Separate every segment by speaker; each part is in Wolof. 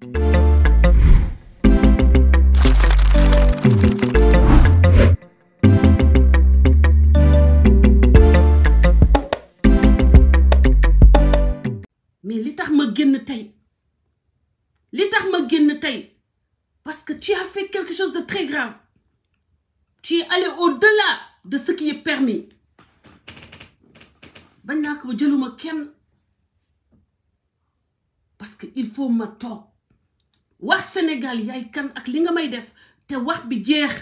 Speaker 1: li tax ma génn tey tey parce que tu as fait quelque chose de très grave tu es allé au-delà de ce qui est permis bañ naa ko ba kenn parce que il faut ma toog wax Sénégal yaay kan ak li nga may def te wax bi jeex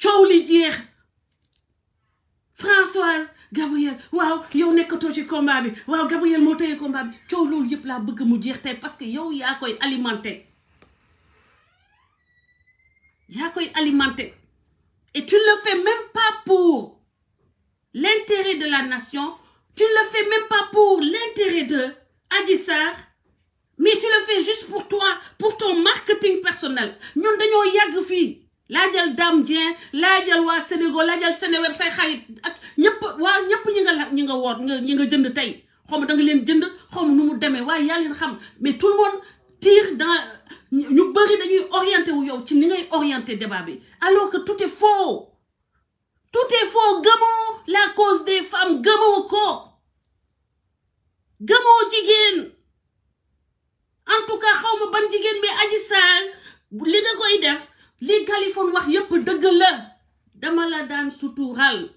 Speaker 1: coow li jeex Françoise Gabriel waaw yow nekkatoo ci combat bi waaw Gabriel moo tëye combat bi coow loolu yëpp laa bëgg mu jeex tey parce que yow yaa koy alimenté yaa koy alimenté et tu ne le même pas pour l'intérêt de la nation tu ne le même pas pour l'intérêt de Adji mais tu le fais juste pour toi pour ton marketing personnel ñun dañoo yàgg fii laajal Dame Dieng laajal waa Sénégal laajal Sénéweb say xarit ak ñëpp waa ñëpp ñi nga ñi nga woor ñi nga jënd tey xaw ma da leen jënd xaw nu mu demee waaye yaa xam mais tout le monde tire dans ñu bëri dañuy orienté wu yow ci ni ngay orienté demaa bi alors que tout est faux tout gëmoo la cause des femmes gëmoo ko gëmoo jigéen en tout cas xaw ma ban jigéen mais Adji Sarr li nga koy def li Kaliphone wax yépp dëgg la dama la daan sutural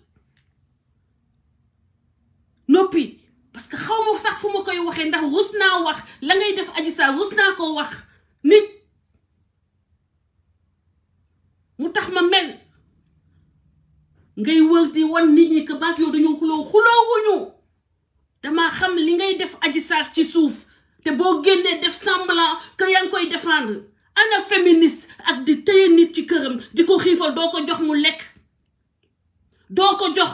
Speaker 1: noppi parce que xaw ma sax fu ma koy waxee ndax rus naa wax la ngay def Adji Sarr rus naa ko wax nit mu tax ma mel ngay wër di wan nit ñi que yow dañoo xuloo xuloo wuñu dama xam li ngay def Adji ci suuf te boo génnee def semblant que yaa ngi koy défendre ana féministe ak di téye nit ci këram di ko xiifal doo ko jox mu lekk doo ko jox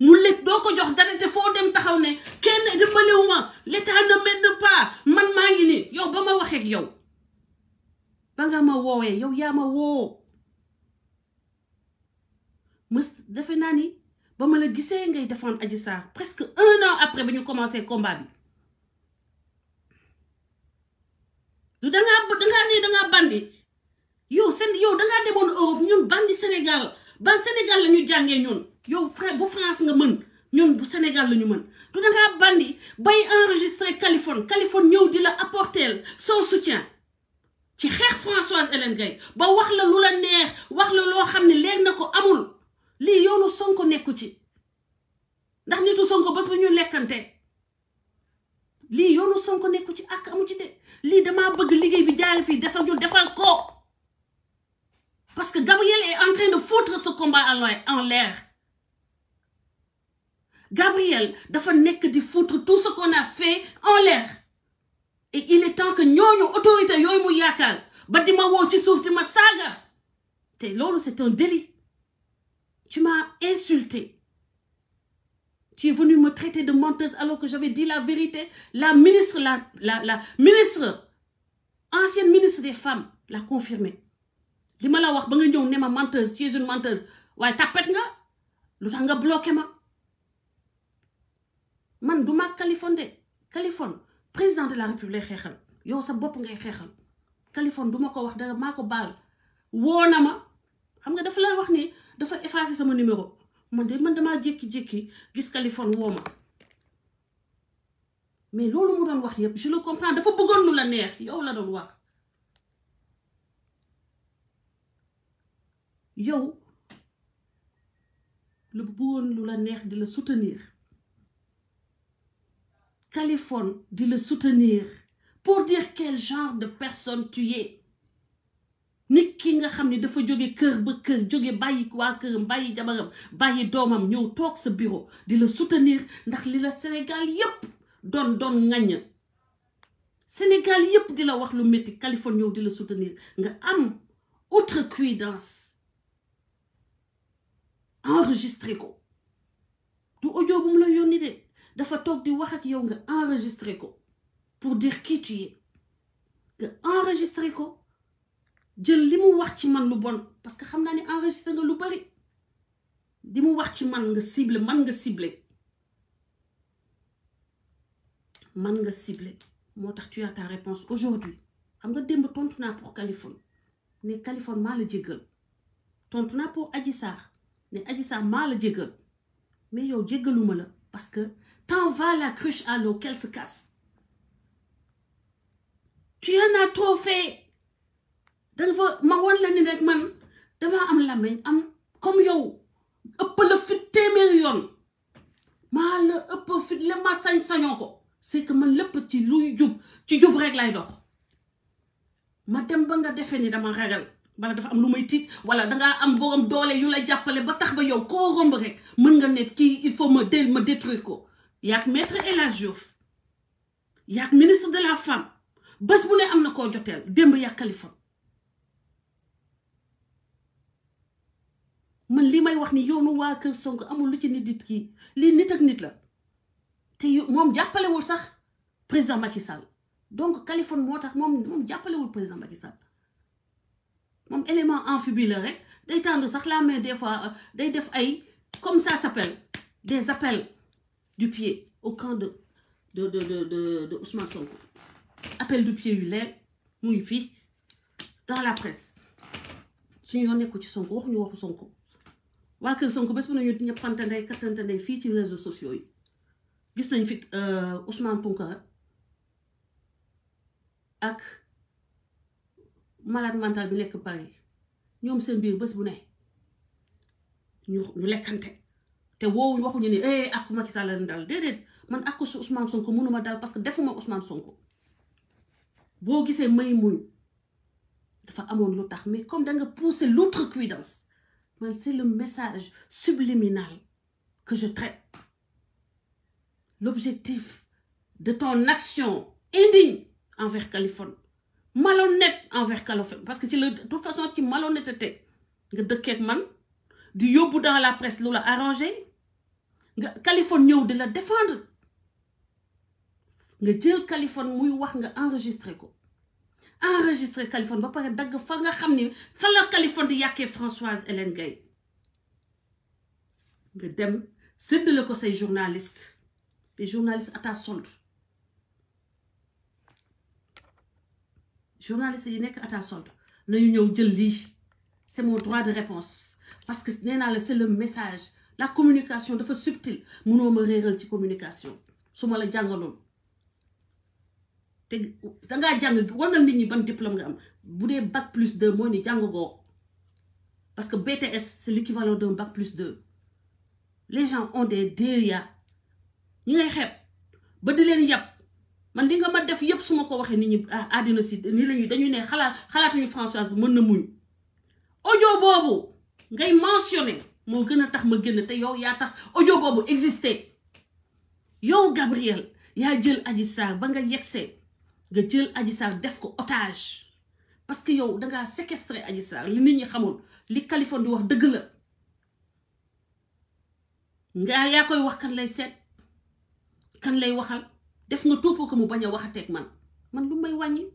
Speaker 1: mu lekk doo ko jox dara te foo dem taxaw ne kenn dimbaliwu ma l'état ne m'aide pas man maa ngi nii yow ba ma waxeek yow ba nga ma woowee yow yaa ma woo mës defe naa ni ba ma la gisee ngay défendre aji Sarr presque un an après ba ñu commencé combat bi du dangaa dangaa ne yow seen yow dangaa demoon Europe ñun bandi Sénégal ban Sénégal la ñu jàngee ñun yow bu France nga mën ñun bu Sénégal la ñu mën du dangaa bandi bay enregistré Californie Californie ñëw di la apporter soo soutien ci xeex Françoise Hélène ba wax la lu la neex wax la loo xam ne leen na ko amul lii yoonu Sonko nekku ci ndax nitu Sonko bés bu ñu lekkante lii yoonu Sonko nekku ci ak amu de lii damaa bëgg liggéey bi jaar fii def ak defal ko parce que Gabriel est en train de foutre ce combat en l'air Gabriel dafa nekk di foutre tout ce qu'on a fait en l'air il est temps que ñooñu autorité yooyu mu yaakaar ba di ma woo ci suuf di ma saaga te loolu c'est un délit tu m'as insulté Tu es venu me traiter de menteuse alors que j'avais dit la vérité. La ministre, la, la, la ministre, ancienne ministre des femmes, l'a confirmé. Je me suis dit, tu es une menteuse, tu es une menteuse. waaye tapette nga. L'outan nga bloqué ma. Man, douma Californe de. Californe, président de la République, yow sa bopp ngay xeexal. Californe ma ko wax dara maa ko baal. Woo na ma xam nga dafa la wax ni dafa effacé sama numéro. man de man damaa jékki-jékki gis Kaliphone woo ma mais loolu mu doon wax yëpp je le comprends dafa bëggoon lu la neex yow la doon wax yow la bëggoon lu la neex di la soutenir Kaliphone di la soutenir pour dire quel genre de personne tu nit kii nga xam ni dafa jóge kër ba kër jóge bàyyi waa këram bàyyi jabaram bàyyi doomam ñëw toog sa bureau di la soutenir ndax li la Sénégal yépp doon doon ŋaññ Sénégal yépp di la wax lu métti Californie ñëw di la soutenir nga am outrecuidance enregistré ko du audio la yónni de dafa toog di wax ak yow nga enregistré ko pour dire qui tu nga enregistré ko jël li mu wax ci man lu bon parce que xam naa ni enregistré nga lu bari li mu wax ci man nga ciblé man nga ciblé nga ciblé moo tax tu as ta réponse aujourd'hui xam nga démb tontu pour Kaliphone ne Kaliphone maa la jéggal tontu pour Adji Sarr ne maa la jéggal mais yow jéggaluma la parce que temps vas la cruche à l'eau qu'elle se casse tu danga fa ma wan la ni rek man dama am làmmiñ am comme yow ëpp la fit téeméeri yoon maa la ëpp fit la ma sañ-sañoo ko c'est que man lépp ci luy jub ci jub rek lay dox ma dem ba nga defee ni dama ragal wala dafa am lu may tiit wala dangaa am borom doole yu la jàppale ba tax ba yow koo romb rek mën nga ne kii il faut ma del ma détruire ko yaag maître El Hadj Diouf yaag ministre de la femme bés bu ne am na koo joteel démb yaag Kaliphone man li may wax ni yoonu waa kër Sonko amul lu ci nit nit kii lii nit ak nit la te moom jàppalewul sax président Macky Sall donc Kaliphone moo tax moom moom jàppalewul président Macky Sall moom élément amphibie la rek day tendre sax la mais des fois day def ay comme ça s'appelle des appels du pied au camp de de de de de Ousmane Sonko appel du pied yu leer muy fii dans la presse suñu yoon nekku ci Sonko waxuñu waxu Sonko waa Kër Sonko bés bu ne ñu ñëppante ndey kattante ndey fii ci réseaux sociaux yi gis nañ fi euh, Ousmane Tounkara ak malade mental bi nekk Paris ñoom seen biir bés bu ne ñu ñu lekkante te woowuñ waxuñu ni eh ak Macky Sall lañ dal déedéet man ak su Ousmane Sonko mënuma dal parce que defuma Ousmane Sonko boo gisee may muñ dafa amoon lu tax mais comme da nga pousser l'outrecuidance man c'est le message subliminal que je traite l'objectif de ton action indigne envers Californie malhonnête envers Californie parce que ci la de toute façon ci malhonnêteté nga dëkkee ak man di yóbbu dans la presse lu la arrangé nga Californie ñëw di la défendre nga jël Californie muy wax nga enregistré ko enregistré Kaliphone ba pare dagg fa nga xam ni fa la Kaliphone di yàkkee Françoise Hélène Gaye nga dem séddale ko say journaliste les journalistes à ta journaliste yi nekk à ta solde nañu ñëw jël lii c'est moo droit de réponse parce que nee naa la c'est le message la communication dafa subtile mënoo ma réeral ci communication su ma la jàngaloon te dangaa jàng war na nit ñi ban diplôme nga am bu dee bac plus de mooy ni jàng goo parce que BTS c'est l'équivalent d'un bac plus 2 les gens ont des DEA ñi ngay xeeb ba di leen yàpp man li nga ma def yëpp su ma ko waxee nit ñi ah, àddina si ni la ñuy ne xalaat xalaatuñu Françoise mën na muñ ojo boobu ngay mentionné moo gën a tax ma génn te yow yaa tax audio boobu existé yow Gabriel yaa jël Adji Sarr ba nga yegsee nga jël Adji def ko otage parce que yow dangaa séquestrer Adji Sarr li nit ñi xamul li Kaliphone di wax dëgg la nga yaa koy wax kan lay seet kan lay waxal def nga tout ko mu bañ a waxateeg man man lu may wàññi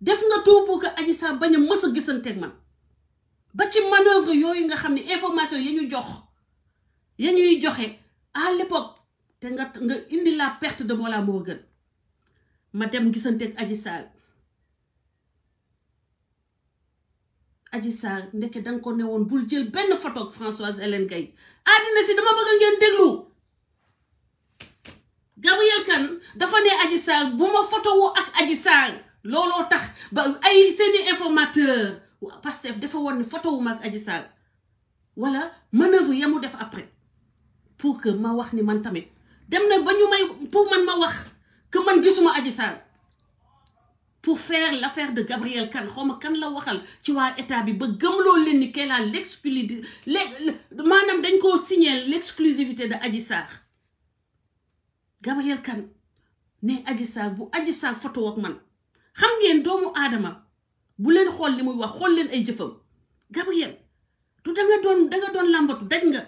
Speaker 1: def nga tout pour que bañ a mës a gisanteeg man ba ci manœuvre yooyu nga xam ne information ya ñu jox ya ñuy joxe à l'époque te nga nga indi la perte de Mollah gën ma dem gisante ak Adji ndeke danga ko newoon bul jël benn photo ak Françoise Hélène Gaye àddina si dama bëgg ngeen déglu Gabrielle Kane dafa ne Adji bu ma photowoo ak Adji looloo tax ba ay seeni informateur Pastef dafa woon ne photowu ma ak Adji Sarr wala manœuvre def après pour que ma wax ni man tamit dem na ba ñu may pour man ma wax que man gisuma Adji Sarr pour faire l' affaire de Gabrielle Kane xaw ma kan la waxal ci waa état bi ba gëmloo leen ni kay laa l' exclusivité maanaam dañ koo signer l' exclusivité de Adji Sarr Gabrielle ne Adji bu Adji photo ak man xam ngeen doomu aadama bu leen xool li muy wax xool leen ay jëfam Gabrielle du danga doon danga doon làmbatu daj nga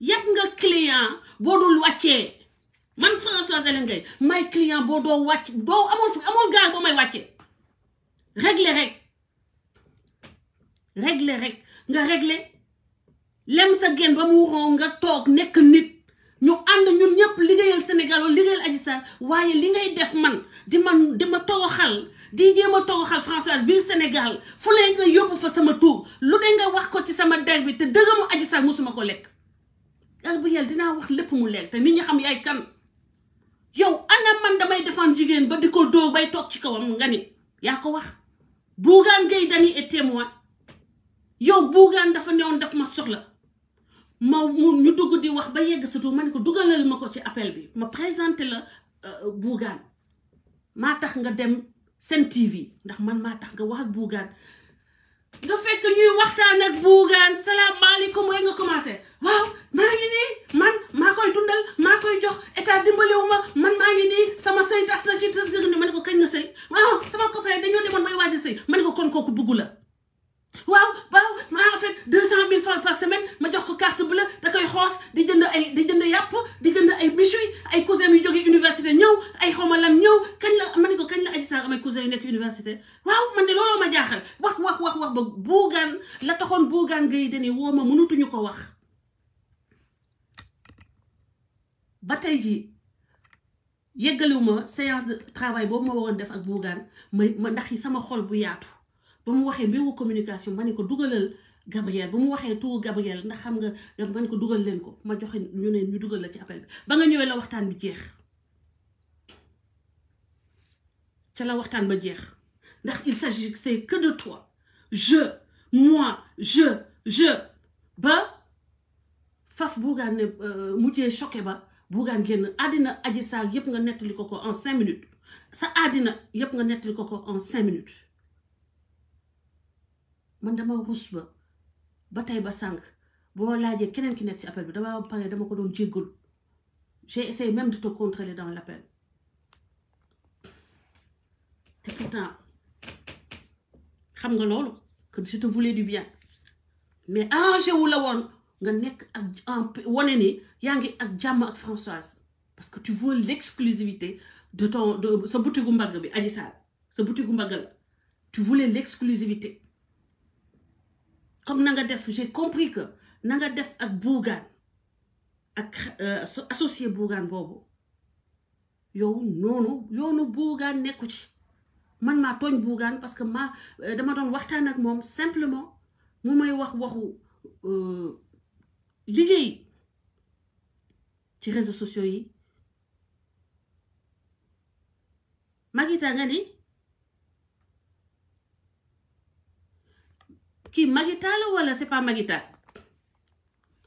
Speaker 1: yàpp nga client boo dul wàccee man Françoise Hélène may client boo doo wàcc doo amul amul gaar boo may wàcce régler rek régler rek nga régler lem sa génn ba mu wuroo nga toog nekk nit ñu ànd ñun ñëpp liggéeyal Sénégal wala liggéeyal Adji Sarr waaye li ngay def man di ma di ma tooxal di jéem a tooxal Françoise biir Sénégal fu lay nga yóbbu fa sama tuub lu de nga wax ko ci sama der bi te dëggamu Adji Sarr musuma ko lekk. ak bu yàlla dinaa wax lépp mu lekk te nit ñi xam yaay kan. yow ana man damay défendre jigéen ba di ko dóor bay toog ci kawam nga ni yaa ko wax Bougane Gueye Dany est témoin yow Bougane dafa newoon daf ma soxla ma ñu dugg di wax ba yegg surtout ma ne ko dugalal ma ko ci appel bi ma présenté la euh, Bougane maa tax nga dem seen TV ndax man maa tax nga wax ak Bougane nga fekk ñuy waxtaan ak buugaan salaamaaleykum way nga commencé waaw maa ngi nii man maa koy dundal maa koy jox état dimbaliwu man maa ngi nii sama sëy tas na ci tëgg ni ma ne ko kañ nga sëy waaw sama copain dañoo demoon bay waaj a sëy ma ne ko kon kooku bugg la waaw waaw maa en fekk deux cent mille francs par semaine ma jox ko carte bleue da koy xoos di jënd ay di jënd yàpp di jënd ay méchoui ay cousin yu jógee université ñëw ay xawma lan ñëw kañ la ma ne ko kañ la Adji Sarr amay cousin yu nekk université waaw man ne looloo ma jaaxal wax wax wax wax ba buugaan la taxoon buugaan ngay deni woo ma mënutuñu ko wax ba tey jii yeggaliwu ma séance de travail boobu ma waroon def ak buugaan ma ma ndax yi sama xol bu yaatu ba mu waxee mbiru communication ma ne ko dugalal Gabriel ba mu waxee tuur Gabriel ndax xam nga ma ne ko dugal leen ko ma joxe ñu ne ñu dugal la ci appel bi ba nga ñëwee la waxtaan bi jeex ca la waxtaan ba jeex ndax il s'agit c'est que de toi je moi je je ba faf buugaan ne euh, mujjee choqué ba buugaan génn àddina aji saar yëpp nga nettali ko ko en cinq sa àddina yëpp nga nettali ko ko en cinq minutes man dama rus ba ba tey ba sànq boo laajee keneen ki nekk ci appel bi dama pare dama ko doon jéggul j'ai essayé même de te contrôler dans l'appel te pourtant xam nga loolu que je te voulais du bien mais arrangé wu la woon nga nekk ak wane ni yaa ngi ak jàmm ak Françoise parce que tu veux l'exclusivité de ton de sa butigu mbagg bi Adji Sarr buti gu mbagg la tu voulais l'exclusivité comme na nga def j'ai compris que na def ak buugaan ak euh, associé buugaan boobu yow noonu yoonu buugaan nekku ci man maa tooñ buugaan parce que ma euh, dama doon waxtaan ak moom simplement moom may wax waxu euh, liggéey ci réseaux sociaux yi Maguita nga ni kii Magita la wala c'est pas Magita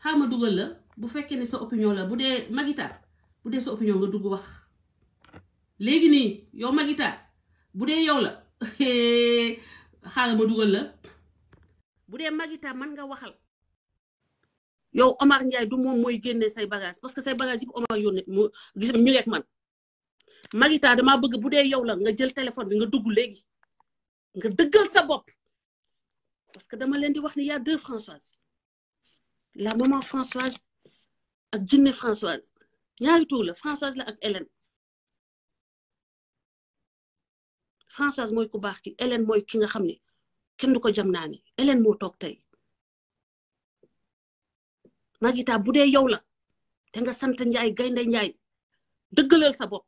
Speaker 1: xaaral dugal la bu fekkee ne sa opinion la bu dee Magita bu dee sa dugg wax léegi nii yow Magita bu dee yow la xaaral ma dugal la bu dee Magita man nga waxal. yow Omar Ndiaye du moom mooy génne say bagage parce que say bagage yëpp Omar yónnee mu gis ñu nekk man Magita damaa bëgg bu dee yow la nga jël téléphone bi nga dugg léegi nga dëggal sa bopp parce que dama leen di wax ne y a deux la maman Françoise ak Jinne Françoise ñaari tuur la Françoise la ak Hélène Françoise mooy ku baax ki Hélène mooy ki nga xam ni kenn du ko jam naa ne Hélène moo toog tey Magita bu dee yow la te nga sant Njaay gaynde Njaay dëggalal sa bopp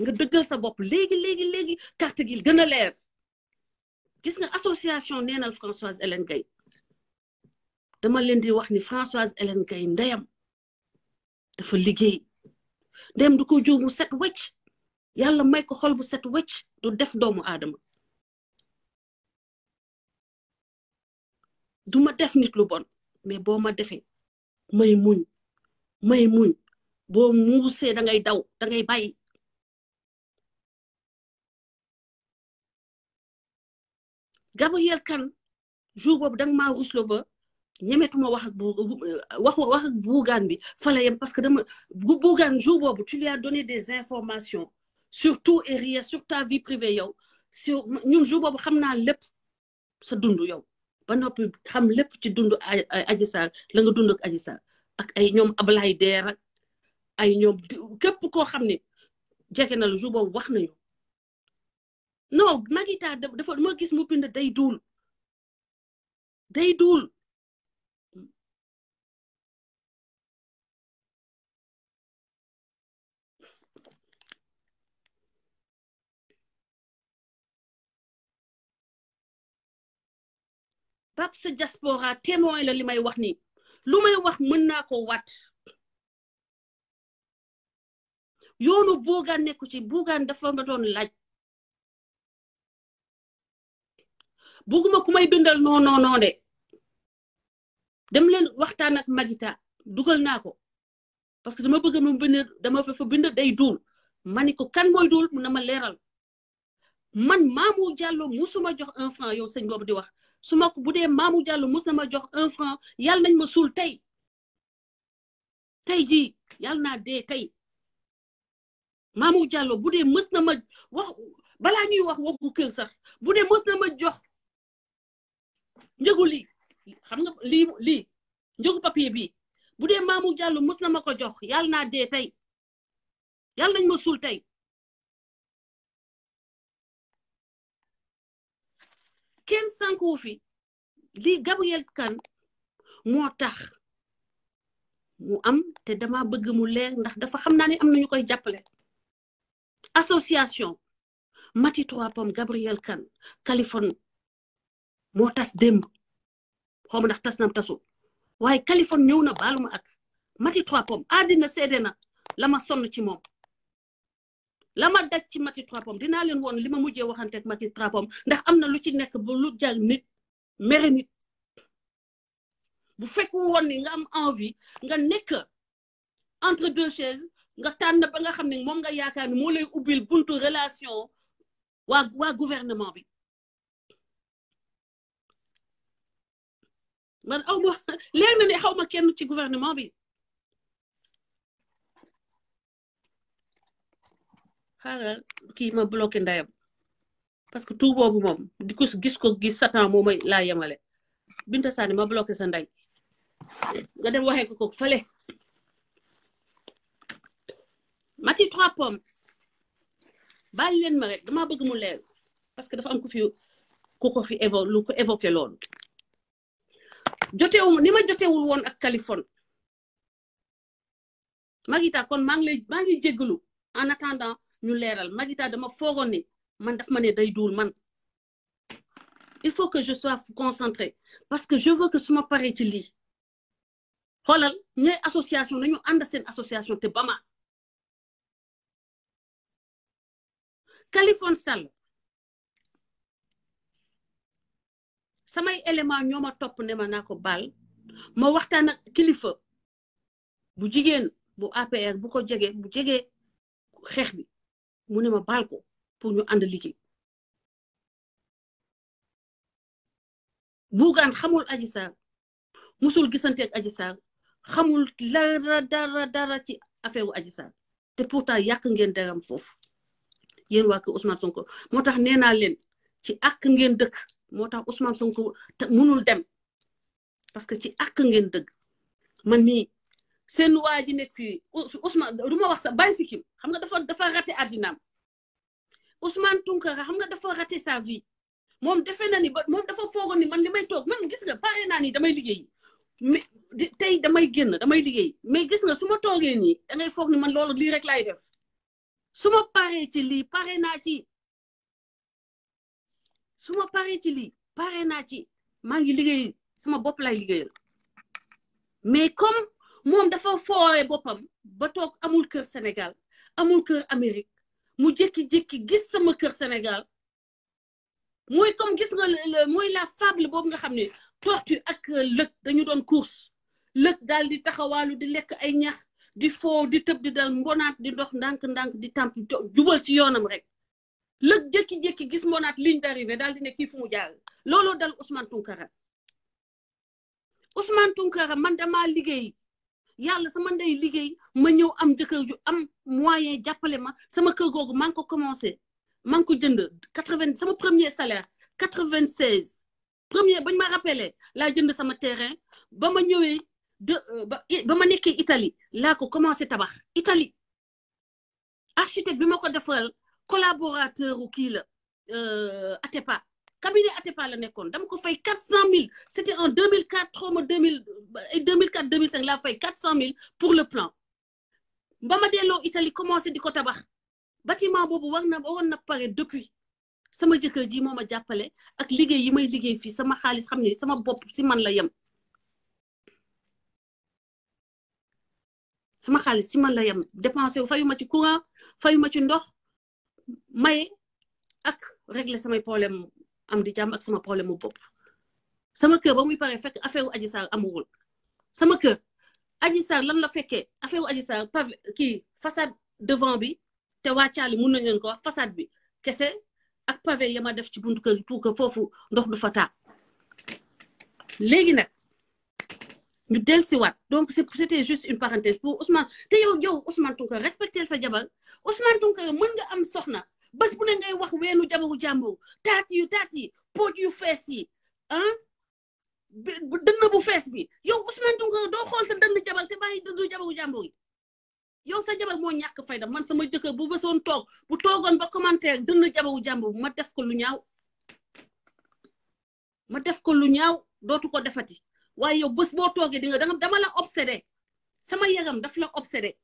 Speaker 1: nga dëggal sa bopp léegi léegi léegi carte gi gën a leer gis nga association neenal Françoise Hélène Gaye dama leen di wax ni Françoise Hélène Gaye ndayam dafa liggéey ndeyam du ko juum mu set wecc yàlla may ko xol bu set wecc du def doomu aadama du ma def nit lu mais boo ma defee may muñ may muñ boo muusee da ngay daw da ngay bàyyi
Speaker 2: Gabrielle Kane
Speaker 1: jour boobu danga maa ruslo ba ñemetuma wax ak bu wax wax ak buugaan bi fa parce que dama bu buugaan jour boobu tu lui as donné des informations sur tout et rien sur vie privée yow sur ñun jour boobu xam naa lépp sa dund yow ba noppi xam lépp ci dund Adji Sarr la nga dund ak Adji Sarr ak ay ñoom Ablaye Der ak ay ñoom képp koo xam ne jege na la jour boobu wax nañu non Maguita dafa ma gis mu bind day duul day duul bab sa diaspora témoin la li may wax ni lu may wax mën naa ko wat yoonu buugaan nekku ci buugaan dafa ma
Speaker 2: doon laaj bëgguma ku may bindal
Speaker 1: non non non de dem leen dugal naa ko parce que dama bëgg mu bind dama fa fa bind day duul ma ni ko kan mooy duul na ma leeral man Mamou Diallo musuma jox un franc yow sëñ boobu di wax su ma ko bu dee Mamou Diallo mus na ma jox un yàlla nañ ma suul tey tey jii yàlla naa dee tey Mamou Diallo na ma wax balaa ñuy wax waxu kër sax bu dee mës na ma jox njëgu lii xam nga lii lii njëgu papier bii bu dee Mamour Diallo mës na ma ko jox yàlla naa dee tey nañ ma suul tey
Speaker 2: kenn sànkuwu fi
Speaker 1: lii Gabriel Kane moo tax mu am te dama bëgg mu leer ndax dafa xam naa ni am nañu koy jàppale association Mati Trois Pommes Gabriel Kane Californie moo tas démb xaw ma ndax tas nam tasu waaye Kaliphone ñëw na baalu ma ak Mati Trois Pommes àddina seede na la ma sonn ci moom la ma daj ci Mati Trois Pommes dinaa leen woon li ma mujjee waxanteeg Mati Trois Pommes ndax am na lu ci nekk bu lu jag nit mere nit bu fekku woon ni nga am envie nga nekk entre deux chaises nga tànn ba nga xam ne moom nga yaakaar ni moo lay ubbil buntu relation waa waa gouvernement bi man oh, aw ma leer na ne xaw ma kenn ci gouvernement bi xaaral kii ma bloqué ndayam parce que tout boobu moom di ko gis ko gis satan moo may laa yemale Binta Sane ma bloqué sa nday nga dem waxe ko ko fële mati trois pommes bàyyi leen ma dama bëgg mu leer parce que dafa am ku fi ko fi évo lu ko évoqué loolu jotewu ni jotewul woon ak Kaliphone Magita kon maa ngi lay maa ngi ñu leeral Magita dama foogoon ni man daf ma ne day duul man il faut que je sois concentrée parce que je veux que su ma paree ci lii xoolal ñooy association
Speaker 2: nañu ànd sen association te ba ma
Speaker 1: Kaliphone samay élément ñoo ma topp ne ma naa ko ma waxtaan ak kilifa bu jigéen bu APR bu ko jege bu jege xeex bi mu ne ma baal
Speaker 2: pour ñu ànd liggéey
Speaker 1: bugaan xamul aji saar musul gisanteeg aji saar xamul dara dara dara ci afewu wu aji saar te pourtant yàq ngeen daram foofu yéen waa kër Ousmane Sonko moo tax nee naa leen ci àq ngeen dëkk moo tax Ousmane Sonko munul dem parce que ci àq ngeen dëgg man ni seen waa ji nekk fii Ousmane du ma wax sa bàyyi sikkim xam nga dafa dafa raté àddinaam Ousmane Tounkara xam nga dafa raté sa vie moom defe na ni ba moom dafa foogoon ni man li may toog man gis nga pare naa ni damay liggéey mais tey damay génn damay liggéey mais gis nga su ma toogee nii da ngay foog ni man loolu lii rek laay def su ma su ma paree ci li pare naa ci maa ngi liggéey sama bopp lay liggéeyal mais comme moom dafa foowe boppam ba toog amul kër Sénégal amul kër Amérique mu jékki-jékki gis sama kër Sénégal mooy comme gis nga mooy la fable boobu nga xam ne tortue ak lëg dañu doon course lëg daal di taxawaalu di lekk ay ñax di foo di tëb di dal mbonaat di dox ndànk-ndànk di tàmp jubal ci yoonam rek la jékki-jékki gis moonaat ligne d'arrivée daal di ne fou fu mu jàll looloo dal Ousmane Tounkara Ousmane Tounkara man damaa liggéey yàlla sama ndey liggéey ma ñëw am jëkkër ju am moyen jàppale ma sama kër googu maa ko commencé maa ngi ko jënd quatre sama premier salaire quatre-vingt-seize premier bañ ma rappelé laa jënd sama terrain ba ma ñëwee de euh, ba ma nekkee Italie laa ko commencé tabax Italie architecte bi ma collaborateur u kii la euh, Atepa cabinet Atepa la nekkoon dama ko fay quatre cent mille c' était en deux mille quatre xaw ma deux mille ay deux mille quatre deux mille cinq laa fay quatre cent mille pour le plan ba ma delloo Italie commencé di ko tabax bâtiment boobu war na waroon na pare depuis sama jëkkër ji moo ma jàppale ak liggéey yi may liggéey fii sama xaalis xam ne sama bopp si man la yem sama xaalis si man la yem dépensé wu fayu ma courant fayu ma ci ndox maye ak régler samay problème am di jàmm ak sama problème mu bopp kër ba muy pare fekk affaire aji Sarr amuwul sama kër Adji Sarr lan la fekkee affaire Adji Sarr pav kii façade devant bi te waa mun nañ leen ko wax façade bi kese ak pavé ya ma def ci buntu kër pour que foofu ndox du fata taa léegi nag ñu dellusiwaat donc c'était juste une parenthèse pour Ousmane te yow yow Ousmane Tounkara respectel sa jabar Ousmane Tounkara mën nga am soxna bés bu ne ngay wax weenu jabaru jàmbur taat yu taat yi pooj yu fees yi ah dënn bu fees bi yow Ousmane Tounkara doo xool sa dënn jabar te bàyyi dënn jabaru yi yow sa jabar moo ñàkk fayda man sama jëkkër bu bésoon toog bu toogoon ba commentaire dënn jabaru jàmbur ma def ko lu ñaaw ma def ko lu ñaw dootu ko defati waaye yow bës boo toogee di nga dama la obsédé sama yaram daf la obsédé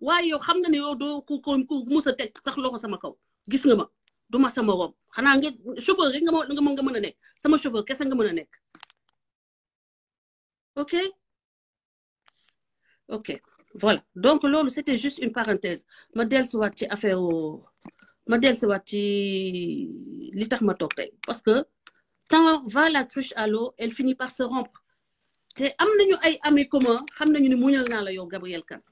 Speaker 1: waaye yow xam na ne yow doo ko ko musa teg sax loxo sama kaw gis nga ma du ma sama rob xanaa nga chauffeur rek nga ma nga mën a nekk sama chauffeur kese nga mën a nekk ok ok voilà donc loolu c'était juste une parenthèse ma dellusiwaat ci affaire ma dellusiwaat ci li tax ma toog parce que quand va la cruche à l'eau elle finit par se rompre te am nañu ay amis communs xam nañu ni muñal naa la yow Gabrielle Kane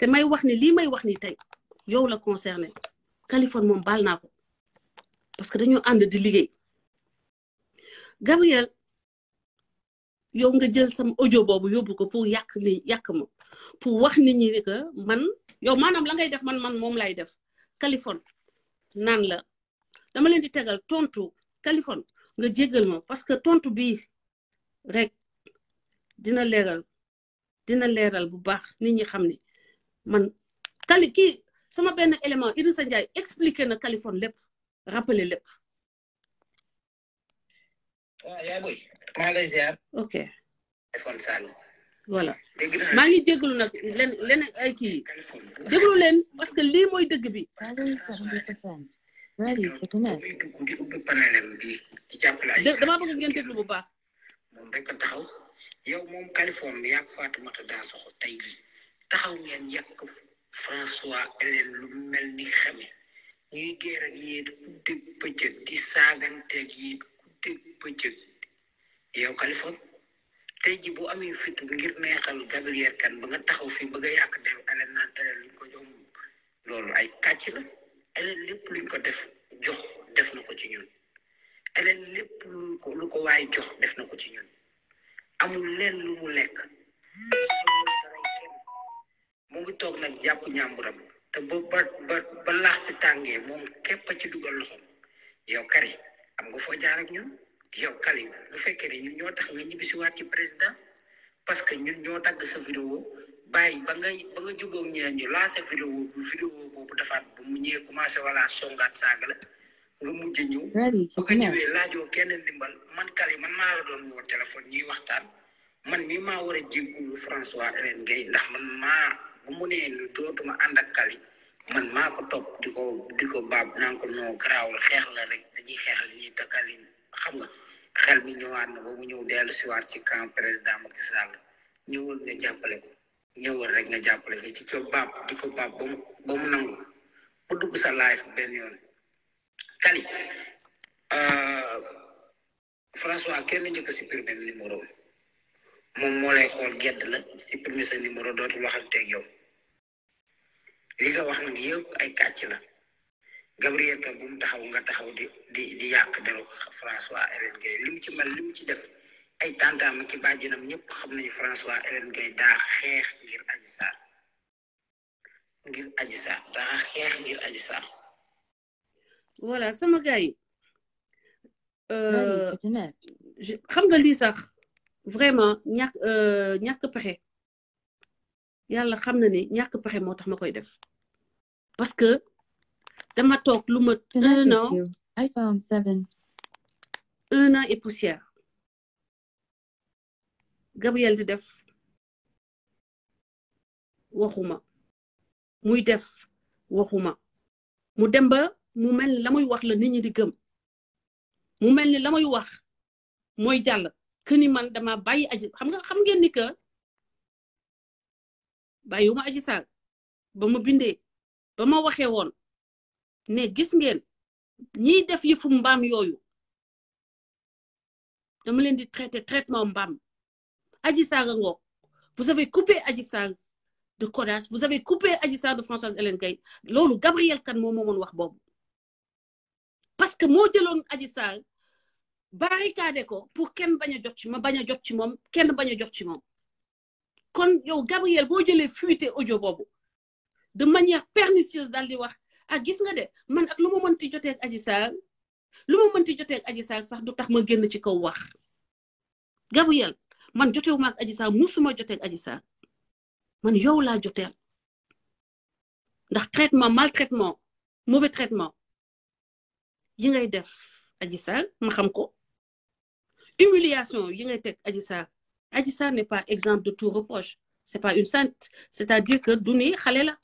Speaker 1: te may wax ne lii may wax ni tey yow la concerné Kaliphone moom baal naa ko parce que dañoo ànd di liggéey Gabriel yow nga jël sama audio boobu yóbbu ko pour yàq ni yàq ma pour wax ni ñi ne man yow maanaam la ngay def man man moom lay def Kaliphone naan la dama leen di tegal tontu Kaliphone nga jéggal ma parce que tontu bi rek dina leeral dina leeral bu baax ni ñi xam ni man kali kii sama benn élément Idrissa Ndiaye expliqué na Kaliphone lépp rappelé lépp.
Speaker 3: waaw ah, maa ngi lay ziar. ok. Kaliphone maa
Speaker 1: ngi jégalu nag len len ay parce que lii mooy dëgg bi. dama bëgg ngeen déglu bu baax.
Speaker 3: moom rek a taxaw yow taxaw ngeen yàq François Hélène lu mel ni xame ñuy geer ak yéen ku dégg bëccëg di saaganteeg yéen ku dégg bëccëg yow Khalifa tey ji bu amee fit ngir neexal Gabrielle Kane ba nga taxaw fi bëgg a yàq deru Hélène naan Hélène luñ ko jox loolu ay kàcc la Hélène lépp luñ ko def jox def na ko ci ñun Hélène lépp luñ ko lu ko waaye jox def na ko ci ñun amul leen lu mu lekk mu ngi toog nag jàpp ñàmburam te ba ba ba laax bi tàngee moom képp ci dugal loxo yow kari am nga foo jaar ak ñun yow kari bu fekkee ne ñun ñoo tax nga ñibbisiwaat ci président parce que ñun ñoo dagg sa vidéo bàyyi ba ngay ba nga jubóog ñu laa sa vidéo bu boobu dafaat bu mu ñëwee commencé wala songaat saaga la nga mujj
Speaker 2: ñëw ba nga ñëwee laajoo kenn ndimbal man kali man maa la doon woo téléphone ñuy waxtaan man mi maa war a jéggulu François Hélène Guèye ndax man maa bu mu nee lu dootuma
Speaker 3: ànd ak kali man maa ko topp di ko di noo garaawul xeex la rek dañuy xeex ak ñi te xam nga xel mi ñëwaat na ba mu ñëw dellu siwaat ci camp président Macky nga jàppale ko ñëwal rek nga jàppale ci ko baab di ko baab dugg sa live benn yoon kali euh, François kenn njëkk a supprimer moom moo lay xool gedd la supprimer sa numéro dootul waxanteeg yow li nga wax nag yëpp ay kàcc la Gabriel ka bu mu taxaw nga taxaw di di di yàq deru François Hélène li mu ci mel li mu ci def ay tantaam ki bàjjinam ñëpp xam nañu François Hélène Gueye daa xeex ngir Adji Sarr ngir Adji Sarr daa xeex ngir Adji Sarr
Speaker 1: voilà sama gars yi euh, xam nga lii sax vraiment ñàkk euh, ñàkk pexe yàlla xam na ne ñàkk pexe moo tax ma koy def parce que dama toog lu ma un an iPhone poussière Gabriel di def waxuma muy def waxuma mu dem ba mu mel ni la muy wax la nit ñi di gëm mu mel ni mooy jàll dama bàyyi aji xam nga xam ngeen ni que bàyyiwuma aji saag ba mu ba ma woon ne gis ngeen ñiy def yëfu mbaam yooyu dama leen di traité traitement mbam aji Sarr a ngoog vous avez coupé Adji Sarr de Kodas vous avez coupé aji Sarr de Françoise Hélène Gaye loolu Gabrielle Kane moo moomoon wax boobu parce que moo jëloon Adji Sarr barricade ko pour kenn bañ a jot ci ma bañ a jot ci moom kenn bañ a jot ci moom kon yow Gabrielle boo jëlee fuité audio boobu de manière pernicieuse daal di wax ak ah, gis nga de man ak lu ma mënti jotee ak Adji Sarr lu mënti jotee ak Adji sax du tax ma génn ci kaw wax Gabrielle man jotewuma ak Adji Sarr musuma jotee ak Adji man yow laa joteel ndax traitement maltraitement mauvais traitement yi ngay def Adji ma xam ko humiliation yi ngay teg Adji Sarr Adji Sarr n'est pas exemple de tout reproche c'est pas une sainte c'est-à-dire que du ni la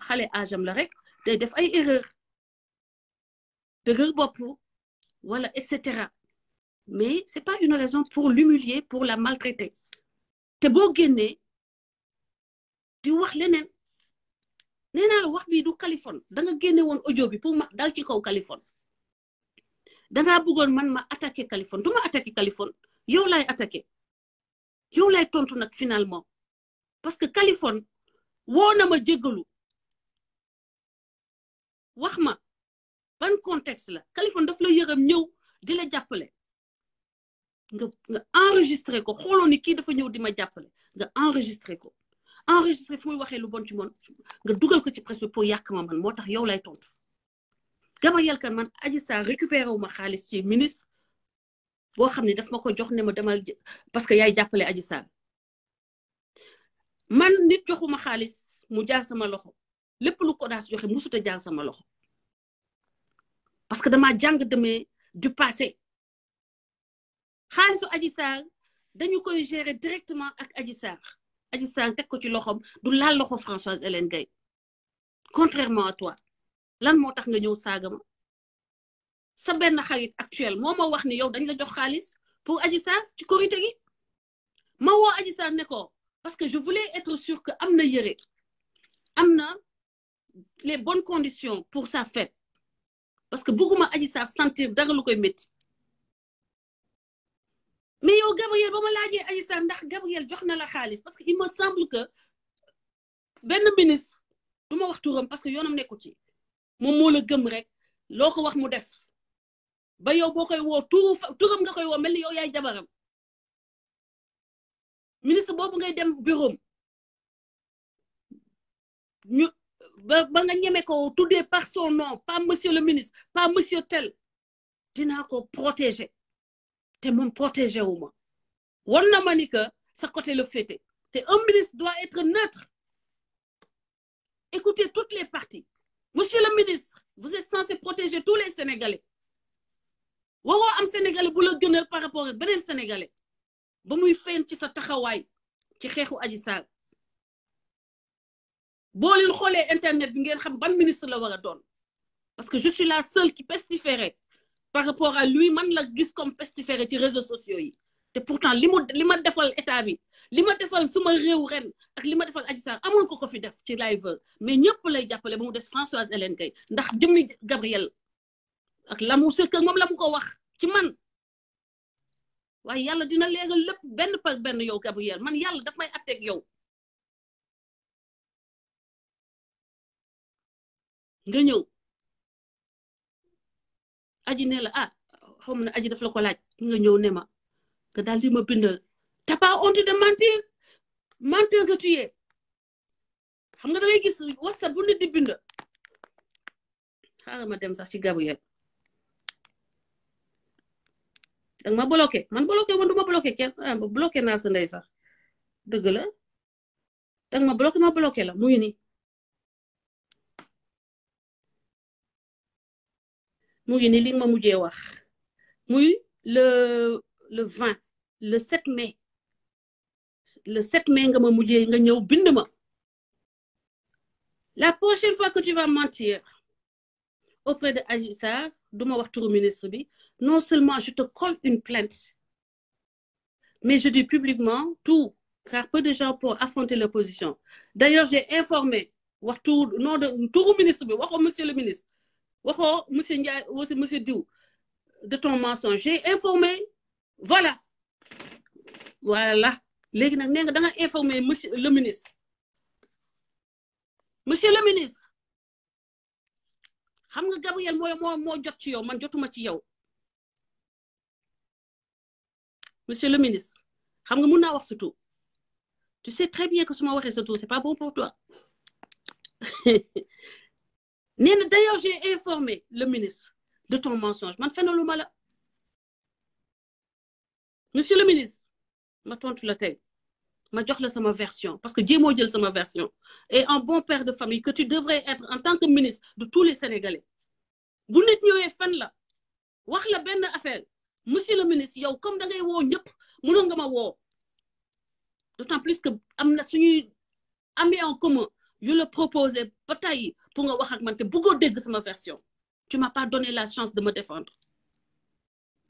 Speaker 1: xale âge am la rek day def ay erreur dëgër bopp wala et cetera mais c'est pas une raison pour l'humilier pour la maltraiter te boo génnee di wax leneen nee la wax bii du Kaliphone da nga génne woon audio bi pour ma dal ci kaw Kaliphone dangaa bëggoon man ma attaqué Kaliphone du ma attaqué Kaliphone yow laay attaqué yow laay tontu nag finalement parce que Kaliphone woo na ma wax ma ban contexte la Kaliphone daf la yërëm ñëw di la jàppale nga nga ko xooloon ni kii dafa ñëw di ma jàppale nga enregistré ko enregistré fu muy waxee lu bon ci moom nga dugal ko ci presse bi pour yàq ma man moo tax yow lay tontu Gabrielle Kane man Adji Sarr récupéré wu ma xaalis ci ministre boo xam ne daf ma ko jox ne ma demal parce que yaay jàppale Adji Sarr man nit joxuma xaalis mu jaar sama loxo lépp lu CODAS joxe musut a jaar sama loxo parce que dama jàng deme du passé xaalisu Adji Sarr dañu koy gérer directement ak Adji Sarr Adji Sarr teg ko ci loxom du laal loxo Françoise Hélène Gaye contrairement à toi lan moo tax nga ñëw saaga ma sa benn xarit actuel moo ma wax ni yow dañ la jox xaalis pour Adji Sarr ci korité gi ma woo Adji Sarr ne ko parce que je voulais être sûr que am na yëre am na les bonnes conditions pour sa fête parce que bëgguma aji sa sentir dara lu koy métti mais yow Gabriel ba ma laajee aji sa ndax Gabriel jox na la xaalis parce que il me semble que benn ministre du ma wax turam parce que yoonam nekku ci moom moo la rek loo ko wax mu def ba yow boo koy woo turu turam nga koy woo mel ni yow yaay ministre boobu ngay dem bureau ñu ba ba nga ñeme ko tuddee par son nom pas monsieur le ministre pas monsieur tel dinaa ko protéger te moom protéger wu ma wan na ma ni que sa côté le féete te un ministre doit être neutre écoutez toutes les parties monsieur le ministre vous êtes censé protéger tous les sénégalais waroo am sénégalais bu la gënal par rapport ak beneen sénégalais ba muy feeñ ci sa taxawaay ci xeexu Adji Sarr boo xoolee internet bi ngeen xam ban ministre la war a doon parce que je suis la seule qui pestiférait par rapport à lui man la gis comme pestiféré ci réseaux sociaux yi te pourtant li mu li ma defal état bi lima ma defal suma réew ren ak li ma defal Adji Sarr amul ko ko fi def ci live mais ñëpp lay jàppale ba mu des Françoise Hélène Gaye ndax jëmmi Gabriel ak la mu sëkk moom la ko wax ci man waaye yàlla dina leeral lépp benn par benn
Speaker 2: yow Gabriel man yàlla daf may atteeg yow
Speaker 1: nga ñëw aji ne la ah xaw ma ne aji daf la ko laaj nga ñëw ne ma daal di ma bindal t'as pas honte de mentir menteur que tu es xam nga da ngay gis whatsapp bu ma dem sax ci Gabriel danga ma bloqué man bloqué woon du ma bloqué kenn ah naa sa ndey sax dëgg la danga ma bloqué ma la mu ngi
Speaker 2: mu ni li ma mujjee
Speaker 1: wax muy le le vingt le sept mai le sept mai nga ma mujjee nga ñëw bind ma la prochaine fois que tu vas mentir auprès de Adji Sarr du ma wax turu ministre bi non seulement je te colle une plainte mais je dis publiquement tout car peu de gens pour affronter position d'ailleurs j'ai informé wax turu non de turu ministre bi waxo monsieur le ministre waxoo monsieur ndia wasi monsieur diw de ton mensonge j'ai informé voilà voilà léegi nag nee nga da nga informé monsieur le ministre monsieur le ministre xam nga Gabriel mooy moo moo jot ci yow man jotuma ci yow monsieur le ministre xam nga mun naa wax surtout tu sais très bien que su ma waxee surtout c'est pas bon pour toi nee na d'ailleurs j'ai informé le ministre de ton mensonge man fenalu ma la monsieur le ministre ma tontu la tey ma jox la sama version parce que jéemoo jël sama version et un bon père de famille que tu devrais être en tant que ministre de tous les sénégalais bu nit ñëwee fen la wax la benn affaire monsieur le ministre yow comme da ngay woo ñëpp mënoon nga ma woo d'autant plus que am na suñuy amee en commun yu la proposé ba tey pour nga wax ak man te bëggoo dégg sama version tu m'as pas donné la chance de me défendre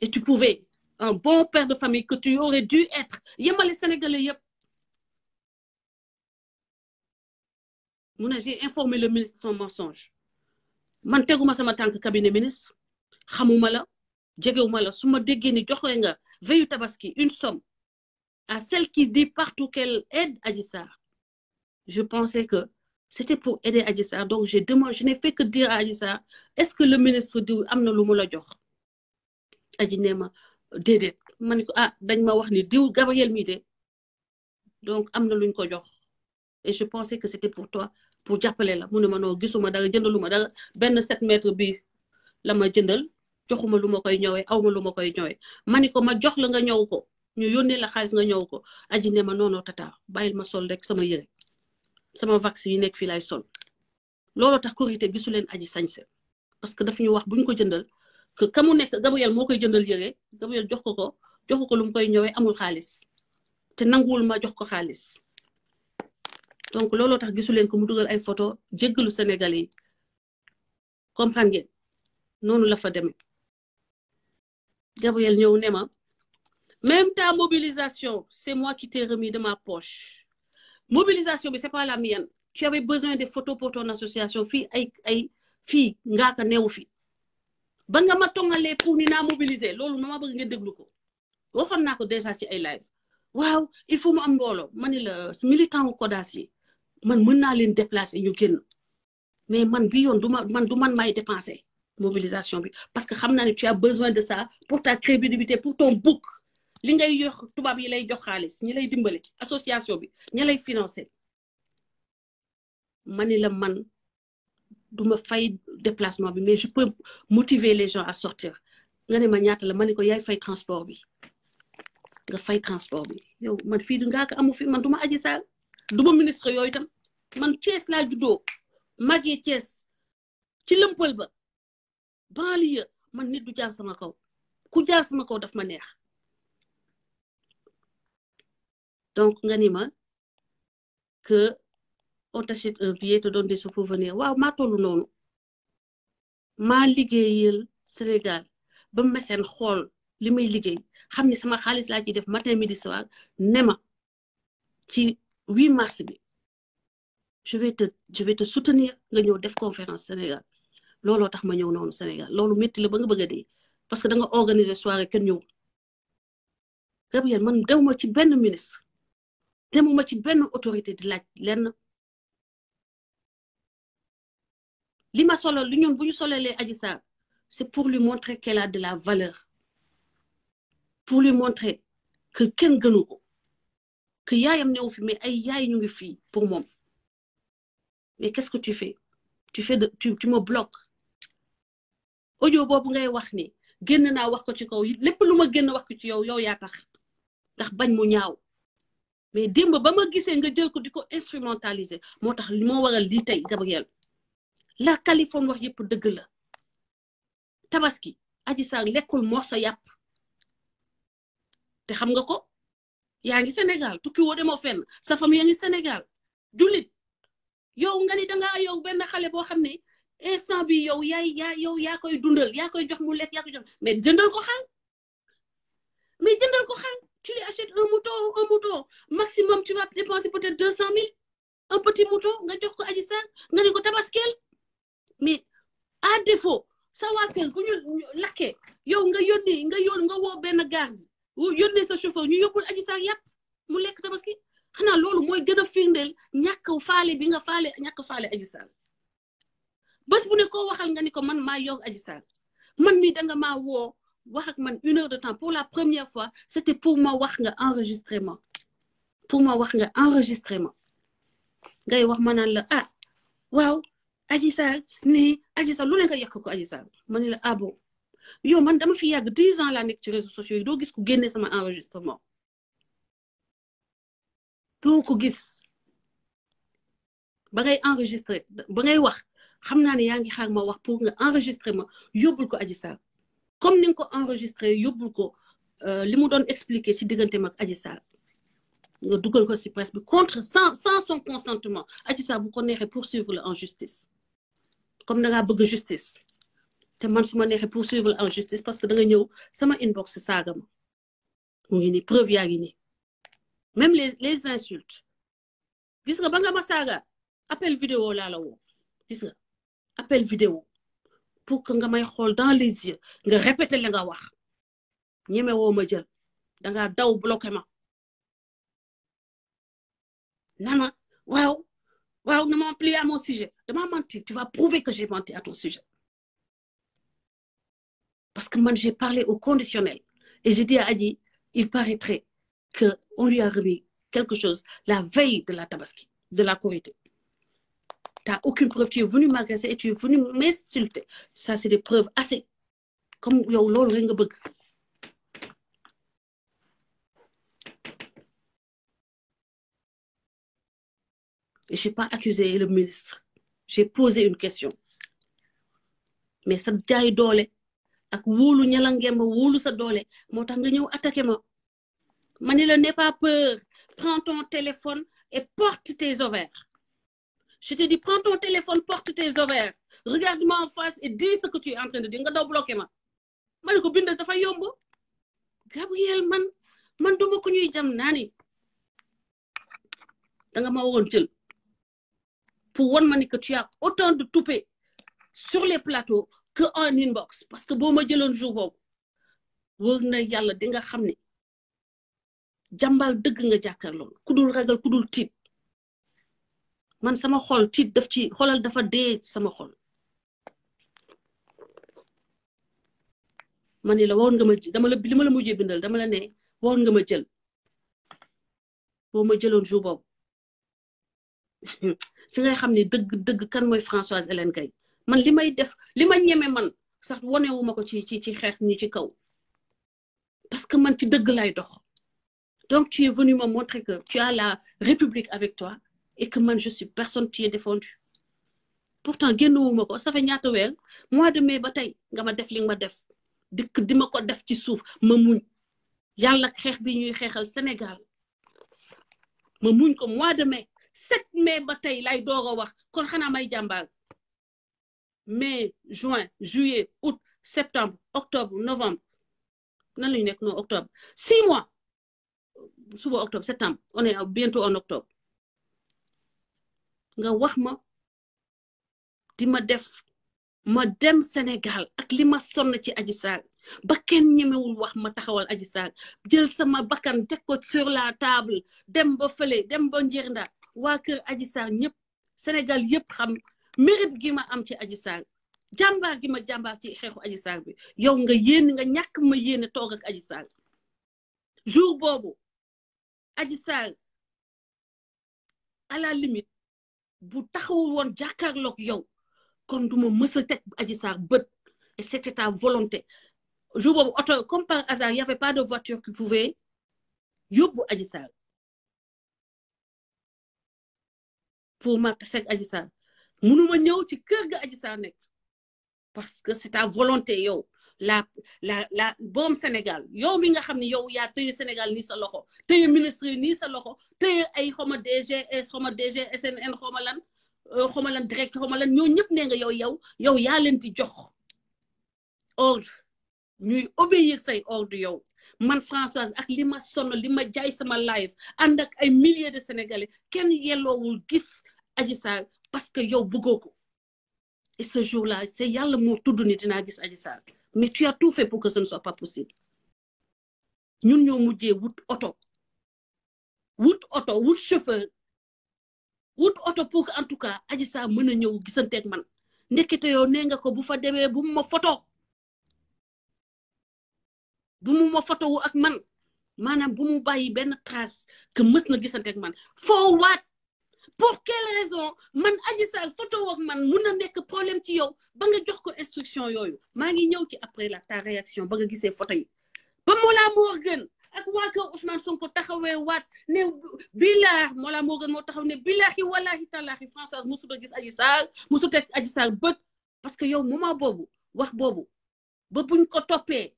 Speaker 1: et tu pouvais un bon père de famille que tu aurais dû être yemale sénégalais yëpp mu ne j'ai informé le ministre son mensonge man teguma sama tànk cabinet ministre xamuma la jegewuma la su ma déggee ni joxe nga veillu tabaski une somme à celle qui dit partout qu'elle aide Adji je pensais que c'était pour aider Adji Sarr donc j'ai demandé je n'ai fait que dire à Adji Sarr est-ce que le ministre diw am na lu mu la jox Adji ne ma déedéet ma ni ko ah dañ ma wax ni diw Gabriel mii de donc am na luñ ko jox et je pensais que c'était pour toi pour jàppale la mu ne ma noo gisuma dara jëndaluma dara benn sept mètres bi la ma jëndal joxuma lu ma koy ñëwee aw ma lu ma koy ñëwee ma ni ko ma jox la nga ñëw ko ñu yónnee la xaalis nga ñëw ko Adji ne ma noonoo tata bàyyil ma sol rek sama yére sama vaccin yi nekk fii lay sol looloo tax korité gisu leen aji sañse parce que daf ñu wax bu ñu ko jëndal que nekk Gabriel moo koy jëndal yére Gabriel jox ko ko jox ko lu mu koy ñëwee amul xaalis te nanguwul ma jox ko xaalis donc looloo tax gisu leen ko mu dugal ay photo jéggalu Sénégal yi comprendre noonu lafa fa demee Gabriel ñëw ne ma même ta mobilisation c'est moi qui t'ai remis poche mobilisation bi c'est pas la mienne tu avais besoin de photos pour ton association fii ay ay fii ngaa ka neewu fi ba nga mat tongalee pour ni na mobiliser loolu ma bëgg nga déglu ko waxoon naa ko déjà ci ay live waaw il faut mu am mbooloo ma ne la militant wu Kodas yi man mën naa leen déplacer ñu génn mais man bi yoon du ma man du man may dépenser mobilisation bi parce que xam naa ne tu as besoin de ça pour ta crédibilité pour ton bouc li ngay yox tubaab yi lay jox xaalis ñi lay dimbale association bi ña lay financé ma ni la man duma fay déplacement bi mais je peux motiver les gens à sortir nga ne ma ñaata la ma ni ko yaay fay transport bi nga fay transport bi yow man fii du ngaaka amu fi man du aji saal du ma ministre yooyu tam man Thiès laa juddoo màggee Thiès ci lëmpal ba banlieue man nit du jaar sama kaw ku jaar sama kaw daf ma neex donc nga ni ma que on t'achète euh, un billet te donne des sous pour venir waaw maa tollu noonu maa liggéeyal Sénégal ba ma seen xool li may liggéey xam ni sama xaalis laa ciy def matin midi soir ne ma ci 8 mars bi je vais te je vais soutenir nga ñëw def conférence Sénégal looloo tax ma ñëw noonu Sénégal loolu métti la ba nga bëgg a dee parce que da organiser soirée kenn ñëwul Gabriel man dew ma ci benn ministre te demuma ci benn autorité di laaj lenn li ma solo lu ñun bu ñu aji Adji c'est pour lui montrer qu'elle a de la valeur pour lui montrer que kenn gënu ko que yaayam newu fi mais ay yaay ñu fii pour moom mais qu'est-ce que tu fais tu fais de tu tu boobu ngay wax ni génn naa wax ko ci kaw lépp lu ma génn wax ko ci yow yow yaa tax ndax bañ mu ñaaw mais démb ba ma gisee nga jël ko di ko instrumentaliser moo tax li moo waral lii tey Gabriel la Californie wax yëpp dëgg la tabaski Adji Sarr lekkul morso yàpp te xam nga ko yaa ngi Sénégal tukki woo demoo fenn sa fam yaa ngi Sénégal jullit yow nga ni dangaa yow benn xale boo xam ne instant bi yow yaay yaa yow yaa koy dundal yaa koy jox mu lekk yaa koy jox mais jëndal ko xaal mais jëndal ko xaal tu lui achètes un mouton un mouton maximum tu vas dépenser peut-être deux cent mille un petit mouton nga jox ko Adji Sarr nga ne ko tabaskeel mais à défaut sa waa kër bu ñu lakkee yow nga yónnee nga yóon nga woo benn garde yónnee sa chauffeur ñu yóbbul Adji Sarr yàpp mu lekk tabaski xanaa loolu mooy gën a firndeel ñàkk faale bi nga faale ñàkk faale Adji Sarr bés bu ne koo waxal nga ni ko man maa yor Adji Sarr man mii danga ma woo wax ak man une heure de temps pour la première fois c'était pour ma wax nga enregistré ma pour ma wax nga enregistré ma ngay wax ma naan la ah waaw Adji Sarr nii Adji Sarr lu ne nga ko Adji Sarr ma ne la ah bon yow man dama fi yàgg dix ans laa nekk ci réseaux sociaux yi doo gis ku génne sama enregistrement doo ko gis ba ngay enregistré ba ngay wax xam naa ne yaa ngi xaar ma wax pour nga enregistré ma yóbbul ko Adji Sarr comme ni nga ko enregistré yóbbul ko euh, li mu doon expliqué ci digganteem mag Adji Sarr nga dugal ko ci presse contre sans sans son consentement aji Sarr bu ko neexee poursuivre la en justice comme da ngaa bëgg justice te man su ma neexee poursuivre la en justice parce que da ñëw sama inbox saaga ma mu ngi nii preuve yaa ngi nii même les les insultes gis nga ba nga ma saaga appel vidéo laa la woo gis nga vidéo pour que nga may xool dans les yeux nga répété li nga wax ñeme woo ma jël danga daw bloqué
Speaker 2: nama waaw waaw ne m'en à mon sujet dama
Speaker 1: menti tu vas prouver que j'ai menti à ton sujet parce que man j'ai parlé au conditionnel et j'ai dit Adji il paraîtrait que on lui a remis quelque chose la veille de la tabaski de la Korité tu n'as aucune preuve, tu es venu m'agresser et tu es venu m'insulter. Ça, c'est des preuves assez. Comme yow loolu rek nga bëgg. Je n'ai pas accusé le ministre. J'ai posé une question. Mais sa jaay doole ak wóolu ñala ngemba sa doole moo tax nga ñëw attaqué ma. ma la n'aie pas peur prends ton téléphone et porte tes ovaires. je te dis prends ton téléphone porte tes ovaires regarde en face et dis ce que tu de dire nga daw bloqué ma ma ko bind dafa yomb Gabriel man man duma ko ñuy jam naa ni da ma waroon jël pour wan ma ni que de toupet sur les plateaux que en inbox parce que boo ma jëloon jour boobu wër na yàlla di nga xam ne jàmbal dëgg nga jàkkaarloo ku dul ragal ku dul man sama xol ci def ci xolal dafa dee sama xol ma ni la woon ma dama la li ma la mujjee bindal dama la ne woon nga ma jël boo ma jëloon jour boobu si ngay xam ne dëgg dëgg kan mooy Françoise Hélène Gaye man li may def li ma ñeme man sax wonewu ma ko ci ci ci xeex nii ci kaw parce que man ci dëgg lay dox donc ci es venu me montrer que tu as la république avec toi et man je suis personne qui est défendue pourtant génnewuma ko ça fait ñaata weer mois de mai ba tey nga ma def li nga ma def dikk dima ko def ci suuf ma muñ yàlla xeex bi ñuy xeexal Sénégal ma muñ ko mois de mai 7 mai ba tey lay doog a wax kon xanaa may jàmbaal mai juin juillet août septembre octobre novembre na la ñu nekk non octobre 6 mois suba octobre septembre on est bientôt en octobre nga wax ma di def ma dem Sénégal ak li ma sonn ci Adji Sarr ba kenn ñemewul wax ma taxawal Adji Sarr jël sama bakkan teg ko sur la table dem ba fële dem ba njirnda waa kër Adji Sarr ñëpp Sénégal yëpp xam mérite gi ma am ci Adji Sarr jàmbaar gi ma jàmbaar ci xeexu Adji Sarr bi yow nga yéen nga ñàkk ma yéene toog ak Adji Sarr jour boobu Adji Sarr à la limite bu taxawul woon jàkkaarloog yow kon du ma mës a teg Adji Sarr bët et c'était ta volonté jour boobu oto comme par hasard y avait pas de voiture qui pouvait yóbbu Adji Sarr pour ma tase Adji Sarr mënuma ñëw ci kër ga Adji Sarr nekk parce que c'est ta volonté yow la la la Sénégal yow mi nga xam ne yow yaa tëye Sénégal nii sa loxo tëye ministre yi sa loxo tëye ay xoma DGS xoma DGSNN xoma lan euh, xoma lan direct xoma lan ñoo ñëpp nee nga yow yow yow yaa leen di jox ñuy obéir say ordre yow man Françoise ak li ma sonn li ma jaay sama live ànd ak ay milliers de Sénégalais kenn yelloowul gis Adji Sarr parce que yow bëggoo ko et ce jour là c'est yàlla moo tudd ni dinaa gis Adji Sarr mais tu as tout fait pour que ce pas possible ñun ñoo mujjee wut oto wut oto wut chauffeur wut oto pour que en tout cas aji sa mën a ñëw gisanteeg man ndekete yow nee nga ko bu fa demee bu mu ma photo bu mu ma ak man maanaam bu mu bàyyi benn trace que mës na gisanteeg man fo waat pour quelle raison man Adji Sarr photo man mun na nekk problème ci yow ba nga jox ko instruction yooyu maa ngi ñëw ci après la ta réaction ba nga gisee photo yi ba Mollah Morgun ak waa kër Ousmane Sonko taxawee waat ne bilaahi Mollah Morgun moo taxaw ne bilaahi walaahi talaahi Françoise musuta gis Adji Sarr musuta Adji parce que yow moment boobu wax boobu ba buñ ko toppee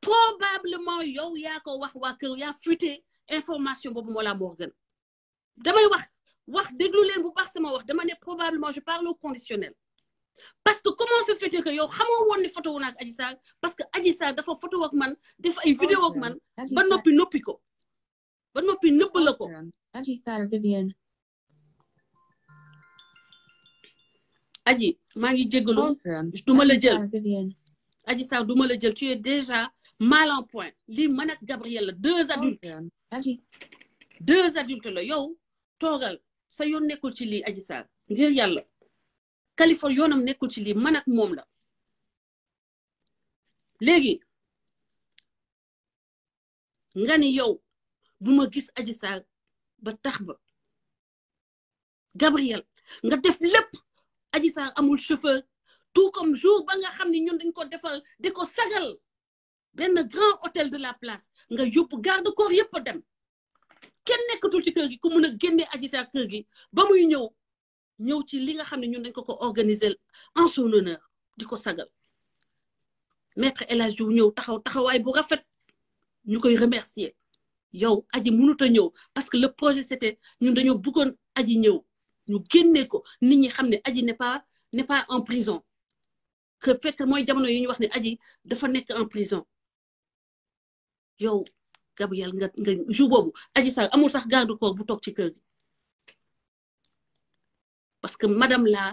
Speaker 1: probablement yow yaa ko wax waa kër yaa fuité information boobu Mollah Morgun damay wax wax déglu leen bu baax sama wax dama ne probablement je parle au conditionnel parce que comment se fait que yow xamoo woon ne photo wu Adji Sarr parce que Adji Sarr dafa photo ak man def ay vidéo ak man ba noppi noppi ko ba noppi nëbb la ko aji maa ngi jéggalu du ma la jël Adji Sarr du ma la jël tu es déjà mal en point lii man ak la deux adultes deux adultes la yow toogal sa yoon nekkul ci lii Adji Sarr ngir yàlla Californie yoonam nekkul ci lii man moom la léegi nga yow du ma gis Adji Sarr ba tax ba Gabriel nga def lépp Adji Sarr amul chauffeur tout comme jour ba nga xam ne ñun dañ ko defal di ko sagal benn grand hôtel de la place nga yóbbu garde corps yëpp dem kenn nekkatul ci kër gi ku mun a génne aji saa kër gi ba muy ñëw ñëw ci li nga xam ne ñun dañ ko ko organiser en son honneur di ko sagal maître El Hadji ñëw taxaw taxawaay bu rafet ñu koy remercier yow aji mënut a ñëw parce que le projet c'était ñun dañoo bëggoon aji ñëw ñu génne ko ni ñi xam ne aji n'est pas n'est pas en prison que fekk mooy jamono yi ñu wax ne aji dafa nekk en prison yow Gabriel nga nga jour boobu Adji Sarr amul sax garde corps bu toog ci kër gi parce que madame la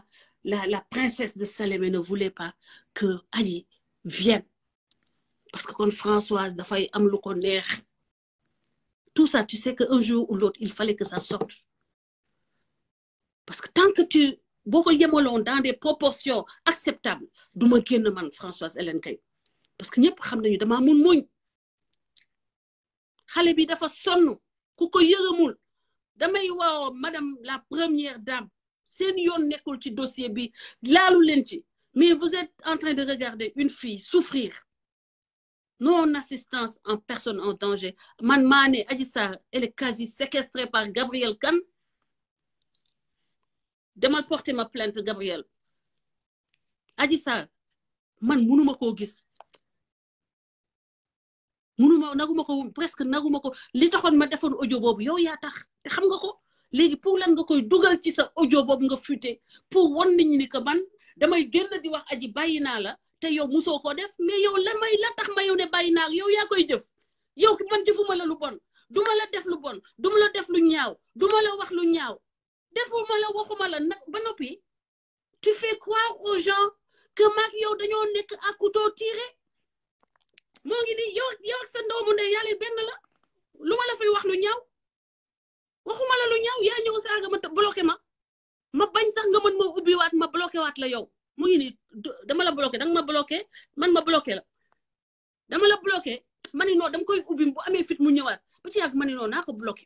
Speaker 1: la princesse de Salémé ne voulait pas que Adji vienne parce que kon Françoise dafay am lu ko neex tout ça tu sais que un jour ou l'autre il fallait que ça sorte parce que tant que tu boo ko dans des proportions acceptables du ma génn man Françoise Hélène Gaye parce que ñëpp xam nañu damaa mun muñ xale bi dafa sonn ku ko yërëmul damay woo madame la première dame seen yoon nekkul ci dossier bi laalu leen ci mais vous êtes en train de regarder une fille souffrir non assistance en personne en danger man maane ne Adji Sarr elle quasi séquestrée par Gabrielle kan demal porter ma plainte Gabrielle Adji Sarr man mënuma koo gis munuma naguma ko woon presque naguma ko li taxoon ma defoon audio boobu yow yaa tax te xam nga ko léegi pour lan nga koy dugal ci sa audio boobu nga fuité pour wan nit ñi ni que man damay génn di wax aji bàyyi naa la te yow musoo ko def mais yow la may la tax ma yow ne bàyyi naa yow yaa koy jëf yow man jëfuma la lu bon duma la def lu bon duma la def lu ñaaw duma la wax lu ñaaw defuma la waxuma la nag ba noppi tu fais croire aux gens que maag yow dañoo nekk à couteau tiré moo ngi nii yow yow ak sa doomu ndey yàlla benn la
Speaker 2: lu ma la fay wax lu ñaaw
Speaker 1: waxuma la lu ñaaw yaa ñëw saaga ma bloqué ma ma bañ sax nga man ma ubbiwaat ma bloqué waat la yow mu ngi nii dama la bloqué danga ma bloqué man ma bloqué la dama la bloqué ma ni noo dam koy ubbi bu amee fit mu ñëwaat ba ci yàgg ni noonu naa ko bloqué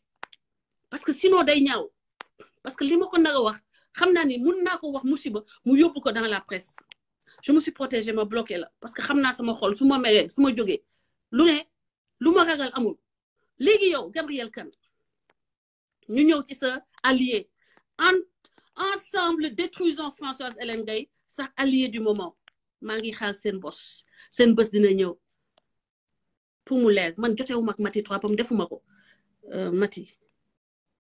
Speaker 1: parce que sinon day ñaaw parce que li ma ko wax xam naa ni mun naa ko wax musiba mu yóbbu ko dans la presse je me suis protégée ma bloqué la parce que xam na sama xol su ma meree su ma joge lu ne lu ma ragal amul léegi yow Gabrielle Kane ñu ñëw ci sa allié en ensemble détruisons Françoise Hélène Gaye sax allié du moment maa ngi xaar seen bos seen bés dina ñëw pour mu leer man jote ak Mati trois pam defuma ko euh, Mati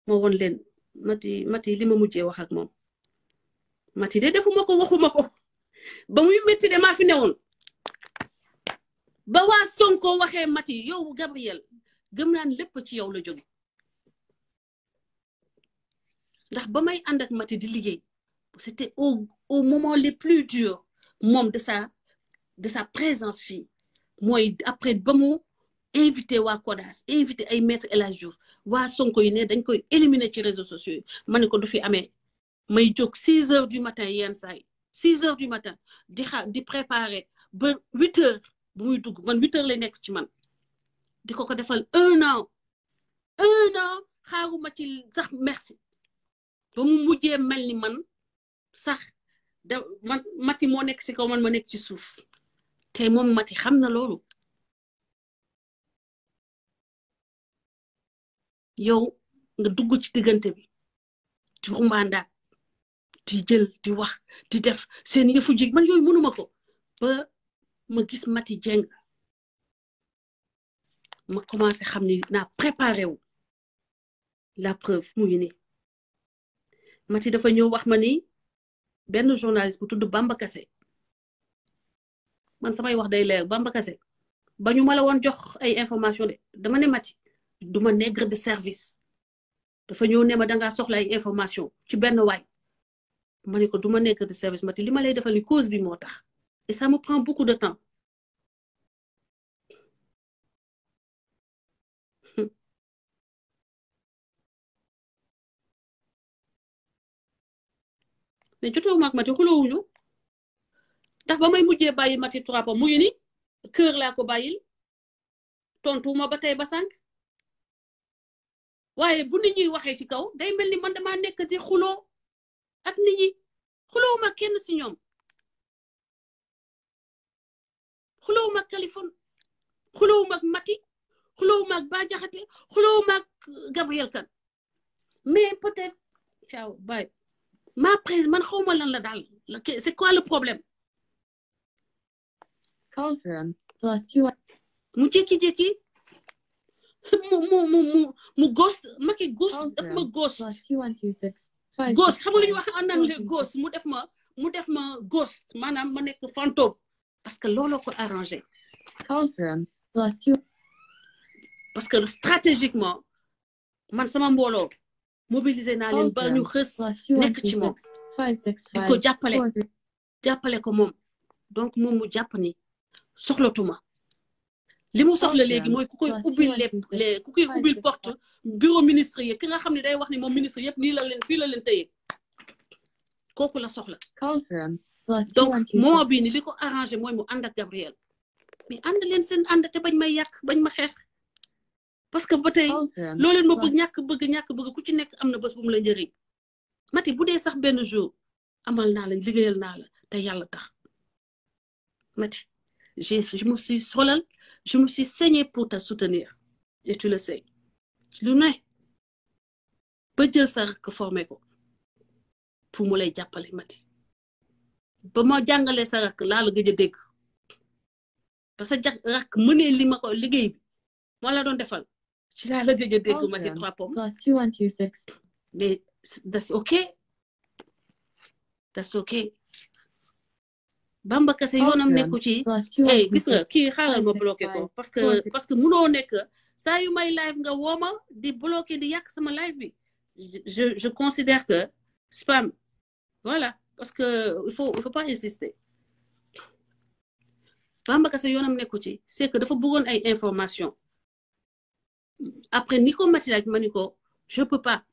Speaker 1: moo woon leen Mati Mati li ma mujjee wax ak moom Mati de defuma ko waxuma ko ba muy métti de maa fi newoon ba waa Sonko waxee Mati yow Gabriel gëm naa lépp ci yow la jóge ndax ba may ànd Mati di liggéey c'était au au moment les plus durs moom de sa de sa présence fi mooy après ba mu invité waa Kodas invité ay maître El Hadj Diouf waa Sonko yi ne dañ koy éliminer ci réseaux sociaux yi ma ne ko du fi amee may jog 6 heures du matin yenn saa six heures du matin di xa di préparer ba huit heures bu muy dugg man huit heures lay nekk ci man di ko ko defal un an un an xaaruma ci sax merci ba mu mujjee mel ni man sax da mati moo nekk ci kaw man ma nekk ci suuf te moom mati xam na loolu
Speaker 2: yow nga
Speaker 1: dugg ci diggante bi ci rumbaandaat di jël di wax di def seen yëfu jig man yooyu mënuma ko ba ma gis Mati Dieng ma commencé xam ni naa préparé wu la preuve mu ngi nii Mati dafa ñëw wax ma ni benn journaliste bu tudd Bamba man samay wax day leer Bamba ba ñu ma la woon jox ay information de dama ne Mati duma nègre de service dafa ñëw ne ma dangaa soxla ay information ci benn waay ma ne ko du ma nekk de service ma li ma lay defal cause bi moo tax et ça me prend beaucoup de temps
Speaker 2: mais jotewuma ak Mati xuloowuñu
Speaker 1: ndax ba may mujjee bàyyi Mati trois pa mu ni kër laa ko bàyyil tontuwuma ba tey ba sànq waaye bu nit ñuy waxee ci kaw day mel ni man damaa nekk di xuloo ak nit ñi xulóowuma kenn si ñoom xulóowuma ak Kaliphone xulóowuma ak Mati xulóowuma ak Bah Diakhaté xulóowuma ak Gabriel Kane mais peut-être ciao bye ma prise la daal c'est quoi le problème mu jékki-jékki mu mu mu mu mu gos ma gos ma gos ghost xam nga lu ñuy wax en anglais ghost mu def ma mu def ma ghost maanaam ma nekk fantôme parce que looloo ko arrangé. parce que stratégiquement man sama mbooloo mobiliser naa leen ba ñu xës nekk ci moom di ko jàppale jàppale ko moom donc moom mu jàpp ni soxlatuma li mu soxla léegi mooy ku koy ubbil lépp ku koy ubbil porte bureau ministre yi ki nga xam ne day wax ni moom ministre yëpp nii la leen fii la leen tëyee la soxla donc moment bii ni li ko arrangé mooy mu ànd Gabriel mais ànd leen seen ànd te bañ may yàq bañ ma xeex parce que ba tey loo leen ma bëgg ñàkk bëgg ñàkk bëgg ku ci nekk am na bés bu mu la njëriñ Mati bu dee sax benn jour amal naa la liggéeyal naa la te yàlla tax Mati je me solal Je me suis saignée pour te soutenir. Et tu le sais. lu ne ba jël sa rakk formé ko pour mu lay jàppale mati ba ma jàngalee sa rakk laa la gëj a dégg parce que rakk mënee ko liggéey bi moo la doon defal ci lalo la gëj a mati trois pommes mais that's ok that's Bamba Kassé yoonam nekku ci hey eh, gis nga kii xaaral ma bloqué ko parce que parce que munoo nekk saa yu may live nga wooma di bloqué di yàq sama live bi je je considère que spam voilà parce que il faut il faut pas insister Bamba yoonam nekku ci c'est que dafa bëggoon ay information après niko ko mati ma ni ko je peux pas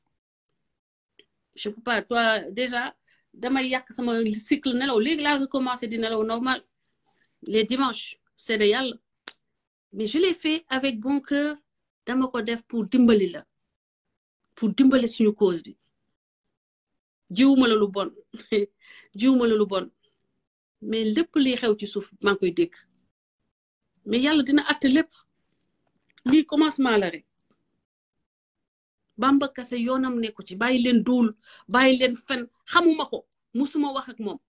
Speaker 1: je peux pas toi déjà damay yàq sama cycle nelaw léegi laa recommencé di nelaw normal les dimanche c'est yàlla mais je l'ai fait avec bon cœur dama ko def pour dimbali la pour dimbali suñu cause bi jiwuma la lu bon jiwuma la lu bon mais lépp li xew ci suuf maa ngi koy dégg mais yàlla dina àtte lépp lii commencement la rek Bamba Kassé yoonam nekku ci bàyyi leen duul bàyyi leen fen xamuma ko musuma wax ak moom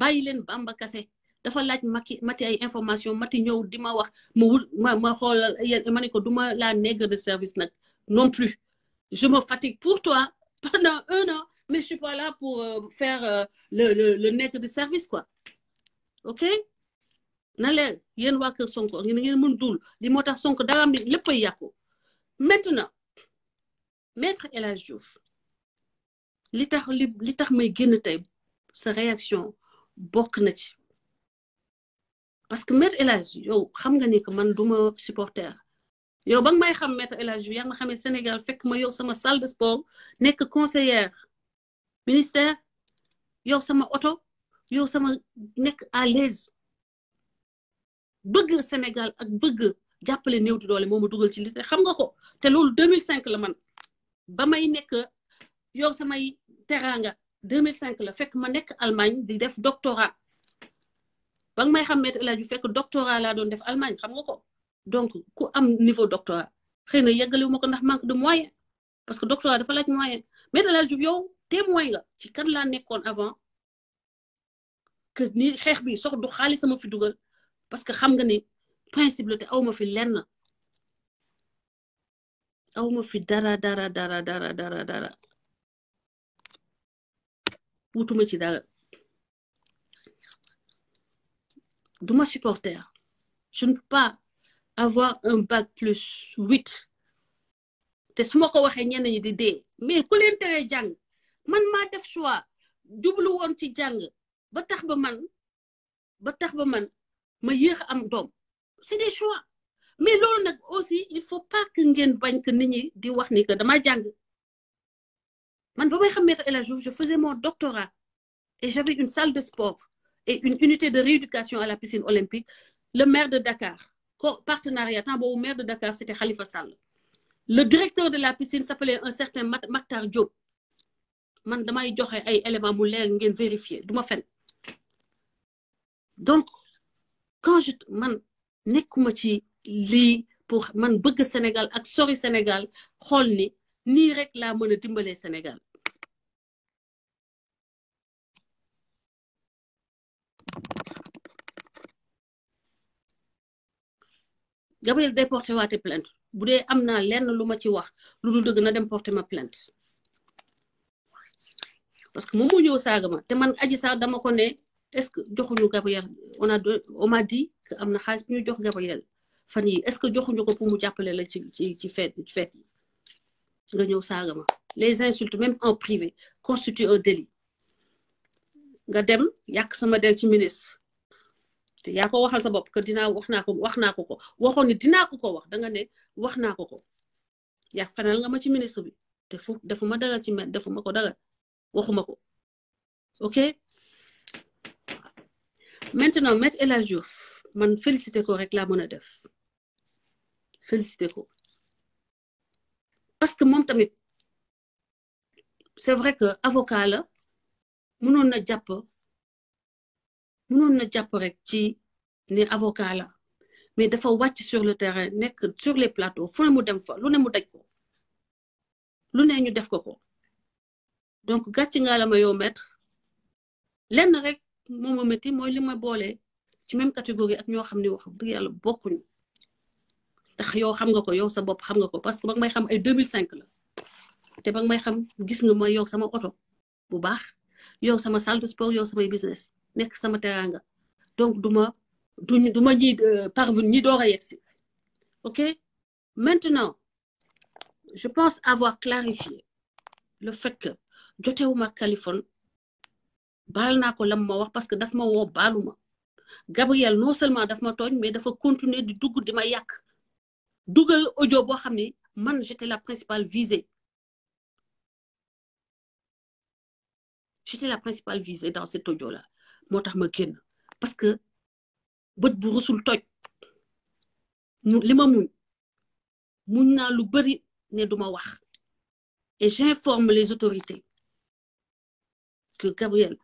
Speaker 1: bàyyi leen Bamba Kassé dafa laaj maki mati ay information mati ñëw di ma wax ma wut ma ma xoolal ma ne ko du la nègre de service nag non plus je me fatigue pour toi pendant un an mais je là pour euh, faire euh, le le de service quoi ok na leen yéen waa Sonko ngeen ngeen mën dul li moo tax Sonko dara mi lépp ay yàqu maintenant maître El Diouf li tax li li tax may génn tey sa réaction bokk na ci parce que maître El yow xam nga ni que man du ma supporter yow ba nga may xam maître El Hadj yaa nga xamee Sénégal fekk ma yow sama salle de sport nekk conseillère ministère yow sama oto yow sama nekk à l'aise bëgg Sénégal ak bëgg jàppale néew di doole moo ma dugal ci li xam nga ko te loolu 2005 la man. ba may nekk yow samay deux teranga cinq la fekk ma nekk Allemagne di def doctorat ba nga may xam Maître El Hadji fekk doctorat laa doon def Allemagne xam nga ko donc ku am niveau doctorat xëy na yeggaliwu ma ko ndax manque de moyen parce que doctorat dafa laaj moyen Maître El Hadji yow témoin nga ci kan laa nekkoon avant que ni xeex bi sox du xaalis sama fi dugal parce que xam nga ni principe la te aw ma fi lenn awma fi dara dara dara dara dara dara wutuma ci dara duma supporter je ne peux pas avoir un bac plus huit te su ma ko waxee ñenn ñi di dee mais ku leen man ma def choix jublu woon ci jàng ba tax ba man ba tax ba man ma yéex am doom c'est des choix mais lool nag aussi il faut pas que ngeen bañ que nit di wax ni que dama jàng man ba may xam maître El Hadj Diouf je faisais mon doctorat et j'avais une salle de sport et une unité de rééducation à la piscine olympique le maire de Dakar co partenariat temps boobu maire de Dakar c'était Khalifa Sall le directeur de la piscine s'appelait un certain Mactar Diop man damay joxe ay éléments mu leer ngeen vérifier duma fen donc quand je man nekkuma ci lii pour man bëgg Sénégal ak sori Sénégal xool ni nii rek laa mën a dimbalee Sénégal. Gabriel day porté waate plainte bu dee am na lenn lu ma ci wax lu dul dëgg na dem porté ma plainte parce que moom moo ñëw saaga ma te man aji sax dama ko est-ce que joxuñu Gabriel on a on am na xaalis bu ñu jox Gabriel. fan yi est-ce que joxuñu ko pour mu jàppale la ci ci ci fête ci fête nga ñëw saaga ma les insultes même en privé constituent un délit nga dem yàq sama der ci ministre te yaa ko waxal sa bopp que dinaa wax naa ko wax naa ko ko waxoon ni dinaa ko ko wax danga ne wax naa ko ko yaa fenal nga ma ci ministre bi te fu defu ma dara ci men ko dara waxuma ko ok maintenant maître El man félicité ko rek laa mën a def félicité ko parce que moom tamit c'est vrai que avocat la mënoon na jàpp mënoon na jàpp rek ci ne avocat la mais dafa wàcc sur le terrain nekk sur les plateaux fu mu dem fa lu ne mu daj ko lu ne ñu def ko ko donc gàcc nga la ma yow maître lenn rek moo ma métti mooy li ma boole ci même catégorie ak ñoo xam ne wax dëgg yàlla bokkuñu tax yow xam nga ko yow sa bopp xam nga ko parce que ba nga may xam ay 2005 la te ba may xam gis nga ma yow sama oto bu baax yow sama salle de sport yow samay business nekk sama teraanga donc du ma du du ma ñi euh, parvenir ñi door a yegsi ok maintenant je pense avoir clarifié le fait que jotewuma Kaliphone baal naa ko lam ma wax parce que daf ma woo baalu ma Gabriel non seulement daf ma tooñ mais dafa continuer di dugg di ma yàq dugal audio boo xam ni man j'étais la principale visée
Speaker 2: j'étais la principale visée dans cet audio là moo tax
Speaker 1: ma kenn parce que bët bu rusul toj li ma muñ muñ naa lu bari ne duma wax et j'informe
Speaker 2: les autorités que Gabriel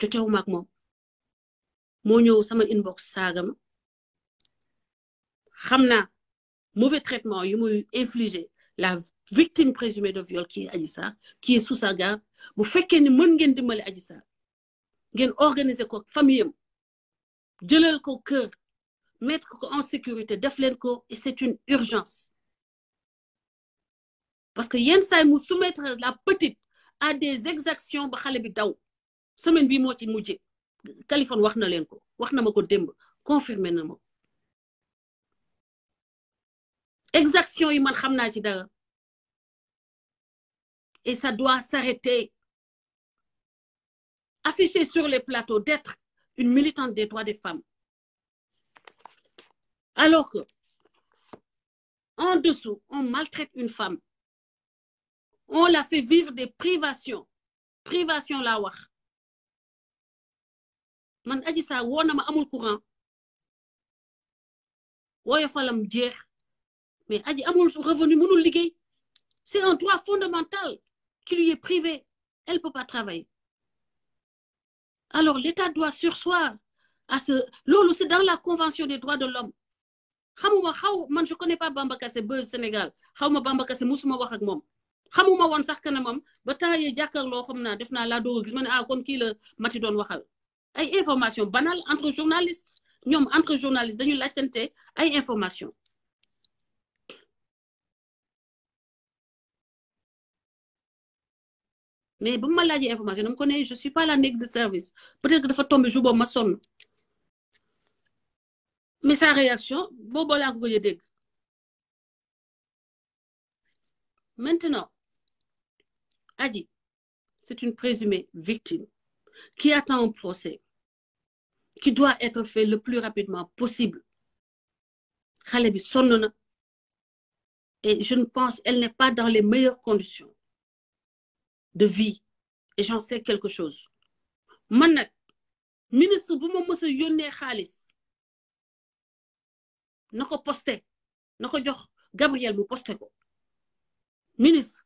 Speaker 2: jotewuma
Speaker 1: ak moom moo ñëw sama inbox saagama xam naa mauvais traitement yu muy infliger la victime présumée de viol qui est ki Sarr sous sa garde bu fekkee ni mën ngeen dimbale Adji Sarr ngeen organiser ko famille am jëlal ko kër mettre ko en sécurité def leen ko et c'est une urgence parce que yenn saay mu soumettre la petite à des exactions ba xale bi daw semaine bi moo ci mujjee Kaliphone wax na leen ko wax na ma ko démb confirmé na ma
Speaker 2: exaction yi man xam naa ci dara
Speaker 1: et ça doit s'arrêter afficher sur les plateaux d'être une militante des droits des femmes alors que en dessous on maltraite une femme on la fait vivre des privations privations laa wax
Speaker 2: man aji saa woo amul courant wooyo
Speaker 1: jeex mais aji amul revenu mënul liggéey c'est un droit fondamental qui lui est privé elle peut pas travailler alors l'État doit surseoir à ce loolu c'est dans la convention des droits de l'homme xamuma xaw man je connais pas Bamba Kassé ba Sénégal xawma Bamba Kassé musuma wax ak moom xamuma woon sax kanamam ba temps yee jàkkaarloo xam naa def naa laa doog a ma ne ah kon kii Mati doon waxal ay information banale entre journalistes ñoom entre journalistes dañu laajtante ay information mais ba mu ma laajee information dama ko ne je suis pas la nègre de service peut-être que dafa tombé jour ma sonn mais sa réaction boobu laa ko gëj dégg maintenant Adji c'est une présumée victime qui attend un procès qui doit être fait le plus rapidement possible xale bi sonn na et je ne pense elle n'est pas dans les meilleures conditions de vie et j'en sais quelque chose man nag ministre bu ma mës a yónnee xaalis na ko posté jox Gabriel mu posté ko ministre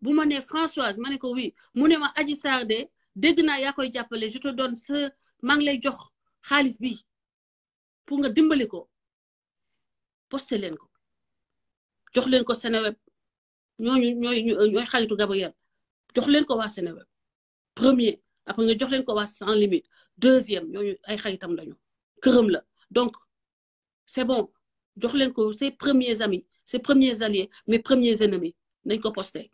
Speaker 1: bu ma nee Françoise ma ne ko oui mu ne ma Adji Sarr de dégg naa yaa koy jàppale je te donne ce maa ngi lay jox xaalis bi pour nga dimbali ko poste leen ko jox leen ko Seneweb ñooñu ñooy ñooy xaritu Gabriel jox leen ko waa Seneweb premier après nga jox leen ko waa sans limite deuxième ñooñu ay xaritam lañu këram la donc c'est bon jox leen ko ses premiers amis ses premiers alliés mes premiers ennemis nañ ko posté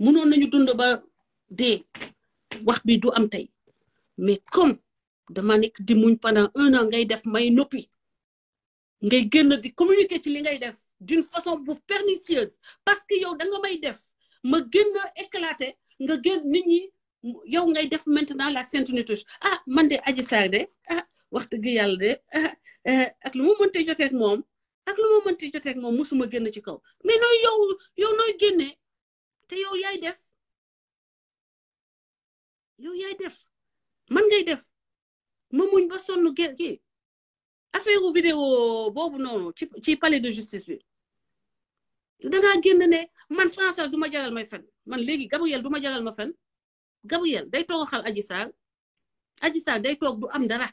Speaker 1: mënoon dee wax bi du am tey mais comme dama nekk di muñ pendant un an ngay def may noppi ngay génn di communiquer ci li ngay def d'une façon bu pernicieuse parce que yow da nga may def ma génn éclater nga génn nit ñi yow ngay def maintenant la sainte nitouche ah man de Adji Sarr de ah wax dëgg yàlla de ah, eh, ak lu ma mënte joteeg moom ak lu ma mënte joteeg moom musuma génn ci kaw mais nooy yow yow nooy génnee te yow yaay def
Speaker 2: yow yay def man ngay def
Speaker 1: ma muñ ba sonn kii affaire vidéo boobu noonu ci ci palais de justice bi dangaa génn ne man François du ma jaral may fen man léegi Gabriel du ma jaral ma fen Gabriel day toogaxal aji Sarr aji Sarr day toog du am
Speaker 2: dara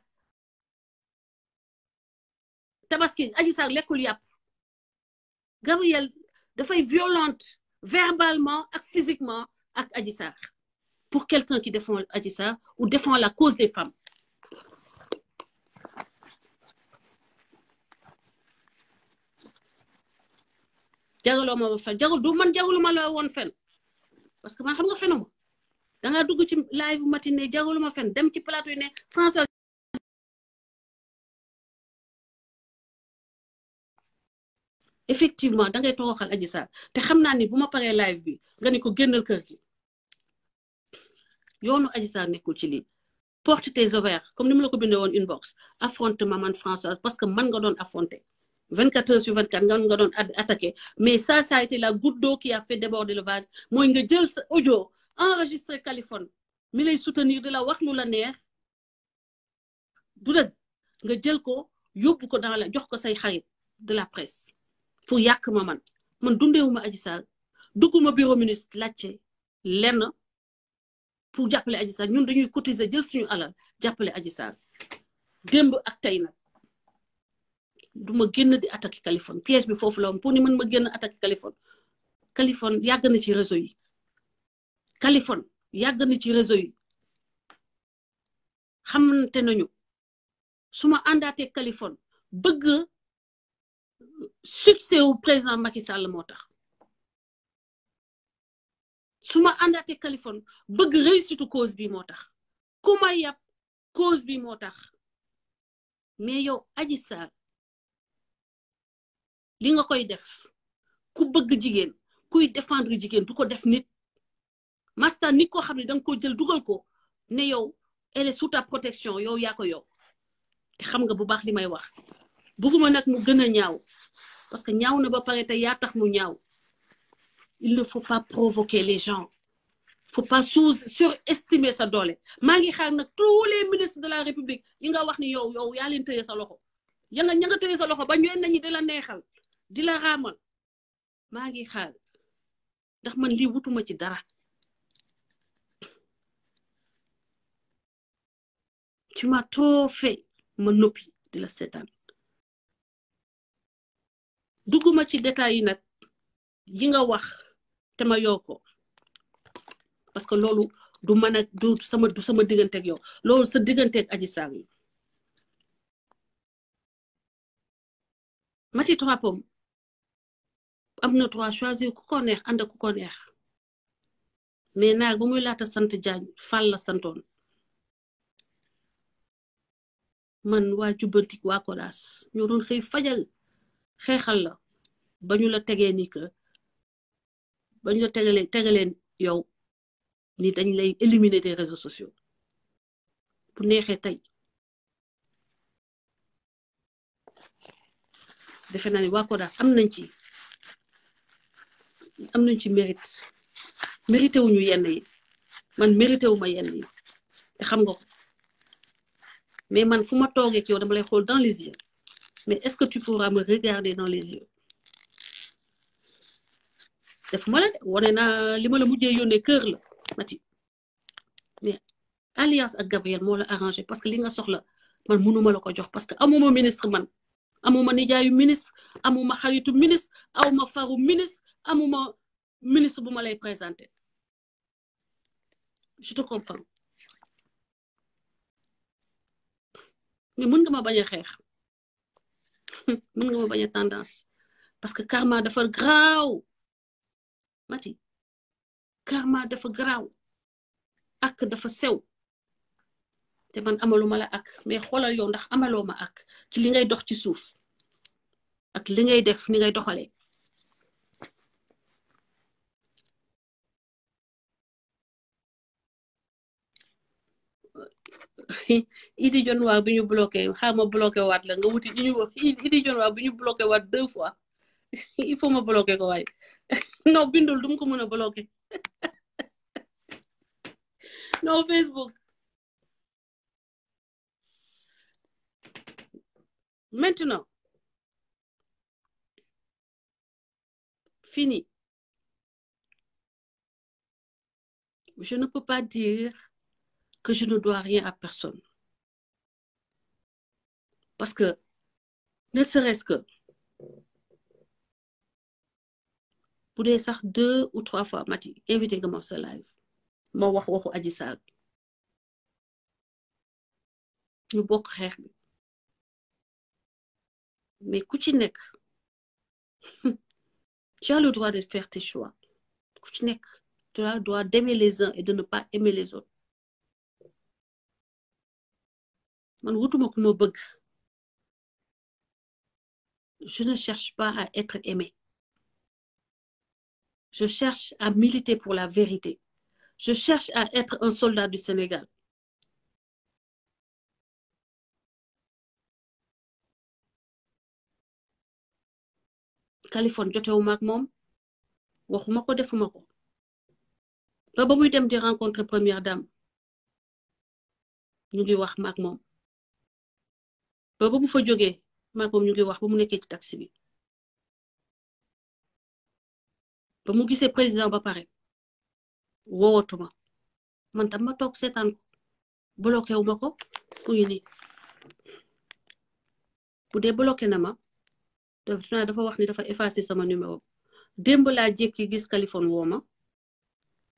Speaker 2: tabaski aji Sarr lekkul yàpp
Speaker 1: Gabriel dafay violente verbalement ak physiquement ak Adji Sarr pour quelqu'un qui défend Adji Sarr ou défend la cause des femmes. jagaloo ma woon fen jagal du parce que man xam nga fenuma dangaa dugg ci live matinée jagaluma fen dem ci plateau yi ne François effectivement dangay tooxal Adji Sarr te xam naa ni bu ma paree live bi nga ne ko génnal kër gi yoonu Adji Sarr nekkul ci lii porte tes ovaires comme ni mu la ko bindee woon inbox affronte ma man Françoise parce que man nga doon affronté 24 heures sur 24 nga nga doon attaqué mais ça ça a été la goutte d'eau qui a fait déborder le vase mooy nga jël sa audio enregistré Californie mi lay soutenir di la wax lu la neex du dëgg nga jël ko yóbbu ko dans la jox ko say xarit de la presse pour yàq ma man man dundeewu ma Adji Sarr dugguma bureau ministre laajte lenn pour jàppale Adji Sarr ñun dañuy cotiser jël suñu alal jàppale Adji Sarr démb ak tey nag du génn di attaqué Kaliphone piège bi foofu la woon pour ni man ma génn attaqué Kaliphone kalifon yàgg na ci réseau yi kalifon yàgg na ci réseau yi xamante nañu suma ma àndaatee Kaliphone bëgg succès wu président Macky moo tax su ma àndaatee Californie bëgg réussite cause bi moo tax ku ma yab cause bi moo tax mais yow Adji Sarr li nga koy def ku bëgg jigéen kuy défendre jigéen du ko def nit masta ni koo xam ne danga ko jël dugal ko ne yow elle est protection yow yaa ko yow te xam nga bu baax li may wax bëgguma nag mu gën a ñaaw parce que ñaaw na ba pare te yaa tax mu ñaaw il ne faut pas provoquer les gens faut pas surestimer sa doole maa ngi xaar nag tous les ministres de la république yi nga wax ni yow yow yaa leen sa loxo ya nga ña sa loxo ba ñëwee nañu di la neexal di la raamal maa ngi xaar ndax man lii wutuma ci dara tu trop fait ma noppi di la seetaan dugguma ci détails yi nag yi nga wax te ma yoo parce que loolu du mën a du sama du sama digganteeg yow loolu sa digganteeg Adji Sarr yi Mati Trois Pommes am na trois choisir ku ko neex ànd ak mais naag ba muy laata sant jaañ fal la man waa jubbantik waa kodaas ñoo doon xëy fajal xeexal la ba ba ñu la tegalee tegaleen yow ni dañ lay éliminer des réseaux sociaux bu neexee tey defe naa ne waa am nañ ci am nañ ci mérite mérité wuñu yenn yi man mérité wu ma yi te xam nga ko mais man fu ma toogee ak yow dama lay xool dans les yeux mais est-ce que tu pourras me regarder dans les yeux defuma la de wane naa li ma la mujjee yónnee kër la Mati mais alliance ak Gabriel moo la arrangé parce que li nga soxla man mënuma la ko jox parce que amuma ministre man
Speaker 2: amuma nijaayu
Speaker 1: ministre ma xaritu ministre amuma faru ministre amuma ministre bu ma lay présenté je te comprends mais mën ma bañ a xeex mën ma bañ tendance parce que karma dafa graaw mati karma dafa garaaw ak dafa sew te man amaluma la ak mais xoolal yow ndax amaloo ma ak ci li ngay dox ci suuf ak li ngay def ni ngay doxalee di jon waa bi ñu bloqué xaama bloqué waat la nga wuti idi jon waa bi ñu bloqué waat deux fois il faut ma bloqué ko waaye non bindul dum ko mën a bloqué non Facebook maintenant fini je ne peux pas dire que je ne dois rien à personne parce que ne serait que bu deux ou trois fois Mati invité nga sa live
Speaker 2: ma wax waxu Adji Sarr ñu bokk xeex mais ku ci nekk
Speaker 1: tu as le droit de faire tes choix ku ci nekk tu as le droit d'aimer les uns et de ne pas aimer les autres man
Speaker 2: wutuma ku ma bëgg je ne cherche pas à être aimé Je cherche à militer pour la vérité. Je cherche à être un soldat du Sénégal.
Speaker 1: Californie jotewuma ak moom waxuma ko defuma ko ba ba muy dem di rencontrer première dame ñu ngi wax maak moom
Speaker 2: ba ba bu fa jógee maak moom ñu ngi wax ba mu nekkee ci bi ba mu gisee président ba pare woowatuma
Speaker 1: man tam ma toog seetaan bloké bloqué wu ma ko mu ngi nii bu dee na ma dafa wax ni dafa effacé sama numéro démb laa gis kalifon woo ma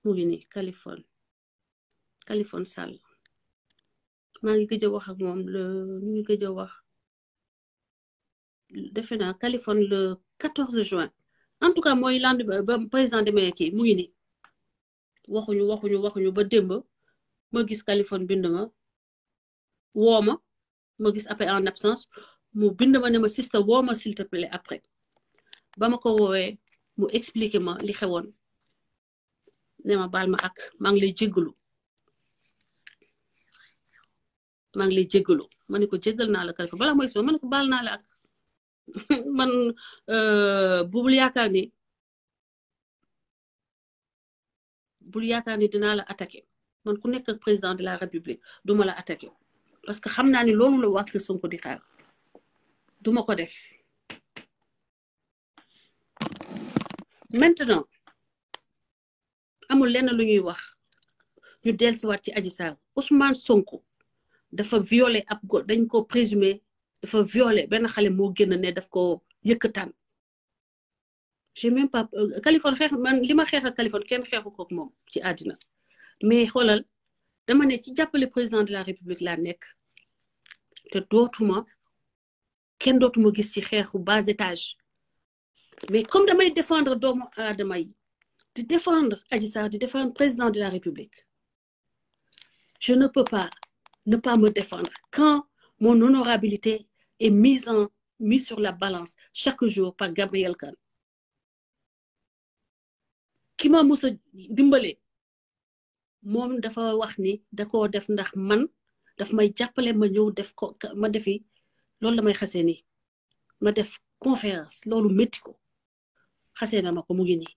Speaker 1: mu ngi nii Kaliphone Kaliphone Sall maa ngi gëj a moom le ñu ngi gëj a wax defe naa le 14 juin. en tout cas mooy lend ba président demee kii mu ngi ni waxuñu waxuñu waxuñu ba démb ma gis Californie bind ma woo ma gis appel en absence mu bind ma ne ma sista woo ma s'il te après ba ma ko woowee mu expliquer ma li xewoon ne ma baal ma ak maa ngi lay jéggalu maa ngi lay jéggalu ma ni ko jéggal naa la Californie balaa mooy si ma ne ko baal naa la ak man eh, bul yaakaar ne bul yaakaar ni dinaa la attaqué man ku nekk ak président de la république duma la attaqué parce que xam naa ni loolu la waa kër Sonko di xaar duma ko def maintenant amul lenn lu ñuy wax ñu dellusiwaat ci aji Sarr Ousmane Sonko dafa violé ab go dañ ko présumé dafa violé benn xale moo génn ne daf ko yëkkataan j'ai même pas euh, Californie li ma xeex ak Californie kenn xeexu kook moom ci àddina mais xoolal dama ne ci jàppale président de la république laa nekk te dootuma kenn dootuma gis ci xeexu bas étage mais comme damay défendre doomu aadama di défendre Adji Sarr di défendre président de la république je ne peux pas ne pas me défendre quand mon honorabilité est mise en mise sur la balance chaque jour par Gabriel Kane ki ma mës a dimbale moom dafa wax ni da koo def ndax man daf may jàppale ma ñëw ma defi loolu la may xasee ni ma def conférence loolu métti ko xase na ma ko mu ngi nii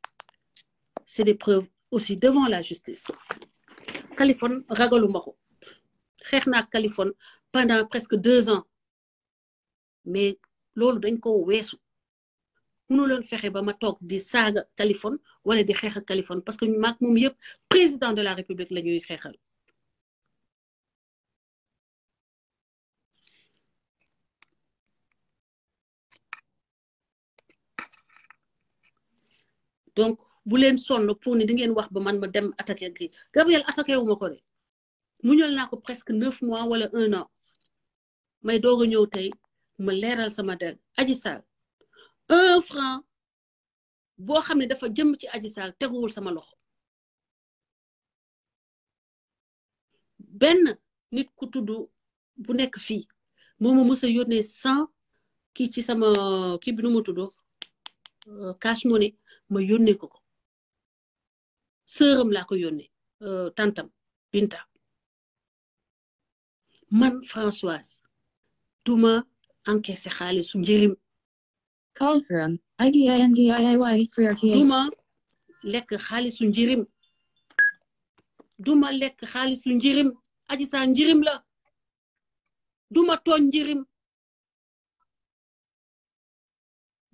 Speaker 1: c'est des preuves aussi devant la justice Kaliphone ragalu ma xeex na Kaliphone pendant presque deux ans mais loolu dañ ko weesu munu leen fexe ba ma toog di saaga Kaliphone wala di xeex ak parce que maag moom yëpp président de la république la ñuy xeexal donc bu leen sonn pour ni di ngeen wax ba man ma dem attaqué ak kii Gabriel attaqué wu ma ko de muñal naa ko presque neuf mois wala un an may doog a ñëw tey ma leeral sama der Adji Sarr un franc boo xam ne dafa jëm ci Adji Sarr teguwul sama loxo benn nit ku tudd bu nekk fii mooma mës a yónnee cent kii ci sama kii bi nu ma tudd euh, ma yónnee ko ko sëram laa ko yónnee euh, tantam Binta man Françoise duma encaissé xaalisu njëlim. call firm IDINDIY duma lekk xaalisu njërim la duma tooñ njërim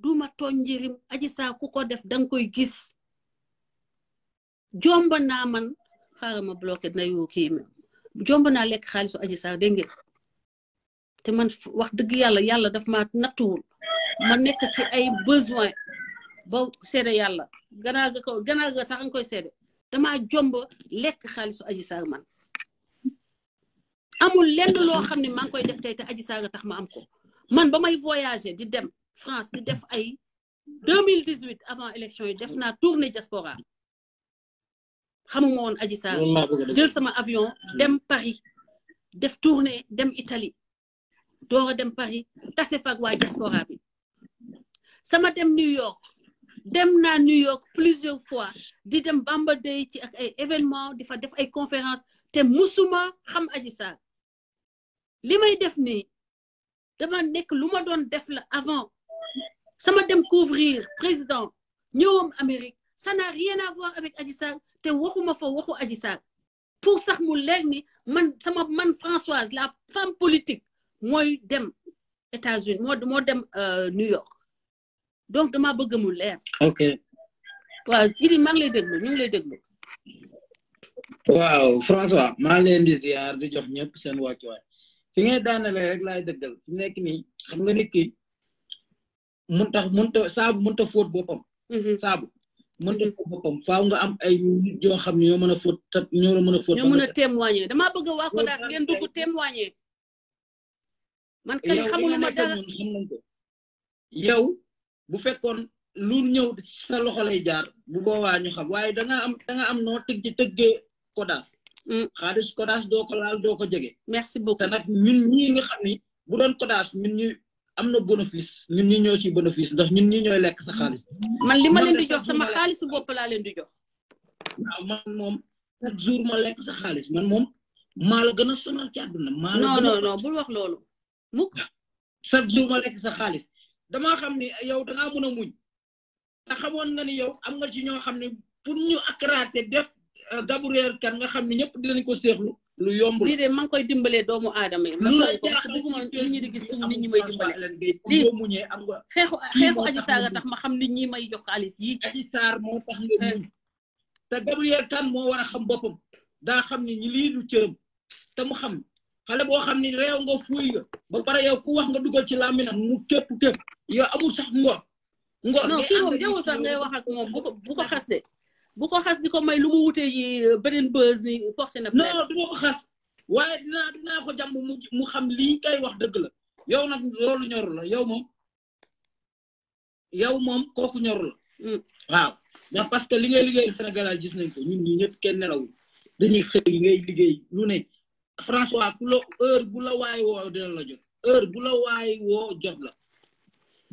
Speaker 1: duma tooñ njërim ko def danga koy gis jomba naa man xaaral na yu kii jomba naa lekk xaalisu aji saa te man wax dëgg yàlla yàlla def ma nattuwul ma nekk ci ay besoin ba seede yàlla gannaaw ga ko gannaaw ga sax nga koy seede damaa jomb lekk xaalisu aji saar man amul lenn loo xam ne maa ngi koy def tey te aji saar tax ma am ko man ba may voyager di dem France di def ay mille 2018 avant élection yi def naa tournée diaspora xamuma woon aji saar jël sama avion dem Paris def tournée dem Italie door a dem Paris tase fag waa diaspora bi sama dem New York dem naa New York plusieurs fois di dem Bamba Day ci ak ay événement di fa def ay conférence te musuma xam Adji Sarr li may def nii dama nekk lu ma doon def la avant sama dem couvrir président ñëwam Amérique ça n'a rien à voir avec Adji Sarr te waxuma fa waxu aji Sarr pour sax mu leer ni man sama man Françoise la femme politique mooy dem États-Unis moo moo dem euh, New York donc dama bëgg mu leer. ok waaw Idi maa ngi lay déglu ñu ngi lay déglu.
Speaker 3: waaw
Speaker 4: François maa ngi leen di ziar di jox ñëpp seen wàccuwaay fi ngay daanalee rek laay dëggal nekk nii xam nga nit ki mun tax mënta saabu mënta fóot boppam. Mhm. saabu mënta mhm. fóot boppam faaw nga am ay nit xam ne ñoo mën a fóot ñoo mën a fóot. ñoo mën a
Speaker 1: témoigner damaa bëgg waa Kodas ngeen dugg man kali xamuluma dara
Speaker 2: xam nañ ko
Speaker 4: yow bu fekkoon lu ñëw sa loxo lay jaar bu boobaa ñu xam waaye danga am danga am noo tëg di tëggee kodaas mm. xaalis kodaas doo ko laal doo ko jege merci beaucoup nag ñun ñii nga xam bu doon kodaas ñun ñu am na bénéfice ñun ñi ñoo ci bénéfice ndax ñun ñi ñooy lekk sa xaalis
Speaker 1: man li leen di jox sama xaalisu bopp laa leen di jox
Speaker 4: waaw man moom chaque jour ma lekk sa xaalis man moom maa la gën a sonal ci àdduna maa la non non non bul loolu mukk chaque jour ma lekk sa xaalis dama xam ne yow dangaa mën a muñ te xamoon nga ni yow am nga ci ñoo xam ne pour ñu accrater def euh, Gabrielle kan nga xam ne ñëpp dinañ ko seexlu lu yombul lii
Speaker 1: maa ngi koy dimbalee doomu aadama yi. man ko parce di
Speaker 4: gis nit ñi may dimbale. lii xeexu xeexu Adji Sarr tax ma xam nit ñi may jox xaalis yi. Adji Sarr moo tax nga muñ hmm. moo war a xam boppam daa xam ne lii du cëram te mu xam. xale boo xam ni réew nga fuuy ba pare yow ku wax nga dugal ci làmminam mu képp képp yow amul sax ngor. ngor non kii moom jawul sax ngay wax
Speaker 1: ak moom bu ko ko xas de bu ko xas ni ko may lu mu wutee yi euh, beneen bës ni porté na. non du ma ko xas waaye dinaa dinaa mu xam li kay
Speaker 4: wax dëgg la yow nag loolu ñoru la yow moom yow moom kooku ñoru la. Mm. waaw ndax parce que li ngay liggéeyal Sénégal gis nañ ko ñun ñi ñëpp kenn nelawul dañuy xëy ngay liggéey lu ne. François ku la heure bu la waay woo dina la jot heure bu la waay woo jot la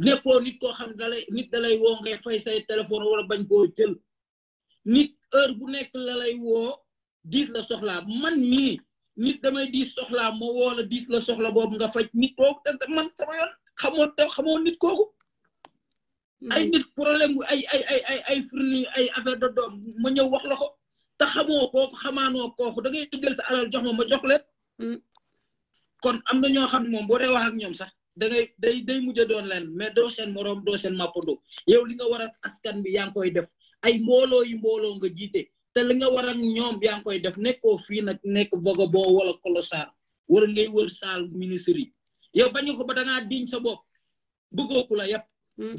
Speaker 4: nekkoo nit koo xam dalay nit dalay woo ngay fay say téléphone wala bañ koo jël nit heure bu nekk la lay woo diis la soxlaa man mii nit damay diis soxlaa ma woo la diis la soxla boobu nga faj nit kooku te man sama xamoo nit kooku ay hmm. nit problème ay ay ay affaire de doom ma ñëw wax la ko te xamoo kooku xamaanoo kooku da ngay jël sa alal jox ma a jox leen. Mm. kon am na ñoo xam ne moom boo dee wax ak ñoom sax da ngay day day mujj doon leen mais doo seen moroom doo seen màppandoo yow li nga war a askan bi yaa ngi koy def ay mbooloo yi mbooloo nga jiite te li nga war ñoom yaa ngi koy def nekkoo fii nag nekk boo wala colossal wala ngay wër saal ministre yow bañu ko ba da ngaa diñ sa bopp bëggoo la yëpp. Mm.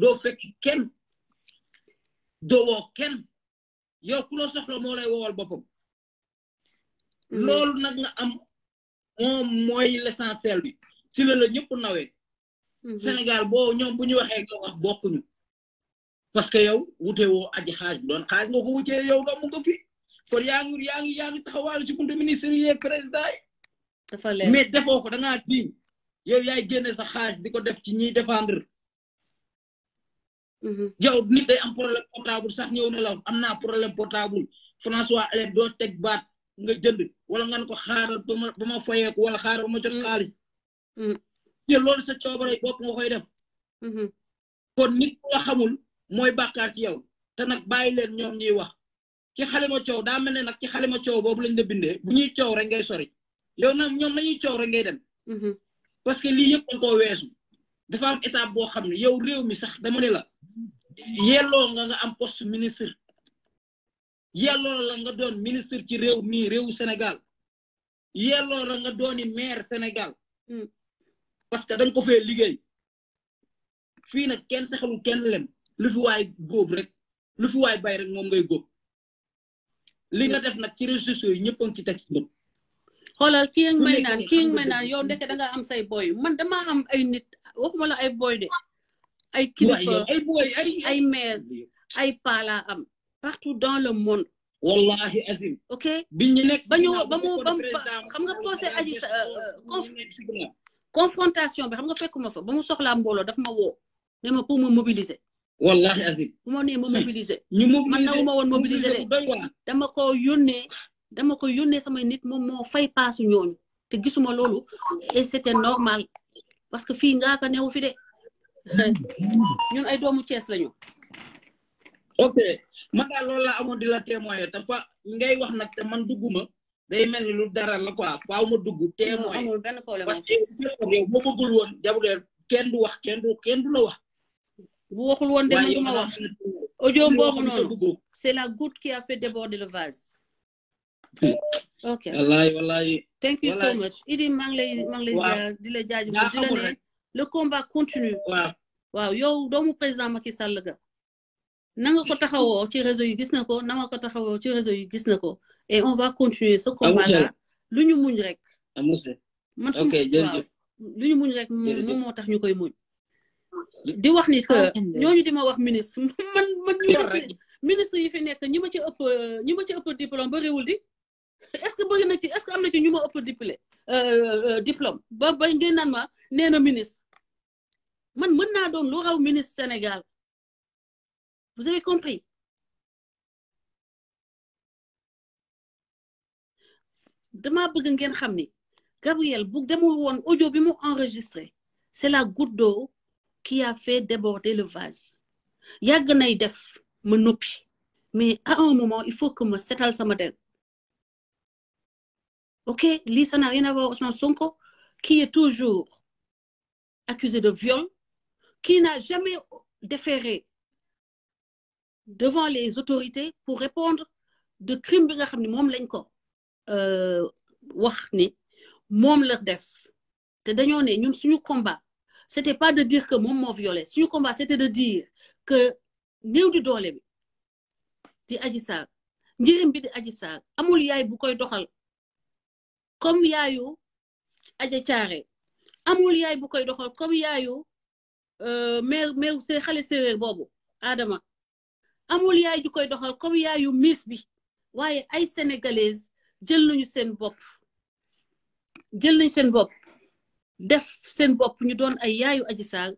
Speaker 4: doo fekk kenn doo woo kenn. yow ku la soxla moo lay wowal boppam hmm. loolu nag nga am moom mooy l'essentiel bi si la la ñëpp nawee
Speaker 2: hmm. Sénégal
Speaker 4: boo ñoom bu ñu waxee nga wax bokkuñu parce que yow wute woo aji xaaj bi doon xaaj nga ko wutee yow doomu nga fi kon yaa ngi yaa ngi yaa ngi taxawaalu ci buntu ministre yi président yi dafa defoo ko da ngaa yow yaay génne sa xaaj di ko def ci ñiy défendre Mm-hmm. yow nit day am problème portable sax ñëw na la am na problème portable François Hélène doo teg baat nga jënd wala nga ne ko xaaral ba ma ba fayeeku wala xaaral ba ma jot mm-hmm. xaalis. Mm-hmm. te loolu sa coobare bopp nga koy def. kon nit ku la xamul mooy bàkkaar ci yow te nag bàyyi leen ñoom ñuy wax ci xalima coow daa mel ne nag ci xalima coow boobu lañ la bindee bu ñuy coow rek ngay sori yow na ñoom lañuy coow rek ngay dem. parce que lii koo weesu. dafa am étape boo xam ne yow réew mi sax dama ne la yelloo nga nga am poste ministre yelloo la nga doon ministre ci réew mii réewu Sénégal yelloo la nga dooni maire Sénégal hmm. parce que danga ko fee liggéey fii nag kenn saxalu kenn lem lu fi waay góob rek lu fi waay bay rek moom ngay góob li nga def nag ci réseaux sociaux yi ñëpp a ngi ci teg si
Speaker 1: xoolal kii may naan kii may naan yow ndeke da am say boy man dama am ay nit waxuma la ay boy de ay kilifa ay maire ay pala am partout dans le monde wallahi azim ok ba ba mu ba xam nga procès aji sa euh, confrontation bi xam nga fekkuma fa ba mu soxlaa mbooloo daf ma woo ne ma pour ma mobiliser
Speaker 4: wallahi azim
Speaker 1: bu ma nee ma mobiliser man nawu ma woon mobiliser de dama ko yónnee dama ko yónnee samay nit moom moo fay paasu ñooñu te gisuma loolu et c'était normal parce que fii ngaaka newu fi de ñun ay doomu Cees lañu
Speaker 4: ok man daal loolu laa amoon di la témoigner te fa ngay wax nag te man dugguma day mel ni lu dara la quoi faaw ma dugg témoin amul
Speaker 1: benn problème parce que
Speaker 4: yow boo kenn du wax kenn du kenn du la wax bu waxul woon de
Speaker 2: man wax audio boobu
Speaker 1: c'est la goutte qui a fait déborder le vase ok wallaay
Speaker 4: wallaay thank you so much
Speaker 1: Idi maa ngi lay maa ngi lay ziar di la jaajëfal di la le combat continue waaw waaw yow doomu président Macky Sall ga na nga ko taxawoo ci réseau yi gis na ko na ko taxawoo ci réseau yi gis na ko et on va continuer ce combat là lu ñu muñ rek
Speaker 2: man su waaw
Speaker 1: muñ rek moo tax ñu koy muñ di wax ni ñooñu di ma wax ministre man man ñu ministre yi fi nekk ñi ma ci ëpp ñi ma ci ëpp diplôme bariwul di est-ce que bëgg na ci est-ce que na ci ñu ma ëpp diplôme euh, euh, diplôme ba ba ngeen naan ma nee na ministre man mën naa doon lu raw ministre Sénégal dama avez bëgg ngeen xam ni Gabriel bu demul woon audio bi mu enregistré c'est la goutte d'eau qui a fait déborder le vase yàgg nay def ma noppi mais à un moment il faut que ma setal sama der OK, lii ça n'a rien à voir Ousmane Sonko, toujours accusé de viol, qui n'a jamais déféré devant les autorités pour répondre de crime bi nga xam ne moom lañ ko euh, wax ni moom la def te dañoo ne ñun suñu combat c'était pas de dire que moom moo violé suñu combat c'était de dire que néew di doole bi di Adji Sarr njëriñ bi di Adji Sarr amul yaay bu koy doxal comme yaayu Adja Thiaré amul yaay bu koy doxal comme yaayu euh, maire maire seen xale séeréer boobu Adama amul yaay ju koy doxal comme yaayu miss bi waaye ay sénégalaise jël nañu seen bopp jël nañu seen bopp def seen bopp ñu doon ay yaayu Adji Sarr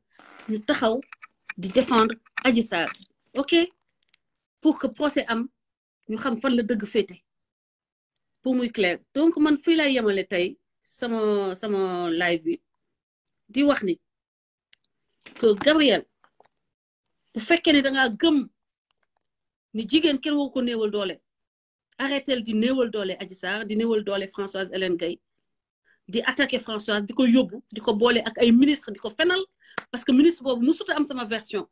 Speaker 1: ñu taxaw di défendre Adji Sarr ok pour que procès am ñu xam fan la dëgg féete pour muy clair donc man fii lay yemale tey sama sama live bi di wax ni que Gabrielle bu fekkee ne dangaa gëm ni jigéen kenn woo ko néewal doole arrêtel di néewal doole Adji Sarr di néwal doole Françoise Hélène Gaye di attaqué Françoise di ko yóbbu di ko boole ak ay ministre di ko fenal parce que ministre boobu musuta am sama version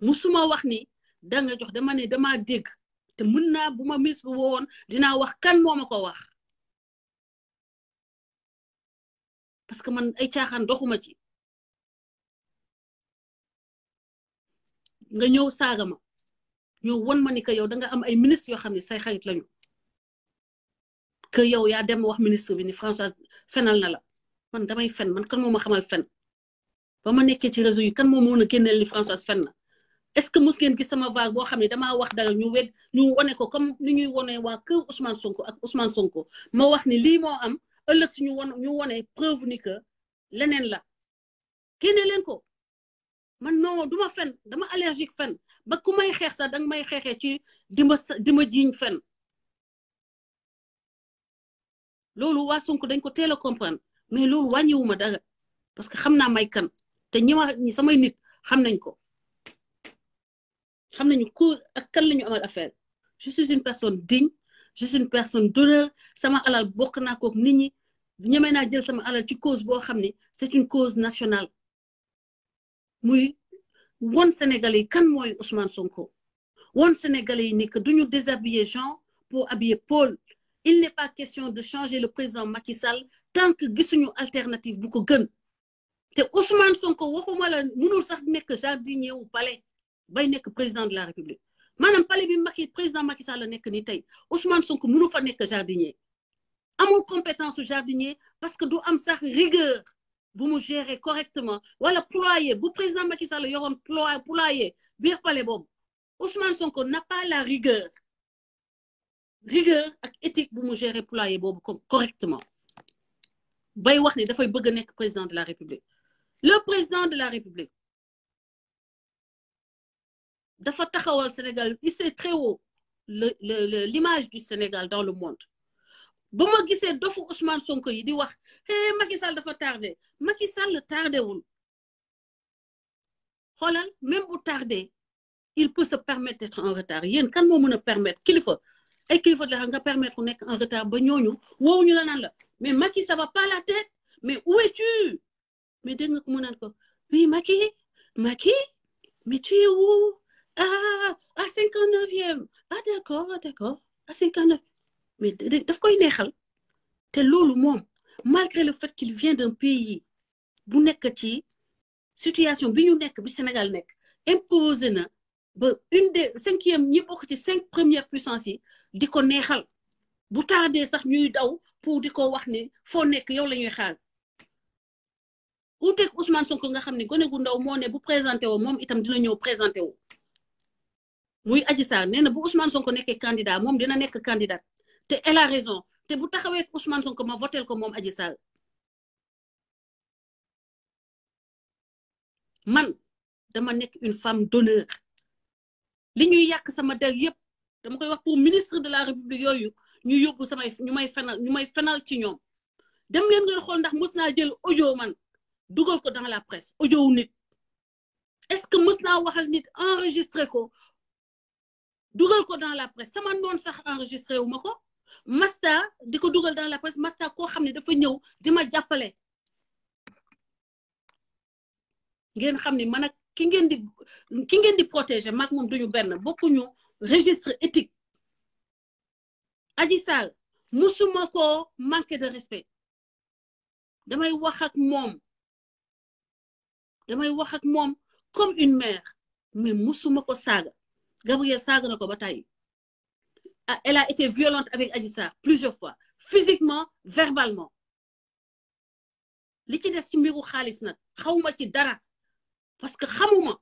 Speaker 1: musuma wax ni danga jox dama ne dama dégg te mën naa bu ma mis bu woon dinaa wax kan moo ma ko wax parce que man ay caaxaan doxuma ci nga ñëw saaga ma ñëw won ma ni que yow danga am ay ministre yoo xam ne say xarit lañu que yow yaa dem wax ministre bi ni Françoise fenal na la man damay fen man kan moo ma xamal fen ba ma nekkee ci réseau yi kan moo mën a génneel ni Françoise fen na est-ce que mus ngeen gis sama vague boo xam ne damaa wax dara ñu wet ñu wone ko comme ni ñuy wone waa kër Ousmane Sonko ak Ousmane Sonko ma wax ni lii moo am ëllëg suñu won ñu wone preuve ni que leneen la génne leen ko man non du dama allergique fen ba ku may xeex sax danga may xeexee ci dima dima jiiñ fen loolu waa Sonko dañ ko teel a comprendre mais loolu wàññiwuma dara parce que xam naa may kan te ñi ma samay nit xam nañ ko xam nañu ku ak kan la amal affaire je suis une personne digne je suis une personne d'honneur sama alal bokk naa kook nit ñi ñemee naa jël sama alal ci cause boo xam ne c'est une cose nationale muy won Sénégalais kan mooy Ousmane Sonko won Sénégalais yi ni que ñu déshabiller Jean pour habiller Paul il n'est pas question de changer le président Macky Sall tant que gisuñu alternative bu ko gën te Ousmane Sonko waxuma la mënul sax nekk jardinier wu palais bay nekk président de la république maanaam palais bi Macky président Macky Sall nekk nii tey Ousmane Sonko mënu fa nekk jardinier amul compétence su jardinier parce que du am sax rigueur bu mu gérer correctement wala ployer bu président Macky Sall yoroon ployer biir palais boobu Ousmane Sonko n'a pas la rigueur rigueur ak éthique bu mu gérer ployer boobu correctement bay wax ne dafay bëgg nekk président de la république le président de la république dafa taxawal Sénégal il sait très haut le l'image du Sénégal dans le monde ba ma gisee dofu Ousmane Sonko yi di wax eh Macky dafa tardé Macky Sall tardé xoolal même bu tardé il peut se permettre d'être en retard yéen kan moo mën a permettre kilifa ay kilifa dara nga permettre ku nekk en retard ba ñooñu woowu ñu la naan la mais Macky ça pas la tête mais où es-tu mais dégg nga ko mu naan ko oui Macky mais tu es ah ah cinquante neuvième ah d' accord d' accord ah cinquante neuf mais daf koy neexal te loolu moom malgré le fait qu'il vient d'un pays bu nekk ci situation bi ñu nekk bi Sénégal nekk imposé na ba une des cinquième ñi bokk ci cinq premières puissances yi di ko neexal bu tardee sax ñuy daw pour di ko wax ni foo nekk yow la ñuy xaar uteeg Ousmane Sonko nga xam ne gone gu ndaw moo ne bu présenté woo moom itam dina ñëw présenté woo muy Adji Sarr nee na bu Ousmane Sonko nekkee candidat moom dina nekk candidat te elle a raison te bu taxawee Ousmane Sonko ma votel ko moom Adji Sarr
Speaker 2: man dama nekk une femme d'honneur
Speaker 1: li ñuy yàq sama der yëpp dama koy wax pour ministre de la république yooyu ñu yóbbu samay ñu may fenal ñu may ci ñoom dem leen ngeen xool ndax mës naa jël audio man dugal ko dans la presse audio wu nit est-ce que mës naa waxal nit enregistre ko dugal ko dans la presse sama noon sax enregistré wu ma ko masta di ko dugal dans la presse masta koo xam ne dafa ñëw dima ma jàppale ngeen xam ni man ki ngeen di ki ngeen di protéger maag moom duñu benn bokkuñu registre éthique Adji Sarr musuma koo manqué de respect damay waxak ak moom damay wax ak comme une mère mais musuma ko saaga Gabriel saaga na ko ba tàyyi ah, elle a été violente avec Adji saa plusieurs fois physiquement verbalement li ci des ci mbiru xaalis nag xawma ci dara parce que xamuma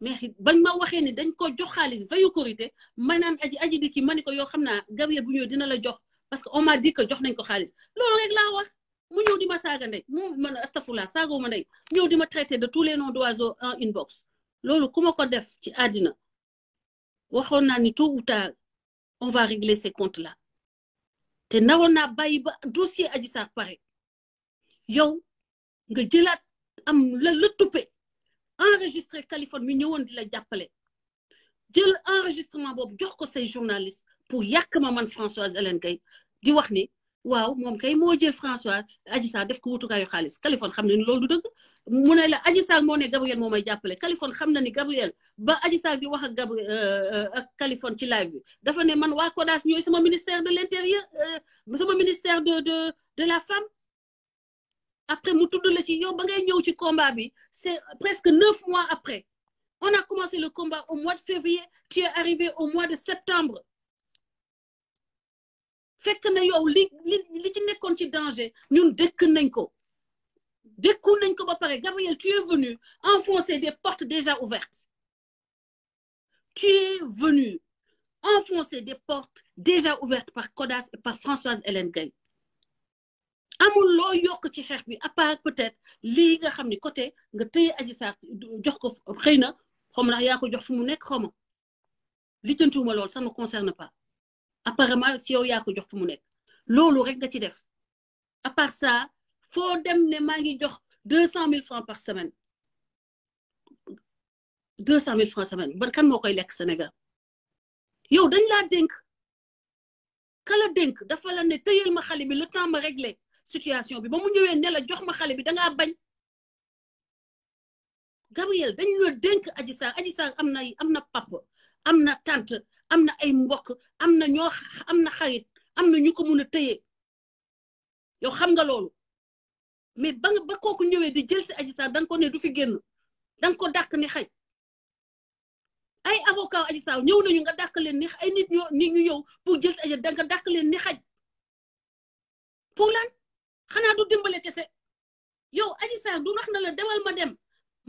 Speaker 1: mais bañ ma waxee ni dañ ko jox xaalis ko korité ma naan aji aji di ki ma ni ko yoo xam naa Gabriel bu ñëw dina la jox parce que on m'a dit que jox nañ ko xaalis loolu rek laa wax mu ñëw di ma saaga ndey mu man astafurla saagoo ma ndey ñëw di ma traité de tous les noms d'oiseaux en inbox loolu ku ma ko def ci àddina waxoon naa ni tôt ou tard on va régler ces comptes là te naroon naa bàyyi ba dossier Adji Sarr pare yow nga jëlaat am la la tuppe enregistré Californie mi ñëwoon di la jàppale jël enregistrement boobu jox ko say journaliste pour yàq ma man Françoise Hélène Gaye di wax ni waaw moom kay moo jël François Adji Sarr def ko wutukaayu xaalis Kaliphone xam na ni loolu du dëgg mu ne la Adji Sarr moo ne Gabriel moo may jàppale Kaliphone xam na ni Gabriel ba Adji Sarr bi wax ak Gabri euh, euh, ak Kaliphone ci live bi dafa ne man waa CODAS ñooy sama ministère de l'intérieur euh, sama ministère de la femme après mu tudd la ci yow ba ngay ñëw ci combat bi c'est presque neuf mois après on a commencé le combat au mois de février qui est arrivé au mois de fekk na yow li li li ci nekkoon ci danger ñun dëkk nañ ko dëkku nañ ko ba pare Gabriel tu es venu enfoncer des portes déjà ouvertes tu es venu enfoncer des portes déjà ouvertes par Codas et par Françoise Hélène Gaye amul loo yokk ci xeex bi à part peut-être lii nga xam ni côté nga tëye Adji Sarr jox ko xëy na xaw ma ndax yaa ko jox fu mu nekk xaw ma lijjantiwuma lool ça ne concerne pas apparemment si yow yaa ko jox fu mu nekk loolu rek nga ci def à part ça foo dem ne maa ngi jox deux cent mille francs par semaine deux cent mille semaine ban kan moo koy lekk Sénégal yow dañ laa dénk kala dénk dafa la ne tëyal ma xale bi le temps ma réglé situation bi ba mu ñëwee ne la jox ma xale bi dangaa bañ Gabriel dañ la dénk Adji Sarr Adji Sarr am na am na papa am na tante am na ay mbok am na ñoo am na xarit am na ñu ko mun a tëyee yow xam nga loolu mais ba nga ba kooku ñëwee di jël si Adji Sarr da nga ko ne du fi génn da nga ko dàq ni xaj ay avocat aji Sarr ñëw nañu nga dàq leen ni ay nit ñoo nit ñu ñëw pour jël si Adji da leen ni xaj pour lan xanaa du dimbale kese yow Adji Sarr du wax la demal ma dem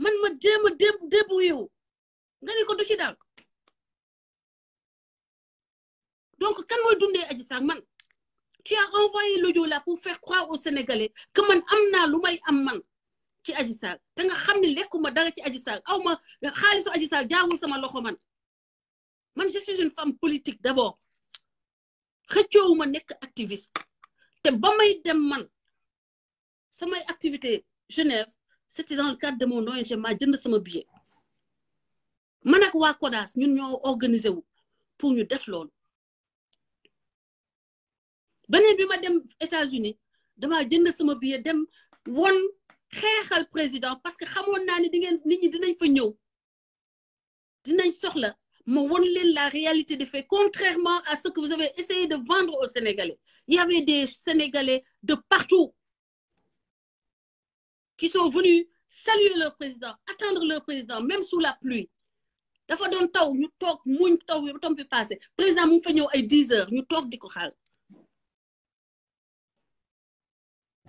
Speaker 1: man ma jéem a débrouillé nga ne du ci daal donc kan mooy dundee Adji Sarr man tu as envoyé l'audio là pour faire croire aux Sénégalais que man am naa lu may am man ci Adji Sarr te nga xam ne lekkuma dara ci Adji Sarr aw ma xaalisu Adji Sarr sama loxo man man je suis une femme politique d'abord xëccoowuma nekk activiste te ba may dem man samay activité Genève c'était dans le cadre de mon ONG jënd sama billet man ak waa CODAS ñun ñoo organisé wu pour ñu def beneen bi ma dem États-Unis damaa jënd sama billet dem won xeexal président parce que xamoon naa ne di ngeen nit ñi dinañ fa ñëw dinañ soxla ma won leen la réalité des faits contrairement à ce que vous avez essayé de vendre aux Sénégalais il y avait des Sénégalais de partout qui sont venus saluer leur président attendre leur président même sous la pluie dafa doon taw ñu toog muñ taw bi tom bi passé président mu ngi fa ñëw ay dix heures ñu toog di ko xaar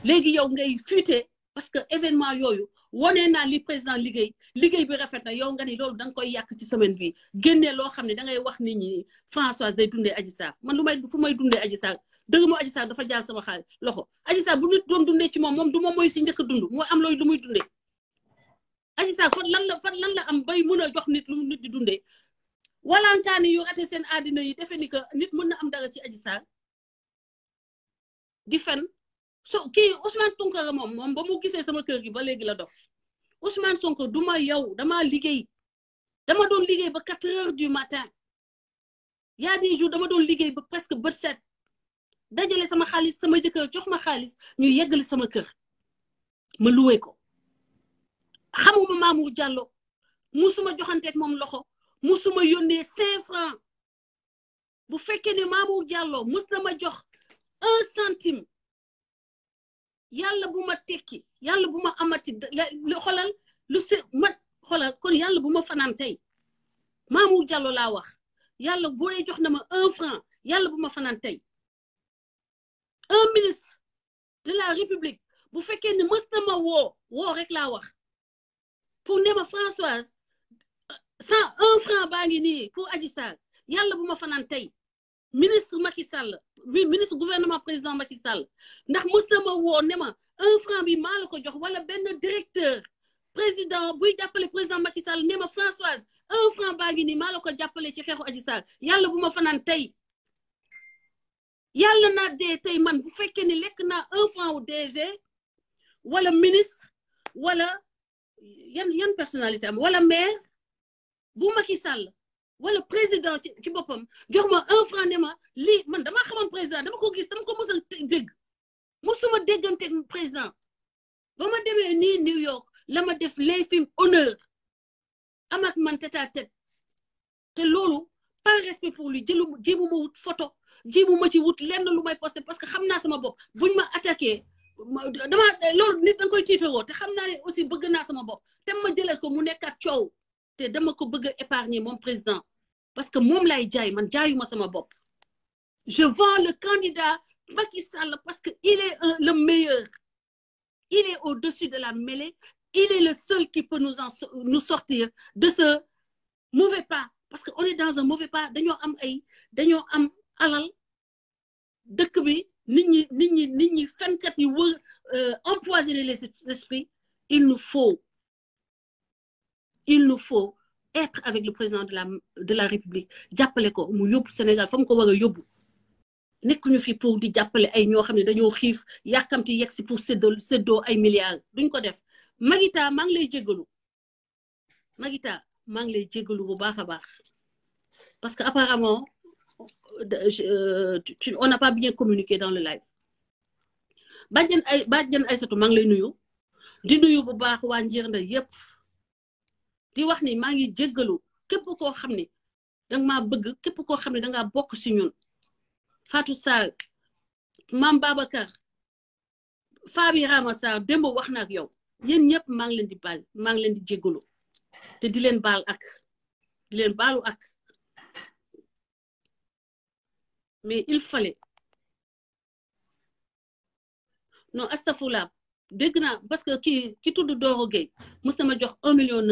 Speaker 1: léegi yow ngay fuité parce que événement yooyu wone naa li président liggéey liggéey bi rafet na yow nga ni loolu da koy yàq ci semaine bi génne loo xam ne da ngay wax nit ñi Françoise day dundee Adji Sarr man lu may fu may dundee aji Sarr dëgg ma Adji dafa jaar sama xaalis loxo Adji Sarr bu nit doon dundee ci moom moom du moom mooy si njëkk dund mooy am looy lu muy dundee Adji Sarr fan lan la fan lan la am bay mën a jox nit lu nit di dundee walantaani yu rate seen addina yi defe nit mën na am dara ci Adji Sarr di so kii Ousmane Tounkara moom moom ba mu gisee sama kër gi ba léegi la dof Ousmane Sonko du ma yow damaa liggéey dama doon liggéey ba quatre heures du matin y a des dama doon liggéey ba presque bët set dajale sama xaalis sama jëkkër jox ma xaalis ñu yeggali sama kër ma luwe ko xamuma Mamour Diallo musuma joxanteeg moom loxo musuma yónnee cinq francs bu fekkee ne Mamour Diallo mus na ma jox un centime yàlla bu ma tekki yàlla bu ma amati lu xolal lu se ma xolal kon yàlla bu ma fanaan tey Mamou Diallo laa wax yàlla bu dee jox na ma un franc yàlla bu ma fanaan tey un ministre de la république bu fekkee ne mës na ma woo woo rek laa wax pour ne ma Françoise sans euh, un franc baa ngi pour Adji Sarr yàlla bu ma fanaan tey ministre Macky Sall ministre gouvernement président Macky Sall ndax mës na woo ne un franc bi maa la ko jox wala benn directeur président buy jàppale président Macky Sall ne ma Françoise un franc baa ngi ko jàppale ci xeexu Adji Sarr yàlla bu ma fanaan tey yàlla naa dee tey man bu fekkee ni lekk na un franc wu DG wala ministre wala yan yan personnalité am wala maire bu Macky wala président ci boppam jox ma un franc ne ma lii man dama xamoon président dama ko gis dama ko mos a ma mosuma dégganteeg président ba ma demee nii New York la ma def les films honneur am ak man tête à tête te loolu par respect pour lui jëlu jéemu ma wut photo jéemu ma ci wut lenn lu may posté parce que xam naa sama bopp buñ ma attaqué dama loolu nit da nga koy tiitawoo te xam naa ne aussi bëgg naa sama bopp te ma jëlal ko mu nekkaat coow. te dama ko bëgg a épargner moom président parce que moom lay jaay man jaayuma sama bopp je vends le candidat Macky parce que il est un, le meilleur il est au-dessus de la mêlée il est le seul qui peut nous sortir de ce mauvais pas parce que on est dans un mauvais pas dañoo am ay dañoo am alal dëkk bi nit ñi nit ñi nit ñi fenkat yi wër euh, empoisonner les esprits il nous faut il nous faut être avec le président de la de la république jàppale ko mu yóbbu Sénégal fa ko war a yóbbu nekkuñu fi pour di jàppale ay ñoo xam ne dañoo xiif yàkkamti yegg si pour séddoo séddoo ay milliards duñ ko def Magita maa ngi lay jégalu Magita maa ngi lay jégalu bu baax a baax parce que apparemment euh, euh, on n'a pas bien communiqué dans le live bàjjen ay bàjjen Aïssatou maa ngi lay nuyu di nuyu bu baax wa Njir Ndeye yëpp. di wax ni maa ngi jéggalu ko xam ne danga maa bëgg képp koo xam ne danga bokk si ñun Fatou Sarr Mame Babacar Fabi Rama Sarr démb wax na yow yéen ñëpp maa ngi leen di baal maa ngi leen di te di leen baal ak di leen baalu ak mais il fallait non astafurlah dégg naa parce que ki ki tudd Doro Gueye mës jox un million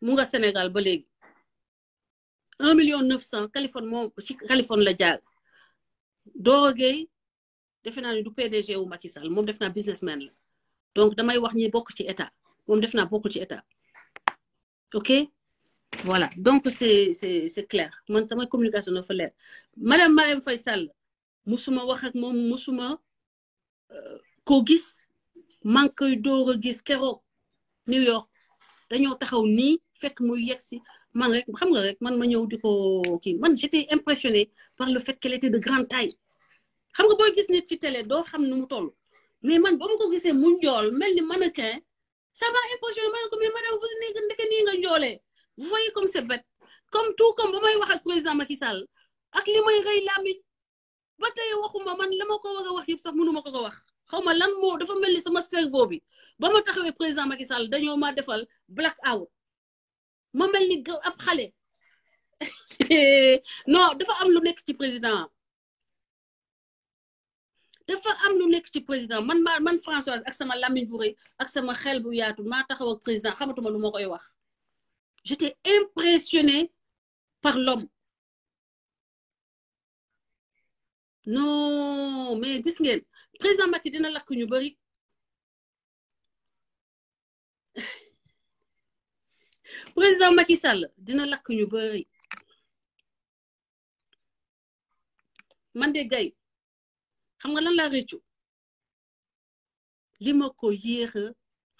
Speaker 1: mu nga Sénégal ba léegi un million neuf cent Californie moom ci Californie la jaar doogee defe naa ne du PDG wu Macky Sall moom def naa businessman la donc damay wax ñi bokk ci état moom def naa bokk ci état ok voilà donc c'est c'est clair man samay communication na fa leer madame Marème Faye Sall musuma wax ak moom musuma euh, ko gis man koy door a gis keroog New York dañoo taxaw nii fekk mu yegg si man rek xam nga rek man ma ñëw di ko kii man j'étais impressionnée par le fait qu'elle était de grande taille xam nga booy gis ni ci télé doo xam nu mu toll mais man ba ma ko gisee mu njool mel ni mannequin ça m'a impressionné ma ne ko mais madame vous ndeke nii nga joole bu voyez comme c'est bête comme tout comme ba may wax ak président Macky Sall ak li may rëy làmmiñ ba tey waxuma man la ma ko war a wax yëpp sax mënuma ko ko wax xaw ma lan moo dafa mel ni sama cerveau bi ba ma taxawee président Macky Sall dañoo ma defal black out ma mel ni ab xale non dafa am lu nekk ci président dafa am lu nekk ci président man maa man Françoise ak sama làmmiñ bu rëy ak sama xel bu yaatu maa taxaw ak président xamatuma lu ma koy wax j'étais impressionnée par l'homme non mais gis ngeen président Macky dina lakk ñu bari président Macky Sall dina lakk ñu bari man gay xam nga lan laa réccu li ma ko yéex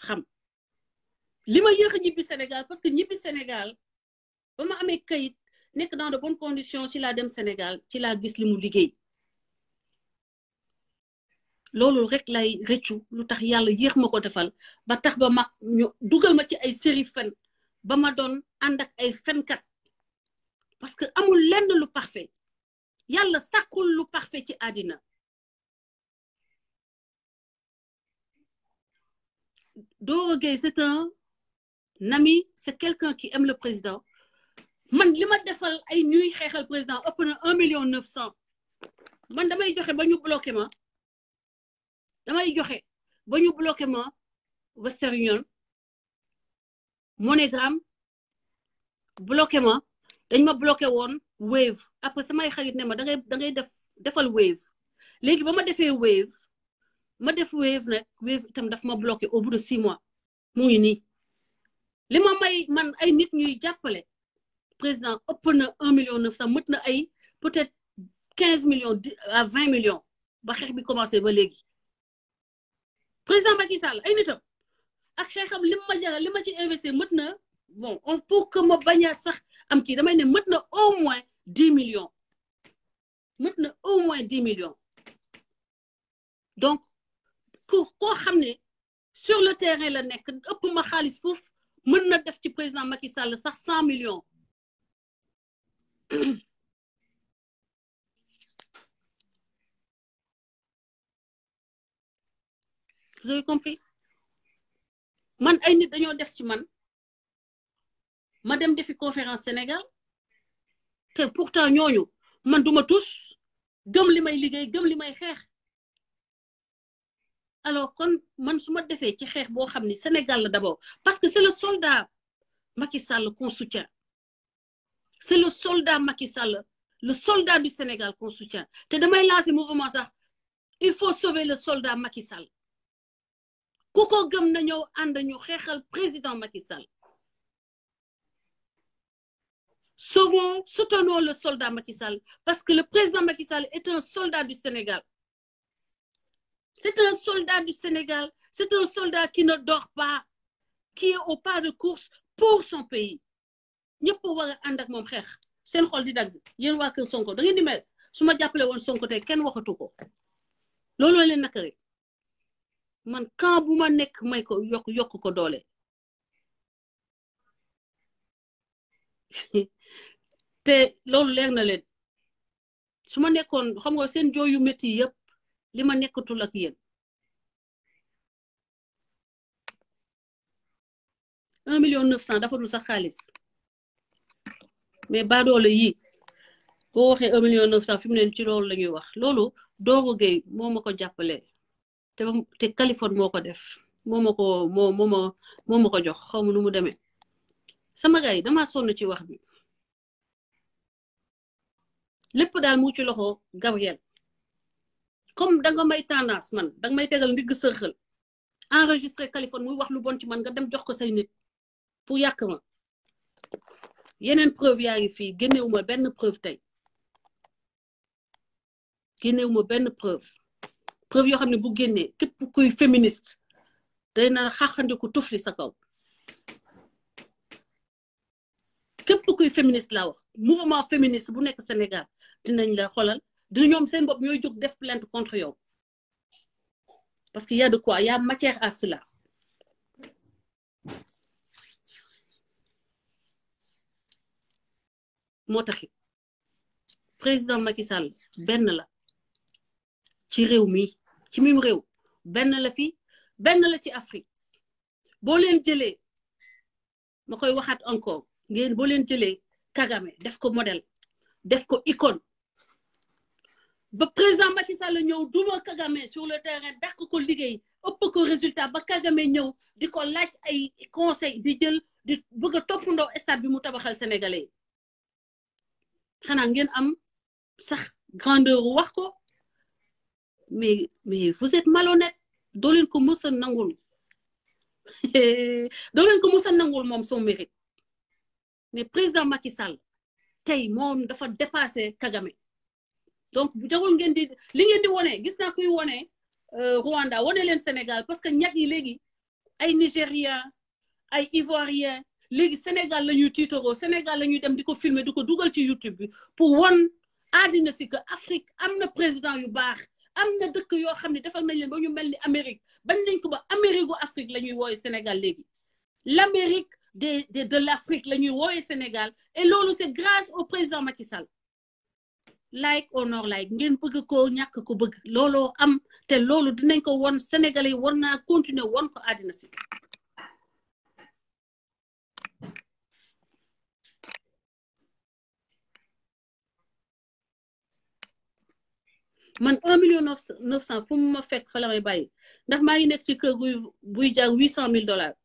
Speaker 1: xam li ma ñibbi Sénégal parce que ñibbi Sénégal ba ma amee kayit nekk dans de bonnes conditions ci laa dem Sénégal ci laa gis li liggéey loolu rek lay rëccu lu tax yàlla yéex ma ko defal batax tax ba ma ci ay série ba ma doon ànd ak ay fenkat parce que amul lenn lu parfait yàlla sakul lu
Speaker 2: parfait ci àddina
Speaker 1: Doro Gueye c'est un ami c'est quelqu'un qui aime le président man li ma defal ay ñuy xeexal président ëpp un million neuf cent man damay joxe ba ñu bloqué ma damay joxe ba ñu bloqué ma Western monogram bloqué ma dañ ma bloqué woon wave après samay xarit ne ma da ngay da ngay def defal wave léegi ba ma defee wave ma def wave nag wave itam daf ma bloqué au bout de six mois mu ngi nii li ma may man ay nit ñuy jàppale président ëpp na un million neuf cent mët na ay peut-être quinze millions à vingt millions ba xeex bi commencé ba léegi président Macky sal ay nitam ak xeexam li ma jaral li ma ci investir mët na bon on pour que ma bañ sax am kii damay ne mët na au moins dix millions mët na au moins dix millions donc ku koo xam ne sur le terrain la nekk ëpp ma xaalis foofu mën na def ci président Macky Sall sax cent millions vous avez compris man ay nit dañoo def ci man ma dem defi conférence Sénégal te pourtant ñooñu man duma tus gëm li may liggéey gëm li may xeex alors kon man su ma defee ci xeex boo xam ni Sénégal la d'abord parce que c'est le soldat Macky Sall qu'on soutient c'est le soldat Macky Sall le soldat du Sénégal qu'on te damay lancer mouvement sax il faut sauver le soldat Macky Sall ku gëm na ñëw ànd ñu xeexal président Macky Sall sauvons soutenons le soldat Macky parce que le président Macky Sall est un soldat du Sénégal c'est un soldat du Sénégal c'est un soldat qui ne dort pas qui est au pas de course pour son pays ñëpp war a ànd ak moom xeex seen xol di dagg yéen waa kër Sonko da ngeen su ma jàppale woon Sonko tey kenn waxatu ko looloo nakari man camp bu ma nekk may ko yokk ko doole te loolu leer na leen su ma nekkoon xam nga seen yu métti yëpp li ma nekkatul ak yen un million neuf cent dafa dul sax xaalis mais baadoole yi boo waxee un million neuf cent fi mu neen ci loolu la ñuy wax loolu doogu gay moo ma ko jàppale te te moo ko def moo ma ko moo moo ma ko jox xaw ma nu mu demee sama gars yi damaa sonn ci wax bi lépp daal mu ci loxo Gabriel comme danga may tendance man danga may tegal ndigg sërxal enregistré Californie muy wax lu bon ci man nga dem jox ko say nit pour yàq ma yeneen preuve yaa ngi fii génnewuma benn preuve tey génnewuma benn preuve preuve yoo xam ne bu génnee képp kuy féministe day na xaxandiku tufli sa kaw képp kuy féministe la wax mouvement féministe bu nekk Sénégal dinañ la xolal dina ñoom seen bopp ñooy jóg def plainte contre yow parce que y a de quoi y matière à cela moo taxit président Macky Sall benn la ci réew mi ci mim réew benn la fi la ci Afrique boo leen jëlee ma koy waxaat encore ngeen boo leen jëlee Kagame def ko modèle def ko icône ba président Macky Sall ñëw duma Kagame sur le terrain dàq ko liggéey ëpp ko résultat ba Kagame ñëw di ko laaj ay conseil di jël di bëgg a toppandoo stade bi mu tabaxal sénégalais ngeen am sax grandeur wax ko mais mais vous êtes malhonnête doo leen ko mës a nangul doo leen ko mës nangul moom son mérite mais président Macky Sall tey moom dafa dépassé Kagame donc bu jarul ngeen di li ngeen di wone gis naa kuy wone euh, Rwanda wone leen Sénégal parce que ñag yi léegi ay Nigérian ay Ivoirien léegi Sénégal la ñuy tiitaroo Sénégal la ñuy dem di ko filmer di ko dugal ci YouTube bi pour won àddina si que Afrique am na président yu baax am na dëkk yoo xam ne defar nañ leen ba ñu mel ni Amérique bañ nañ ko ba Amérique gu Afrique la ñuy wooye Sénégal léegi l'Amérique de de de l'Afrique la ñuy wooye Sénégal et loolu c'est grâce au président Macky Sall like or not like ngeen bëgg ko ñàkk ko bëgg looloo am te loolu dinañ ko won Sénégalais yi war naa continuer won ko àddina si man un million neuf neuf cent ma fekk fa la may bàyyi ndax maa ngi nekk ci kër guy buy jaar huit cent mille dollars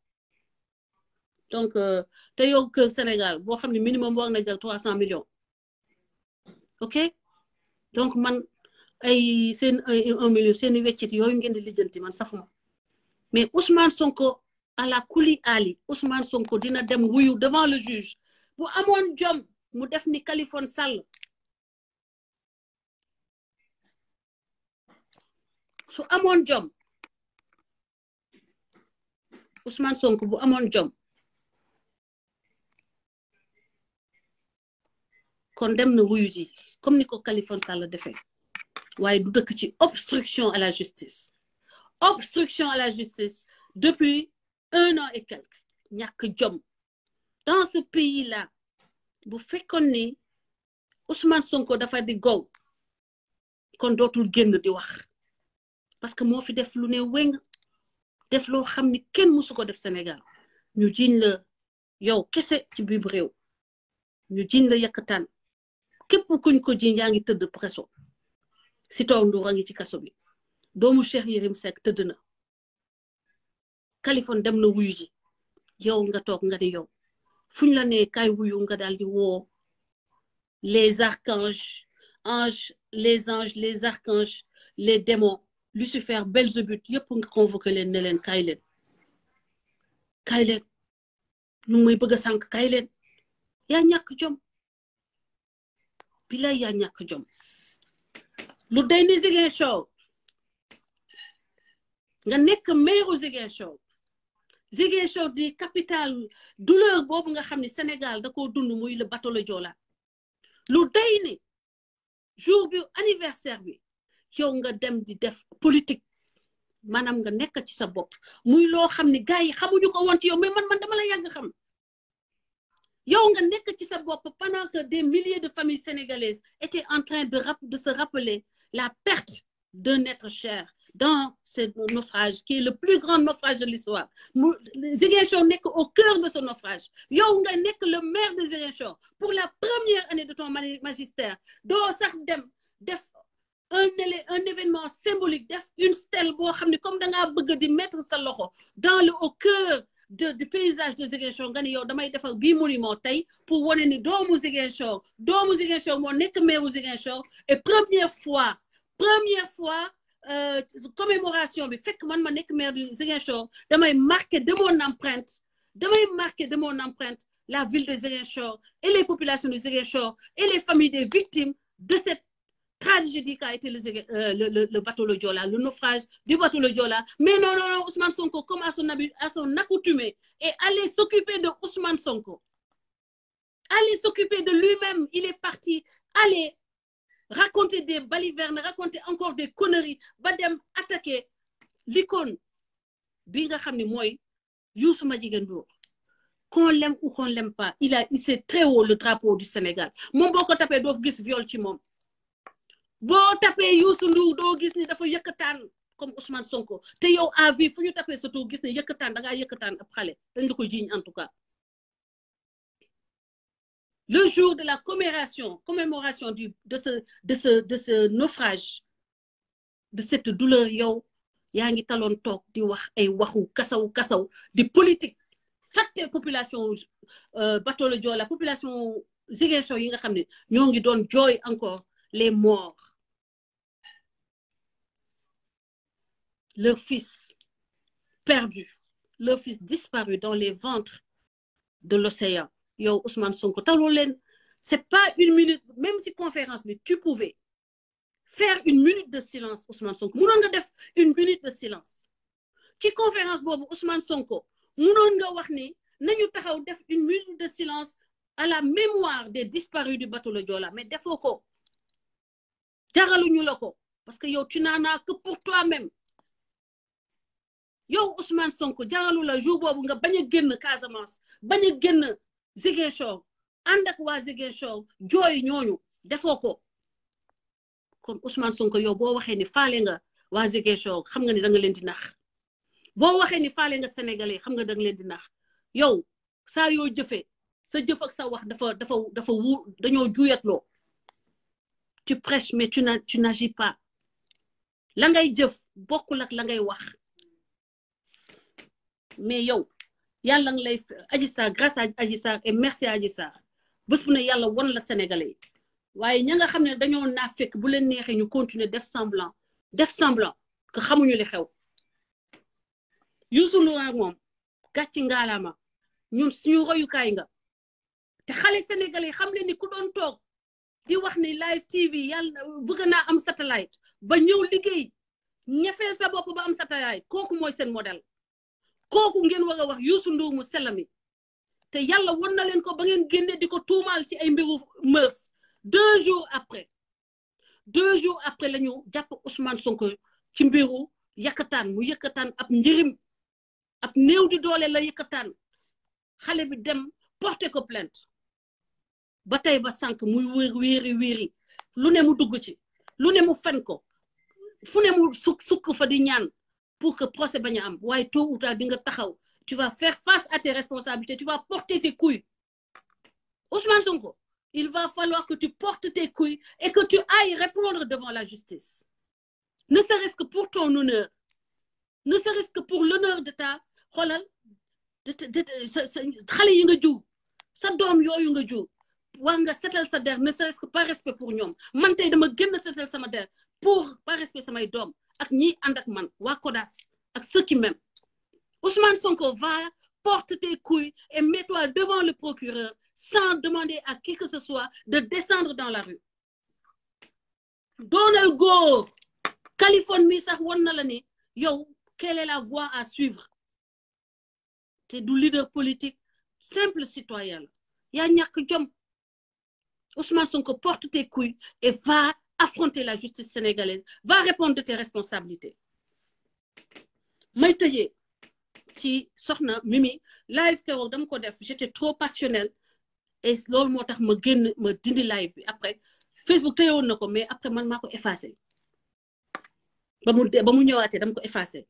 Speaker 1: donc euh, te yow kër Sénégal boo xam ne minimum war na jar trois cent millions ok donc man ay seen un million seen i weccit yooyu ngeen di lijjanti man safuma mais Ousmane Sonko à la kuli ali Ousmane Sonko dina dem wuyu devant le juge bu amoon jom mu def ni Kalifone Sall
Speaker 2: su amoon jom
Speaker 1: Ousmane Sonko bu amoon jom kon dem na wuyu ji comme ni ko Khalifa defe defee waaye du dëkk ci obstruction à la justice obstruction à la justice depuis un an et quelque ñàkk jom dans ce pays là bu fekkoon ni Ousmane Sonko dafa di gow kon dootul génn di wax parce que moo fi def lu ne weng def loo xam ni kenn mësu ko def Sénégal ñu jiñ la yow kese ci biir réew ñu jiñ la yàkkataan képp kuñ ko jiñ yaa ngi tëdd presso si taw nduur a ngi ci kaso bi doomu Cheikh Yérim Seck tëdd na kalifon dem na wuyu ji yow nga toog nga ni yow fuñ la nee kaay wuyu nga daal di woo les archanges ange les anges les archanges les démons Lucifer Belzébuth yëpp nga convoqué leen ne leen kaay leen kaay may bëgg a sànq kaay leen ñàkk jom bilaay yaa ñàkk jom lu day ni Ziguinchor nga nekk maire Ziguinchor Ziguinchor di capital douleur boobu nga xam ni Sénégal da koo dund muy le bateau le day ni jour bi anniversaire bi yow nga dem di def politique maanaam nga nekk ci sa bopp muy loo xam ne gars yi xamuñu ko woon ci yow mais man man dama la yàgg xam yow nga nekk ci sa bopp pendant que des milliers de familles sénégalaises étaient en train de rap se rappeler la perte d'un être chair dans ce naufrage qui est le plus grand naufrage de l'histoire mu Ziguinchor nekk au cœur de ce naufrage yow nga nekk le maire de Ziguinchor pour la première année de ton magistère doo sax dem def un un événement symbolique def une stèle boo xam ne comme da ngaa bëgg di mettre sa loxo dans le au cœur de paysage de Ziguinchor nga ni damay defar bii monument tey pour wane ni doomu Ziguinchor doomu Ziguinchor moo nekk meeru Ziguinchor et première fois première fois euh, commémoration bi fekk man ma nekk maire du Ziguinchor damay marqué de mon empreinte damay marqué de mon empreinte la ville de Ziguinchor et les populations de Ziguinchor et les familles tragédie qu'a été le, euh, le, Jola, le naufrage du bateau Jola. Mais non, non, non, Sonko, comme à son, à son accoutumé, et allez s'occuper de Ousmane Sonko. Allez s'occuper de lui-même, il est parti. Allez raconter des balivernes, raconter encore des conneries. Badem attaquer l'icône. Binga Khamni Moy, Youssou Madjigendour. Qu'on l'aime ou qu'on l'aime pas, il, a, il très haut le drapeau du Sénégal. Mon bon tapé doit gis viol chimom. boo tapee Youssou Ndour doo gis ni dafa yëkkataan comme Ousmane Sonko te yow à vie fu ñu tapee sa tur gis ne yëkkataan da ngaa yëkkataan ab xale dañ la ko jiiñ en tout cas. le jour de la commémoration commémoration du de ce de ce de cette douleur yow yaa ngi taloon toog di wax ay waxu kasaw kasaw di politique fàtte population bateau le Joola population Ziguinchor yi nga xam ne ñoo ngi doon jooy encore les morts leur fils perdu, leur fils disparu dans les ventres de l'océan. Yo, Ousmane Sonko, c'est pas une minute, même si conférence, mais tu pouvais faire une minute de silence, Ousmane Sonko. Mounon nga def une minute de silence. Ci conférence bobu Ousmane Sonko, mounon nga wax ni nañu taxaw def une minute de silence à la mémoire des disparus du bateau le Diola, mais defoko. Jaraluñu lako parce que yo tu n'en as que pour toi-même. yow Ousmane Sonko jaralu la jour boobu nga bañ a génn Casamance bañ a génn Ziguinchor ànd ak waa Ziguinchor jooy ñooñu defoo ko kon Ousmane Sonko yow boo waxee ni faale nga waa Ziguinchor xam nga ni da nga leen di nax boo waxee ni faale nga sénégalais xam nga da nga leen di nax yow saa yo jëfee sa jëf ak sa wax dafa dafa dafa wu dañoo juuyatloo tu prêches mais tu n'agis pas la ngay jëf bokkul ak la ngay wax mais yow yàlla nga lay Adji Sarr grâce à Adji Sarr et merci à Adji Sarr bés bu ne yàlla won la sénégalais yi waaye ña nga xam ne dañoo naa fekk bu leen neexee ñu continuer def semblant def semblant que xamuñu li xew Youssou Ndour ak moom gàcci ngaalaama ñu suñu royukaay nga te xale sénégalais xam leen ni ku doon toog di wax ni live TV yàlla bëgg naa am satellite ba ñëw liggéey ñafeel sa bopp ba am satellite kooku mooy seen model kooku ngeen war a wax Youssou Ndour mu sell te yàlla won na leen ko ba ngeen génne di ko tuumaal ci ay mbiru mœurs deux jours après deux jours après lañu ñu jàpp Ousmane Sonko ci mbiru yëkkataan mu yëkkataan ab njërim ab néew di doole la yëkkataan xale bi dem porter ko plainte ba tey ba sànq muy wér wéri wéri lu ne mu dugg ci lu ne mu fen ko fu ne mu sukk sukk fa di ñaan pour que procès bañ a am waaye tôt ou tard di nga taxaw tu vas faire face à tes responsabilités tu vas porter tes couilles Ousmane Sonko il va falloir que tu portes tes couilles et que tu ailles répondre devant la justice ne serait que pour ton honneur ne serait-ce que pour l'honneur de ta xoolal de de xale yi nga jiw sa doom yooyu nga jiw war nga setal sa der ne serait-ce que par respect pour ñoom man tey dama gën a setal sama der pour par respect samay doom ak ñi ànd ak man waa CODAS ak ceux qui m'aiment Ousmane Sonko va porte tes couilles et mets-toi devant le procureur sans demander à qui que ce soit de descendre dans la rue doonal góor Californie mi sax won na la yow quelle est la voie à suivre te du leader politique simple citoyen la yaa ñàkk jom Sonko porte tes couilles et va affronter la justice sénégalaise va répondre de tes responsabilités may tëjee ci soxna Mimi live keroog dama ko def j'étais trop passionnel et lool moo tax ma génn ma dindi live bi après Facebook tëyewoon na ko mais après man maa ko effacé ba mu ba mu ñëwaatee dama ko effacé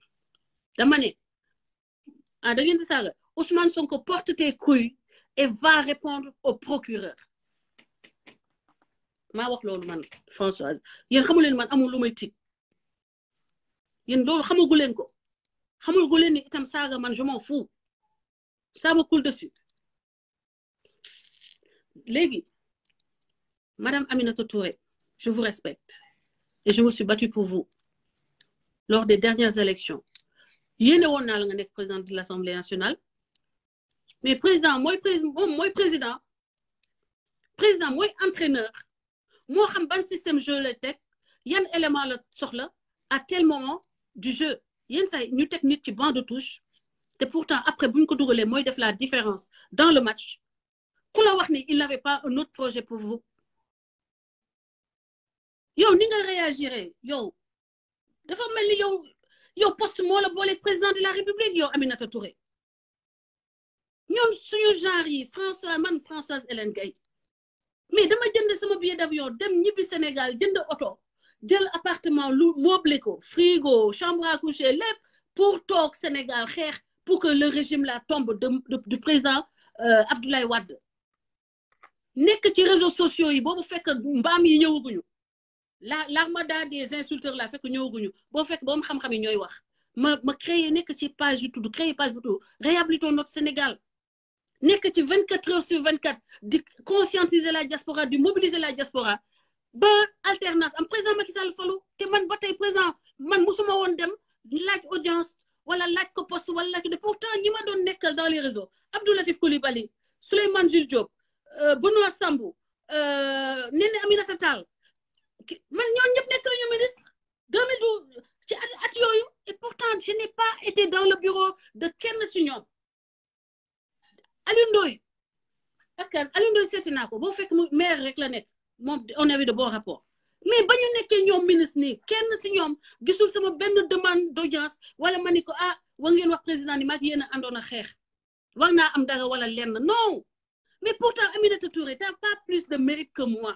Speaker 1: dama ne ah, da ngeen di saaga Ousmane Sonko porte tes couilles et va répondre au procureur maa wax loolu man Françoise yéen xamu leen man amul lu may tiit yéen loolu xamagu leen ko xamagu leen ni tam saaga man je m'en fous ça me coule dessus léegi madame Aminata Touré je vous respecte et je me suis battue pour vous lors des dernières élections yéene woon naa la nga nekk président de l'Assemblée nationale mais président mooy président mooy entraîneur moo xam ban système jeu la teg yan élément la soxla à tel moment du jeu yenn saa ñu teg nit ci banc de touche te pourtant après bu ñu ko dugalee mooy def la différence dans le match ku la wax ne il n'avait pas un autre projet pour vous yow ni nga réagiré yow dafa mel ni yow yow poste moo la boole président de la république yow aminat Touré ñoom su genre yi François man Françoise Hélène Gaye mais dama jënd sama billet d'avion dem ñibbi Sénégal jënd oto jël appartement lu meublé ko frigo chambre à coucher lépp pour toog Sénégal xeex pour que le régime la tombe de de président euh, Abdoulaye Wade nekk ci réseaux sociaux yi boobu fekk mbaam yi ñëwaguñu la l'armada des insulteurs la fekk ñëwaguñu boo fekk boom xam-xam yi ñooy wax ma ma créé nekk ci page yu tudd créé page bu tudd réhabilitons notre Sénégal nekk ci 24 heures sur 24 di conscientiser la diaspora di mobiliser la diaspora ba alternance am président Macky Sall falu te man ba tey président man musuma woon dem laaj audience wala laaj ko wala laaj ko pourtant ñi ma doon nekkal dans les réseaux Abdou Latif Coulibaly Souleymane Jules Diop euh, Benoît Sambou euh, Néné Aminata man ñoo ñëpp nekk nañu ministre 2012 ci at at yooyu et pourtant je n'ai pas été dans le bureau de kenn si ñoom Aliou Ndoye ak kan seeti naa ko boo fekk mu maire rek la nekk moom on avait de bons rapports mais ba ñu nekkee ñoom ministre ni kenn si ñoom gisul sama benn demande d' audience wala ma ni ko ah war ngeen wax président ni maag yéen a àndoon a xeex war naa am dara wala lenn non mais pourtant Aminata Touré t'as pas plus de mérite que moi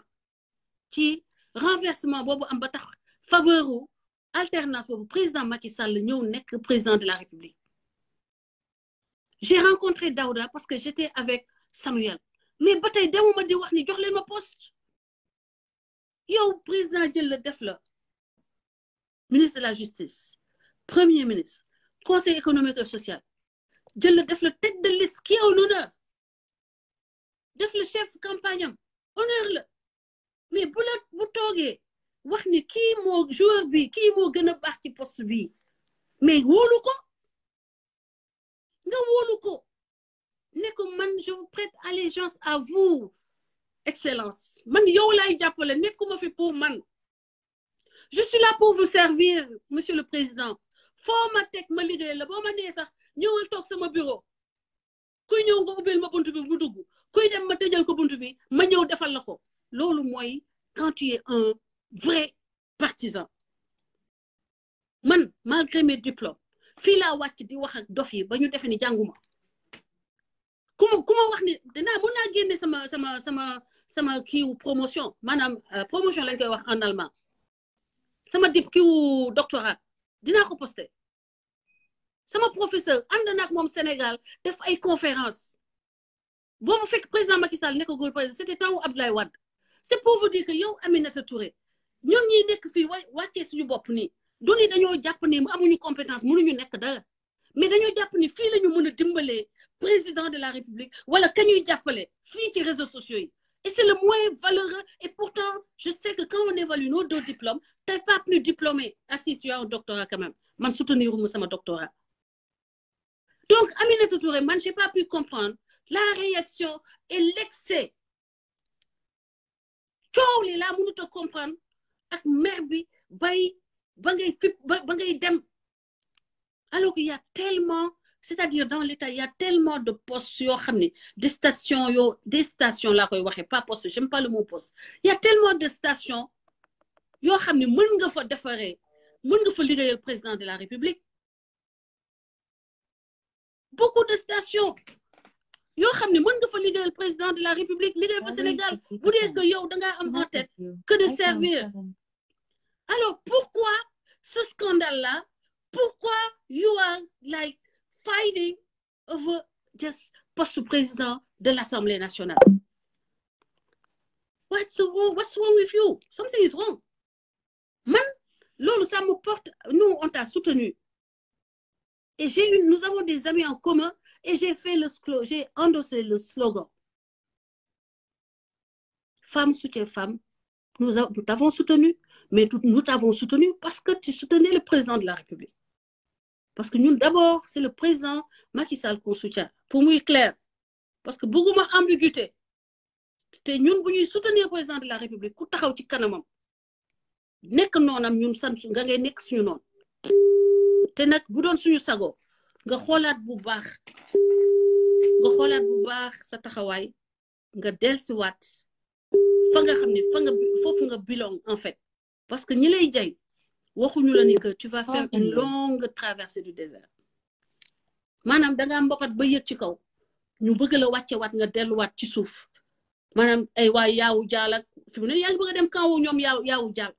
Speaker 1: ci renversement boobu am ba tax faveur alternance boobu président Macky Sall ñëw nekk président de la République j'ai rencontré Daouda parce que j'étais avec Samuel mais ba tey demuma di wax ni ma poste yow président jël la def la ministre de la justice premier ministre conseil économique et social jël la def la tête de liste qui est un honneur chef campagne honneur la mais bu la bu toogee wax ni kii joueur bi kii moo gën a baax ci poste bi mais wóolu nga wóolu ko ne man je vous prête allégeance à vous excellence man yow laay jàppale nekkuma fi pour man je là pour vous servir monsieur le président foo ma teg ma liggéey la boo ma nee sax ñëwal toog sama bureau kuy ñëw nga ubbil ma bunt bi mu dugg kuy dem ma tëjal ko bunt bi ma ñëw defal la ko loolu mooy quand tu es un vrai partisan man malgré mes diplômes fii laa wàcc di wax ak dof yi ba ñu defe ni jànguma ku ma wax ni dinaa mën naa génne sama sama sama sama kiiwu promotion maanaam euh, promotion lañ koy wax en allemand sama dip kiiwu doctorat dinaa ko posté sama professeur ànd naag moom Sénégal def ay conférence boobu fekk président Macky Sall nekkagul président c'était tawu Abdoulaye Wade c'est pour vous dire que yow Aminata Touré ñu ñiy nekk fi wa wàccee suñu bopp nii du ni dañoo jàpp ne amuñu compétence mënuñu nekk dara mais dañoo jàpp ne fii la ñu mën a dimbalee président de la république wala ka ñuy jàppale fii ci réseaux sociaux yi et c'est le moins valeureux et pourtant je sais que quand on évalue nos deux diplômes t'es pas plus diplômé assis ah tu doctorat quand même man soutenir uma sama doctorat donc Aminata Touré man j'ai pas pu comprendre la réaction et l'excès coow li laa mënut a bi bay ba ngay fipp ba ba ngay dem alors que a tellement c'est-à-dire dans l'État il a tellement de postes yoo xam ne des stations yoo des stations laa koy waxee pas poste j'aime pas le mot poste il a tellement de stations yoo xam ne mën nga fa defaree mën nga fa liggéeyal président de la République beaucoup de yoo xam ne mën nga fa liggéeyal président de la République liggéeyal fa ah Sénégal bu dee que yow da ngaa am en tête que de servir alors pourquoi ce scandale-là, pourquoi you are like fighting over just poste président de l'Assemblée nationale? What's wrong? with you? Something is wrong. Man, lolo ça me porte. Nous, on t'a soutenu. Et j'ai nous avons des amis en commun et j'ai fait le j'ai endossé le slogan. Femme soutient femme, nous, nous t'avons soutenu. Mais nous t'avons soutenu parce que tu soutenais le président de la République. Parce que nous, d'abord, c'est le président Macky Sall qu'on soutient. Pour moi, clair. Parce que beaucoup d'ambiguïté. te ñun bu ñuy soutenir président de la république ku taxaw ci kanamam nekk noonam ñun sant nga ngay nekk suñu noon te nag bu doon suñu sago nga xoolaat bu baax nga xoolaat bu baax sa taxawaay nga dellusiwaat fa nga xam ni fa nga foofu en fait parce que ñi lay jay waxuñu la ni que tu vas faire une longue traversée du désert maanaam dangaa mbokat ba yëg ci kaw ñu bëgg la wàcce waat nga delluwaat ci suuf maanaam ay waay yaawu jaal ak fi mu ne yaa ngi dem kaw ñoom yaaw yaawu jaal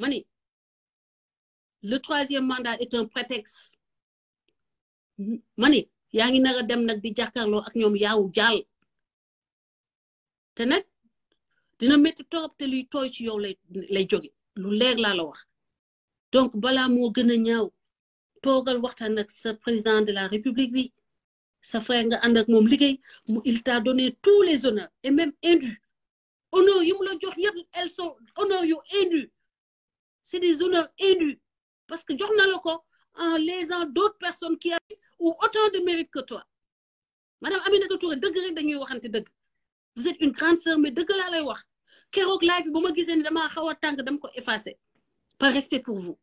Speaker 1: ma ni le troisième mandat est un prétexte ma ni yaa ngi nar dem nag di jàkkaarloo ak ñoom yaawu jaal te nag dina métti torop te luy tooy ci yow lay lay joge lu leer laa la wax donc balaa moo gën a ñaaw toogal waxtaan ak sa président de la république bi sa frère nga ànd ak moom liggéey mu il t'a donné tous les honneurs et même indus honneurs yi mu la jox yëpp elles sont honneurs yu indus des honneurs parce que jox na la ko en lésant d'autres personnes qui avaient ou autant de mérite que toi madame Aminata Touré dëgg rek dañuy waxante dëgg vous êtes une grande sœur mais dëgg laa lay wax keroog live bi ba ma gisee ni damaa xaw a tàng dama ko effacé par respect pour vous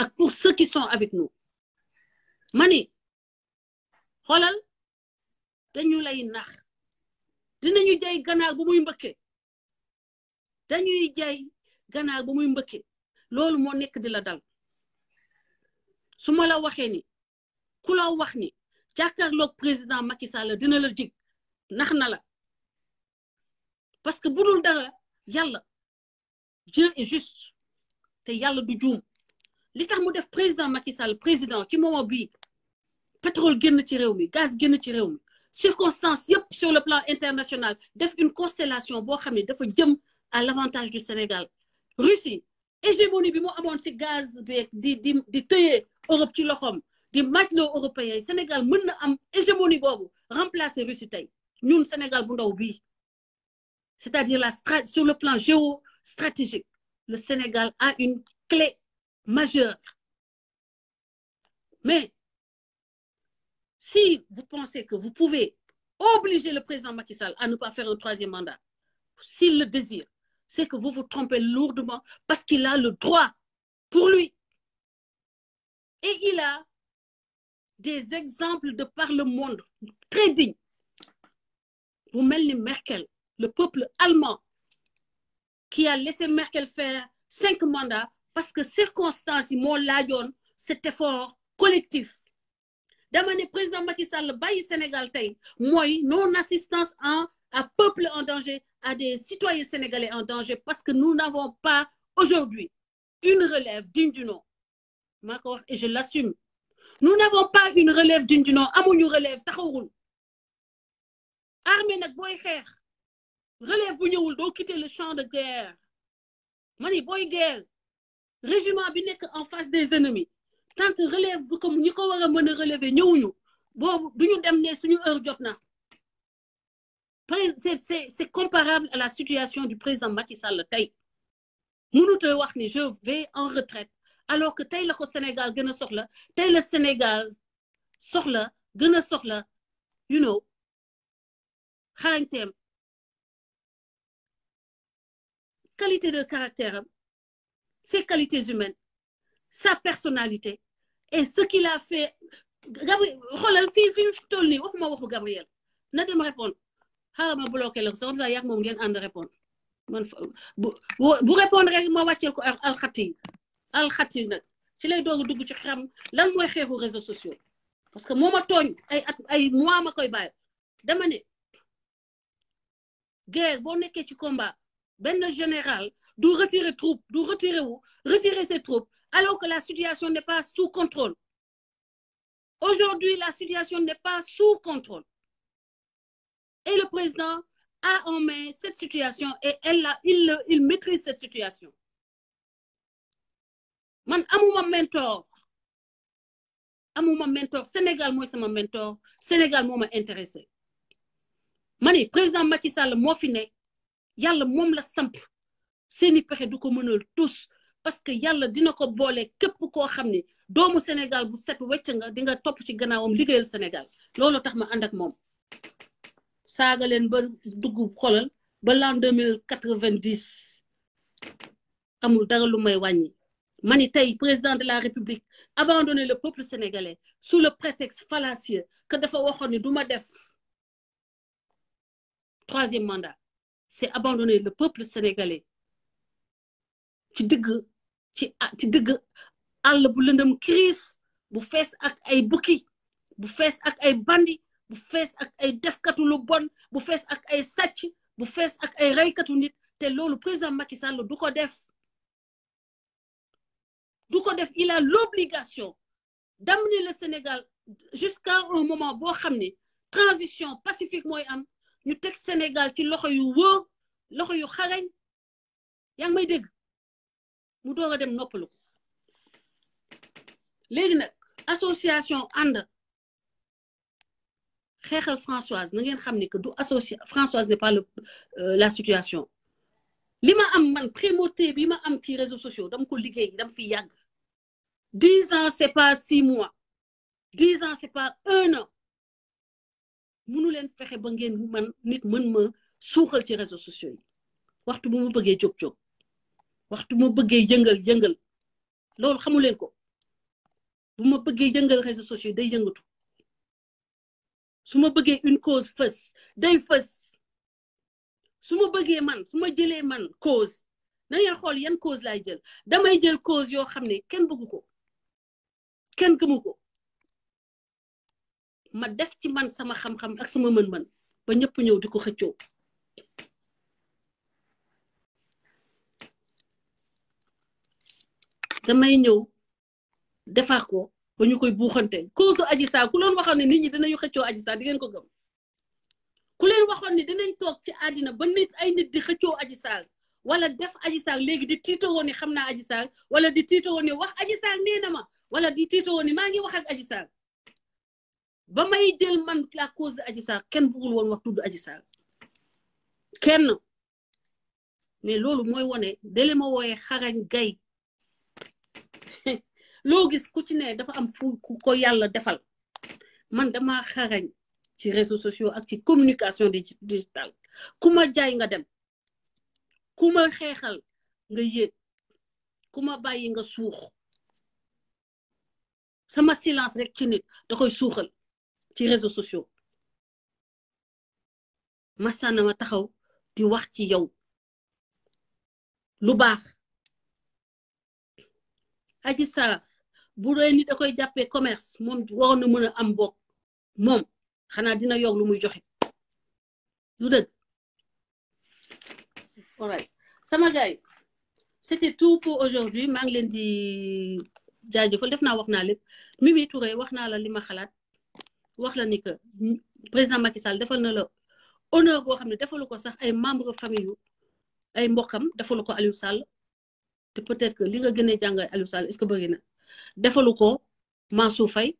Speaker 1: ak pour ceux qui sont avec nous ma ni xoolal dañu lay nax dinañu jay ganaar bu muy mbëkke dañuy jay ganaar bu muy mbëkke loolu moo nekk di la dal su ma la waxee ni ku la wax ni jàkkaarloog président Macky Sall dina la jig nax na la parce que bu dul dara yàlla Dieu est juste te yàlla du juum li tax mu def président Macky président ci moment bii pétrole génn ci réew mi gaz génn ci réew mi circonstance yëpp sur le plan international def une constellation boo xam ne dafa jëm à l'avantage du Sénégal Russie hégémonie bi mu amoon si gaz beeg di di di tëyee Europe ci loxoom di majloo européen Sénégal mën na am hégémonie boobu remplacer Russie tey ñun Sénégal bu ndaw bii c'est-à-dire la sur le plan géostratégique, le Sénégal a une clé majeure. Mais si vous pensez que vous pouvez obliger le président Macky Sall à ne pas faire le troisième mandat, s'il le désire, c'est que vous vous trompez lourdement parce qu'il a le droit pour lui. Et il a des exemples de par le monde très dignes. Vous mêlez Merkel, le peuple allemand qui a laissé Merkel faire cinq mandats parce que circonstances yi moo laajoon cet effort collectif dama ne président Macky Sall bàyyi Sénégal tey mooy non assistance en à peuple en danger à des citoyens sénégalais en danger parce que nous n'avons pas aujourd'hui une relève digne du nom maa ko wax et je l'assume nous amuñu relève taxawul relève bu ñëwul doo quitter le champ de guerre ma ni booy guerre régiment bi nekk en face des ennemis tant que relève bi comme ñi ko war a mën a relever ñëwuñu boobu ñu dem ne suñu heure jot na c'est c'est c'est comparable à la situation du président Macky Sall tey mënut a wax ni je vais en retraite alors que tey la ko Sénégal gën a soxla tey la Sénégal soxla gën a soxla you know
Speaker 2: qualité de caractère am
Speaker 1: ses qualités humaines sa personnalité et ce qu'il a fait Gabriel xoolal fii fi mu waxuma waxu Gabriel na répondre xaaral ah, ma bloqué la comme ça yàgg moom ngeen ànd répondre man bu bu répondre ma wàcceel ko alxati alxati nag ci lay doog a dugg ci xam lan mooy xeexu réseaux sociaux parce que moo ma ay at ma koy bàyyi dama ne guerre boo nekkee ci combat benn général du retirer troupe du retirer ses troupes alors que la situation n'est pas sous contrôle aujourd'hui la situation n'est pas sous contrôle et le président a en main cette situation et elle la il il maîtrise cette situation man amuma mentor mentor Sénégal mooy sama mentor Sénégal moo ma intéressé ma président Macky Sall moo fi nekk yàlla moom la samp seeni pexe du ko mënal tous parce que yàlla dina ko boole képp koo xam ne doomu Sénégal bu set wecc nga di nga topp ci gannaawam liggéeyal Sénégal loolu tax ma ànd ak moom saaga leen ba dugg xolal ba l'an deux mille quatre-vingt-dix amul dara lu may wàññi ma ni tey président de la république abandonné le peuple sénégalais sous le prétexte fallacieux que dafa waxoon ni du ma def troisième mandat c'est abandonner le peuple sénégalais ci dëgg ci ci lëndëm crise bu fees ak ay bukki bu fees ak ay bandi bu fees ak ay defkatu lu bon bu fees ak ay sàcc bu fees ak ay reykatu nit te loolu président Macky Sall du ko def du ko def il a l'obligation d'amener le Sénégal jusqu'à un moment boo xam ne transition pacifique mooy am ñu teg Sénégal ci loxo yu wóor loxo yu xarañ yaa ngi may dégg mu door a dem noppalu ko léegi nag association ànd xeexal Françoise na ngeen xam ni que du associa Françoise n'est pas euh, la situation li ma am man primauté bi ma am ci réseaux sociaux dama ko liggéey dama fi yàgg dix ans c'est pas six mois dix ans c'est pas un an munu leen fexe ba ngeen man nit mën ma suuxal ci réseaux sociaux waxtu bu ma bëggee jóg-jóg waxtu bu ma bëggee yëngal yëngal loolu xamu leen ko bu ma bëggee yëngal réseaux sociaux yi day yëngatu su ma bëggee une cause fës day fës su ma bëggee man su ma jëlee man cause na ngeen xool yan cause laay jël damay jël cause yoo xam ne kenn bëggu ko kenn gëmu ko ma def ci man sama xam-xam ak sama mën-mën ba ñëpp ñëw di ko xëccoo damay ñëw defar ko ba ñu koy buuxante cause aji saa ku leen waxoon ne nit ñi dinañu xëccoo aji saa di ngeen ko gëm ku leen waxoon ne dinañ toog ci àddina ba nit ay nit di xëccoo aji saa wala def aji saar léegi di tiitawoo ne xam naa aji saar wala di tiitawoo ne wax aji saar nee na ma wala di tiitawoo ne maa ngi wax ak aji saar ba may jël man la cause de kenn bëggul woon wax tudd Adji Sarr kenn mais loolu mooy wone dale ma wooyee xarañ gay loo gis ku ci ne dafa am fu ko yàlla defal man dama xarañ ci réseaux sociaux ak ci communication digitale ku ma jaay nga dem ku ma nga yéeg ku ma bàyyi nga suux sama silence rek ci nit da suuxal ci réseaux sociaux masana ma taxaw di wax ci yow lu baax aji saa bu dee nit da koy jàppee commerce moom waroon na mën a am bokk mom xanaa dina yokk lu muy joxe lu dëgg sama gars yi c'était tout pour aujourd'hui maa ngi leen di jaajo jaajëfal def naa wax naa lépp Mimi Touré wax naa la li ma xalaat wax la ni que président Macky Sall defal na la honneur boo xam ne defalu ko sax ay membre famille yu ay mbokam defalu ko Aliou Sall te peut-être que li nga gën a jàngal Aliou Sall est-ce que bëri na defalu ko Mansour Faye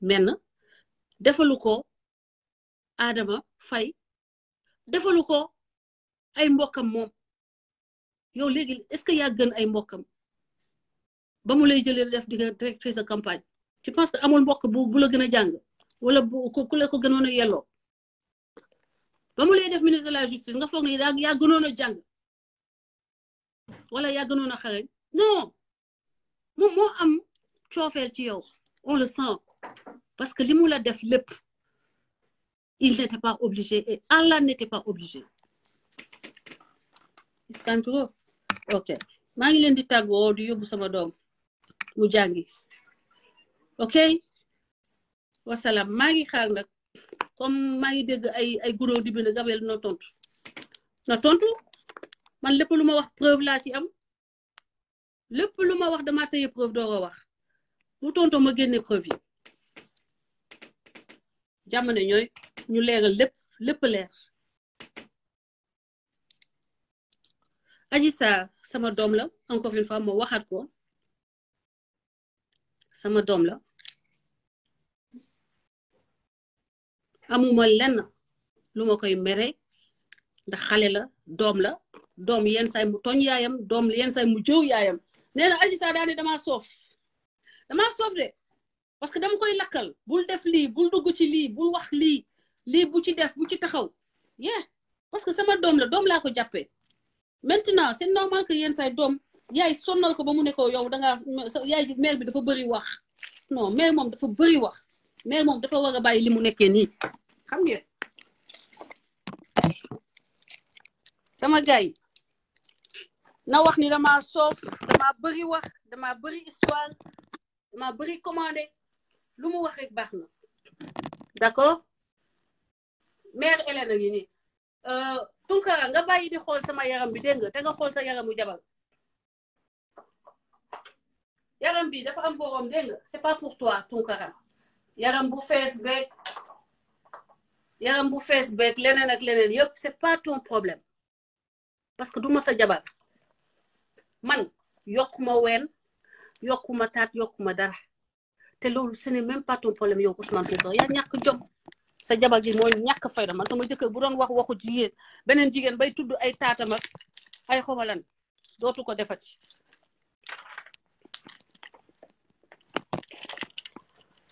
Speaker 1: menn defalu ko Adama fay defalu ko ay mbokkam moom yow léegi est-ce que yaa gën ay mbokkam ba mu lay jëlee def di directrice de campagne je pense que amul mbok bu bu la gën a jàng wala bu ku la ko gënoon a yelloo ba mu lay def ministre de la justice nga foog ni yaa yaa gënoon a jàng wala yaa gënoon a xale non moom moo am coofeel ci yow on le sent parce que li mu la def lépp il n'était pas obligé et Allah n'était pas obligé istantugo ok maa ngi leen di tàggoo di yóbbu sama doom mu jàngi ok wasalaam maa ngi xaar na comme maa ngi dégg ay ay gudóor di bind Gabriel na man lépp lu ma wax preuve laa ci am lépp lu ma wax damaa tëye preuve doog wax bu tontoo ma génne preuve yi jamono ñooy ñu leeral lépp lépp leer Adji Sarr sama doom la encore une fois waxaat ko sama doom la amuma lenn lu ma koy mere ndax xale la doom la doom yenn say mu tooñ yaayam doom yenn say mu jëw yaayam nee na Adji Sarr daal ne damaa soof damaa soof parce que dama koy lakkal bul def li bul dugg ci lii bul wax lii lii bu ci def bu ci taxaw ye parce que sama doom la doom laa ko jàppee maintenant c'est normal que yenn say doom yaay sonnal ko ba mu ne ko yow dangaa yaay mère bi dafa bëri wax non mère moom dafa bëri wax mais moom dafa war a bàyyi li mu nekkee nii xam ngeen sama gars na wax ni dama soof dama bëri wax dama bëri histoire dama bëri commandé lu mu wax baax na d'accord mère Hélène a ngi nii euh, Tunkara nga bàyyi di xool sama yaram bi dégg nga te nga xool sa yaramu jabar yaram bi dafa am borom dégg nga c'est pas pour toi Tunkara yaram bu fees yaram bu fees beeg leneen ak leneen yëpp c'est pas ton problème parce que du ma sa jabar man yokkuma ween yokkuma taat yokkuma dara te loolu ce n'est même pas ton problème yow Ousmane Tounkara yaa ñàkk jom sa jabar gi mooy ñàkk fayda man sama jëkkër bu doon wax waxu jigéen beneen jigéen bay tudd ay taatam ak ay xobalan dootu ko defati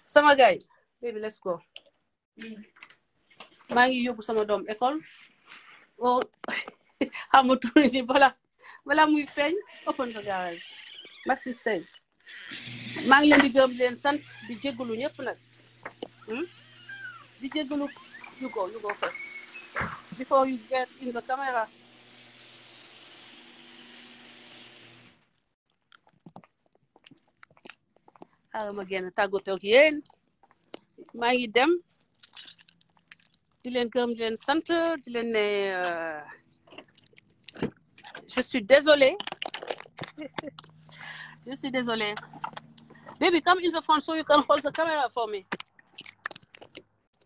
Speaker 1: sama gars baby let's go maa ngi yóbbu sama doom école o oh, xamatu ni bala bala muy feeñ open sa garage maa ngi leen di leen sant di jégalu ñëpp nag hmm? di jégalu you go you before you get in the camera xaaral ma génn tàggatoo ak maa ngi dem di leen gërëm di leen sant di leen ne euh, je suis désolée je suis désolée baby come in the phone so you can hold the camera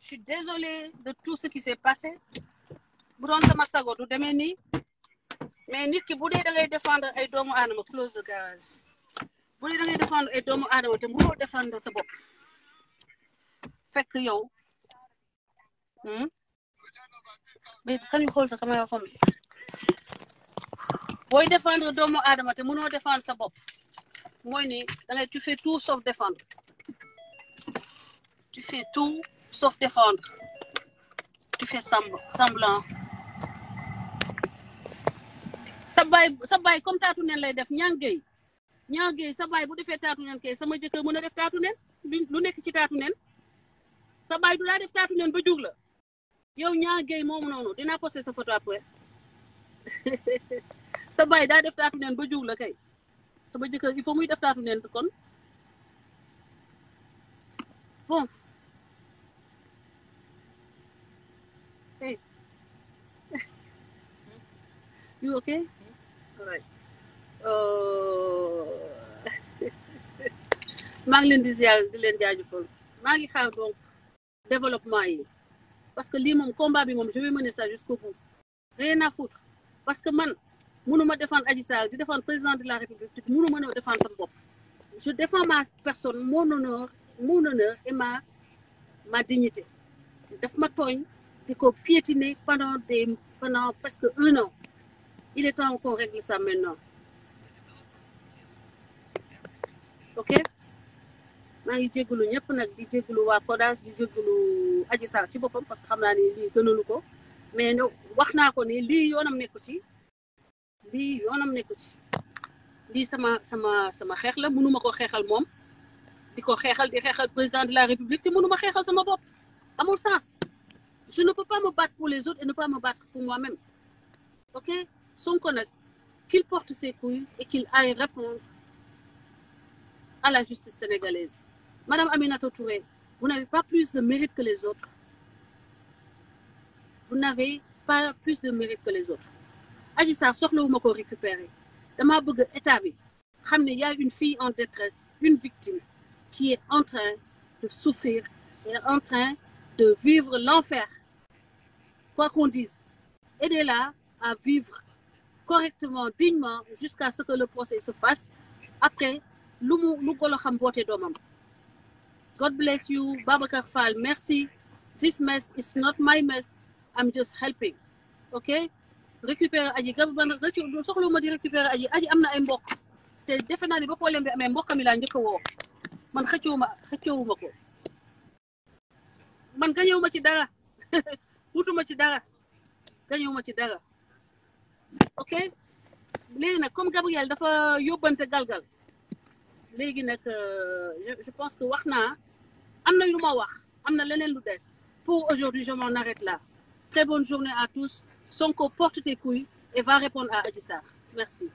Speaker 1: je suis désolée de tout ce qui s'est passé bu doon sama du demee nii mais nit ki bu dee da défendre ay doomu aadama close the garage bu dee da ngay défendre ay doomu aadama te mënoo défendre sa bopp yow hmm? mais kan yu xool sa caméra fam bi booy défendre doomu aadama te mënoo défendre sa bopp mooy ni da ngay tu fais tout sauf défendre tu fais tout sauf défendre tu fais semblant sa baay baay comme taatu neen lay def ñàngey ñaa géey sa baay bu defee taatu neen kay sama jëkkër mën a def taatu neen lu nekk ci taatu neen sa baay du daa def taatu neen ba jug yow ñaa géey moom noonu dinaa posté sa photo après sa baay daa def taatu neen ba jug kay sama jëkkër il faut muy def taatu neen kon bon hey you okay Oh. maa ngi leen di ziar di leen jaajëfal maa ngi xaar donc développement yi parce que lii moom combat bi moom je vais mener ça jusqu'au bout rien foutre parce que man ma défendre Adji Sarr di défendre président de la République mënuma ne défendre sama bopp je défends ma personne mon honneur mon honneur et ma ma dignité daf ma tooñ di ko piétiner pendant des pendant presque un an il est temps qu'on règle ça ok maa ngi jégalu ñëpp nag di jégalu waa CODAS di jégalu Adji Sarr ci boppam parce que xam naa ni lii gënalu ko mais wax naa ko ni lii yoonam nekku ci lii yoonam nekku ci lii sama sama sama xeex la mënuma ko xeexal moom di ko xeexal di xeexal président de la république te mënuma xeexal sama bopp amul sens je ne peux pas me battre pour les autres et ne pas me battre pour moi-même ok Sonko nag qu'il porte ses couilles et qu'il aille répondre à la justice sénégalaise. Madame Aminata Touré, vous n'avez pas plus de mérite que les autres. Vous n'avez pas plus de mérite que les autres. Adji Sarr soxlawuma ko récupérer dama bëgg état bi xam ne y une fille en détresse une victime qui est en train de souffrir et de vivre l'enfer quoi qu'on dise aidez-la à vivre correctement dignement jusqu'à ce que le procès se fasse après lu mu golo xam boote doomam God bless you Babacar Fall merci this mess is not my mess am just helping ok récupérer aji gab ban soxla ma di récupérer aji aji am na ay mbokk te defe naa ni ba problème bi amee mbokkam yi laa njëkk a woo man xëccoowuma xëccoowuma ko man gañewuma ci dara wutuma ci dara gañewuma ci dara ok léegi nag comme Gabriel dafa yóbbante galgal léegi nag euh, je pense que wax naa am na lu ma wax am na leneen lu des pour aujourd'hui je m'en arrête là très bonne journée à tous Sonko porte tes couilles et va répondre à Adji Sarr merci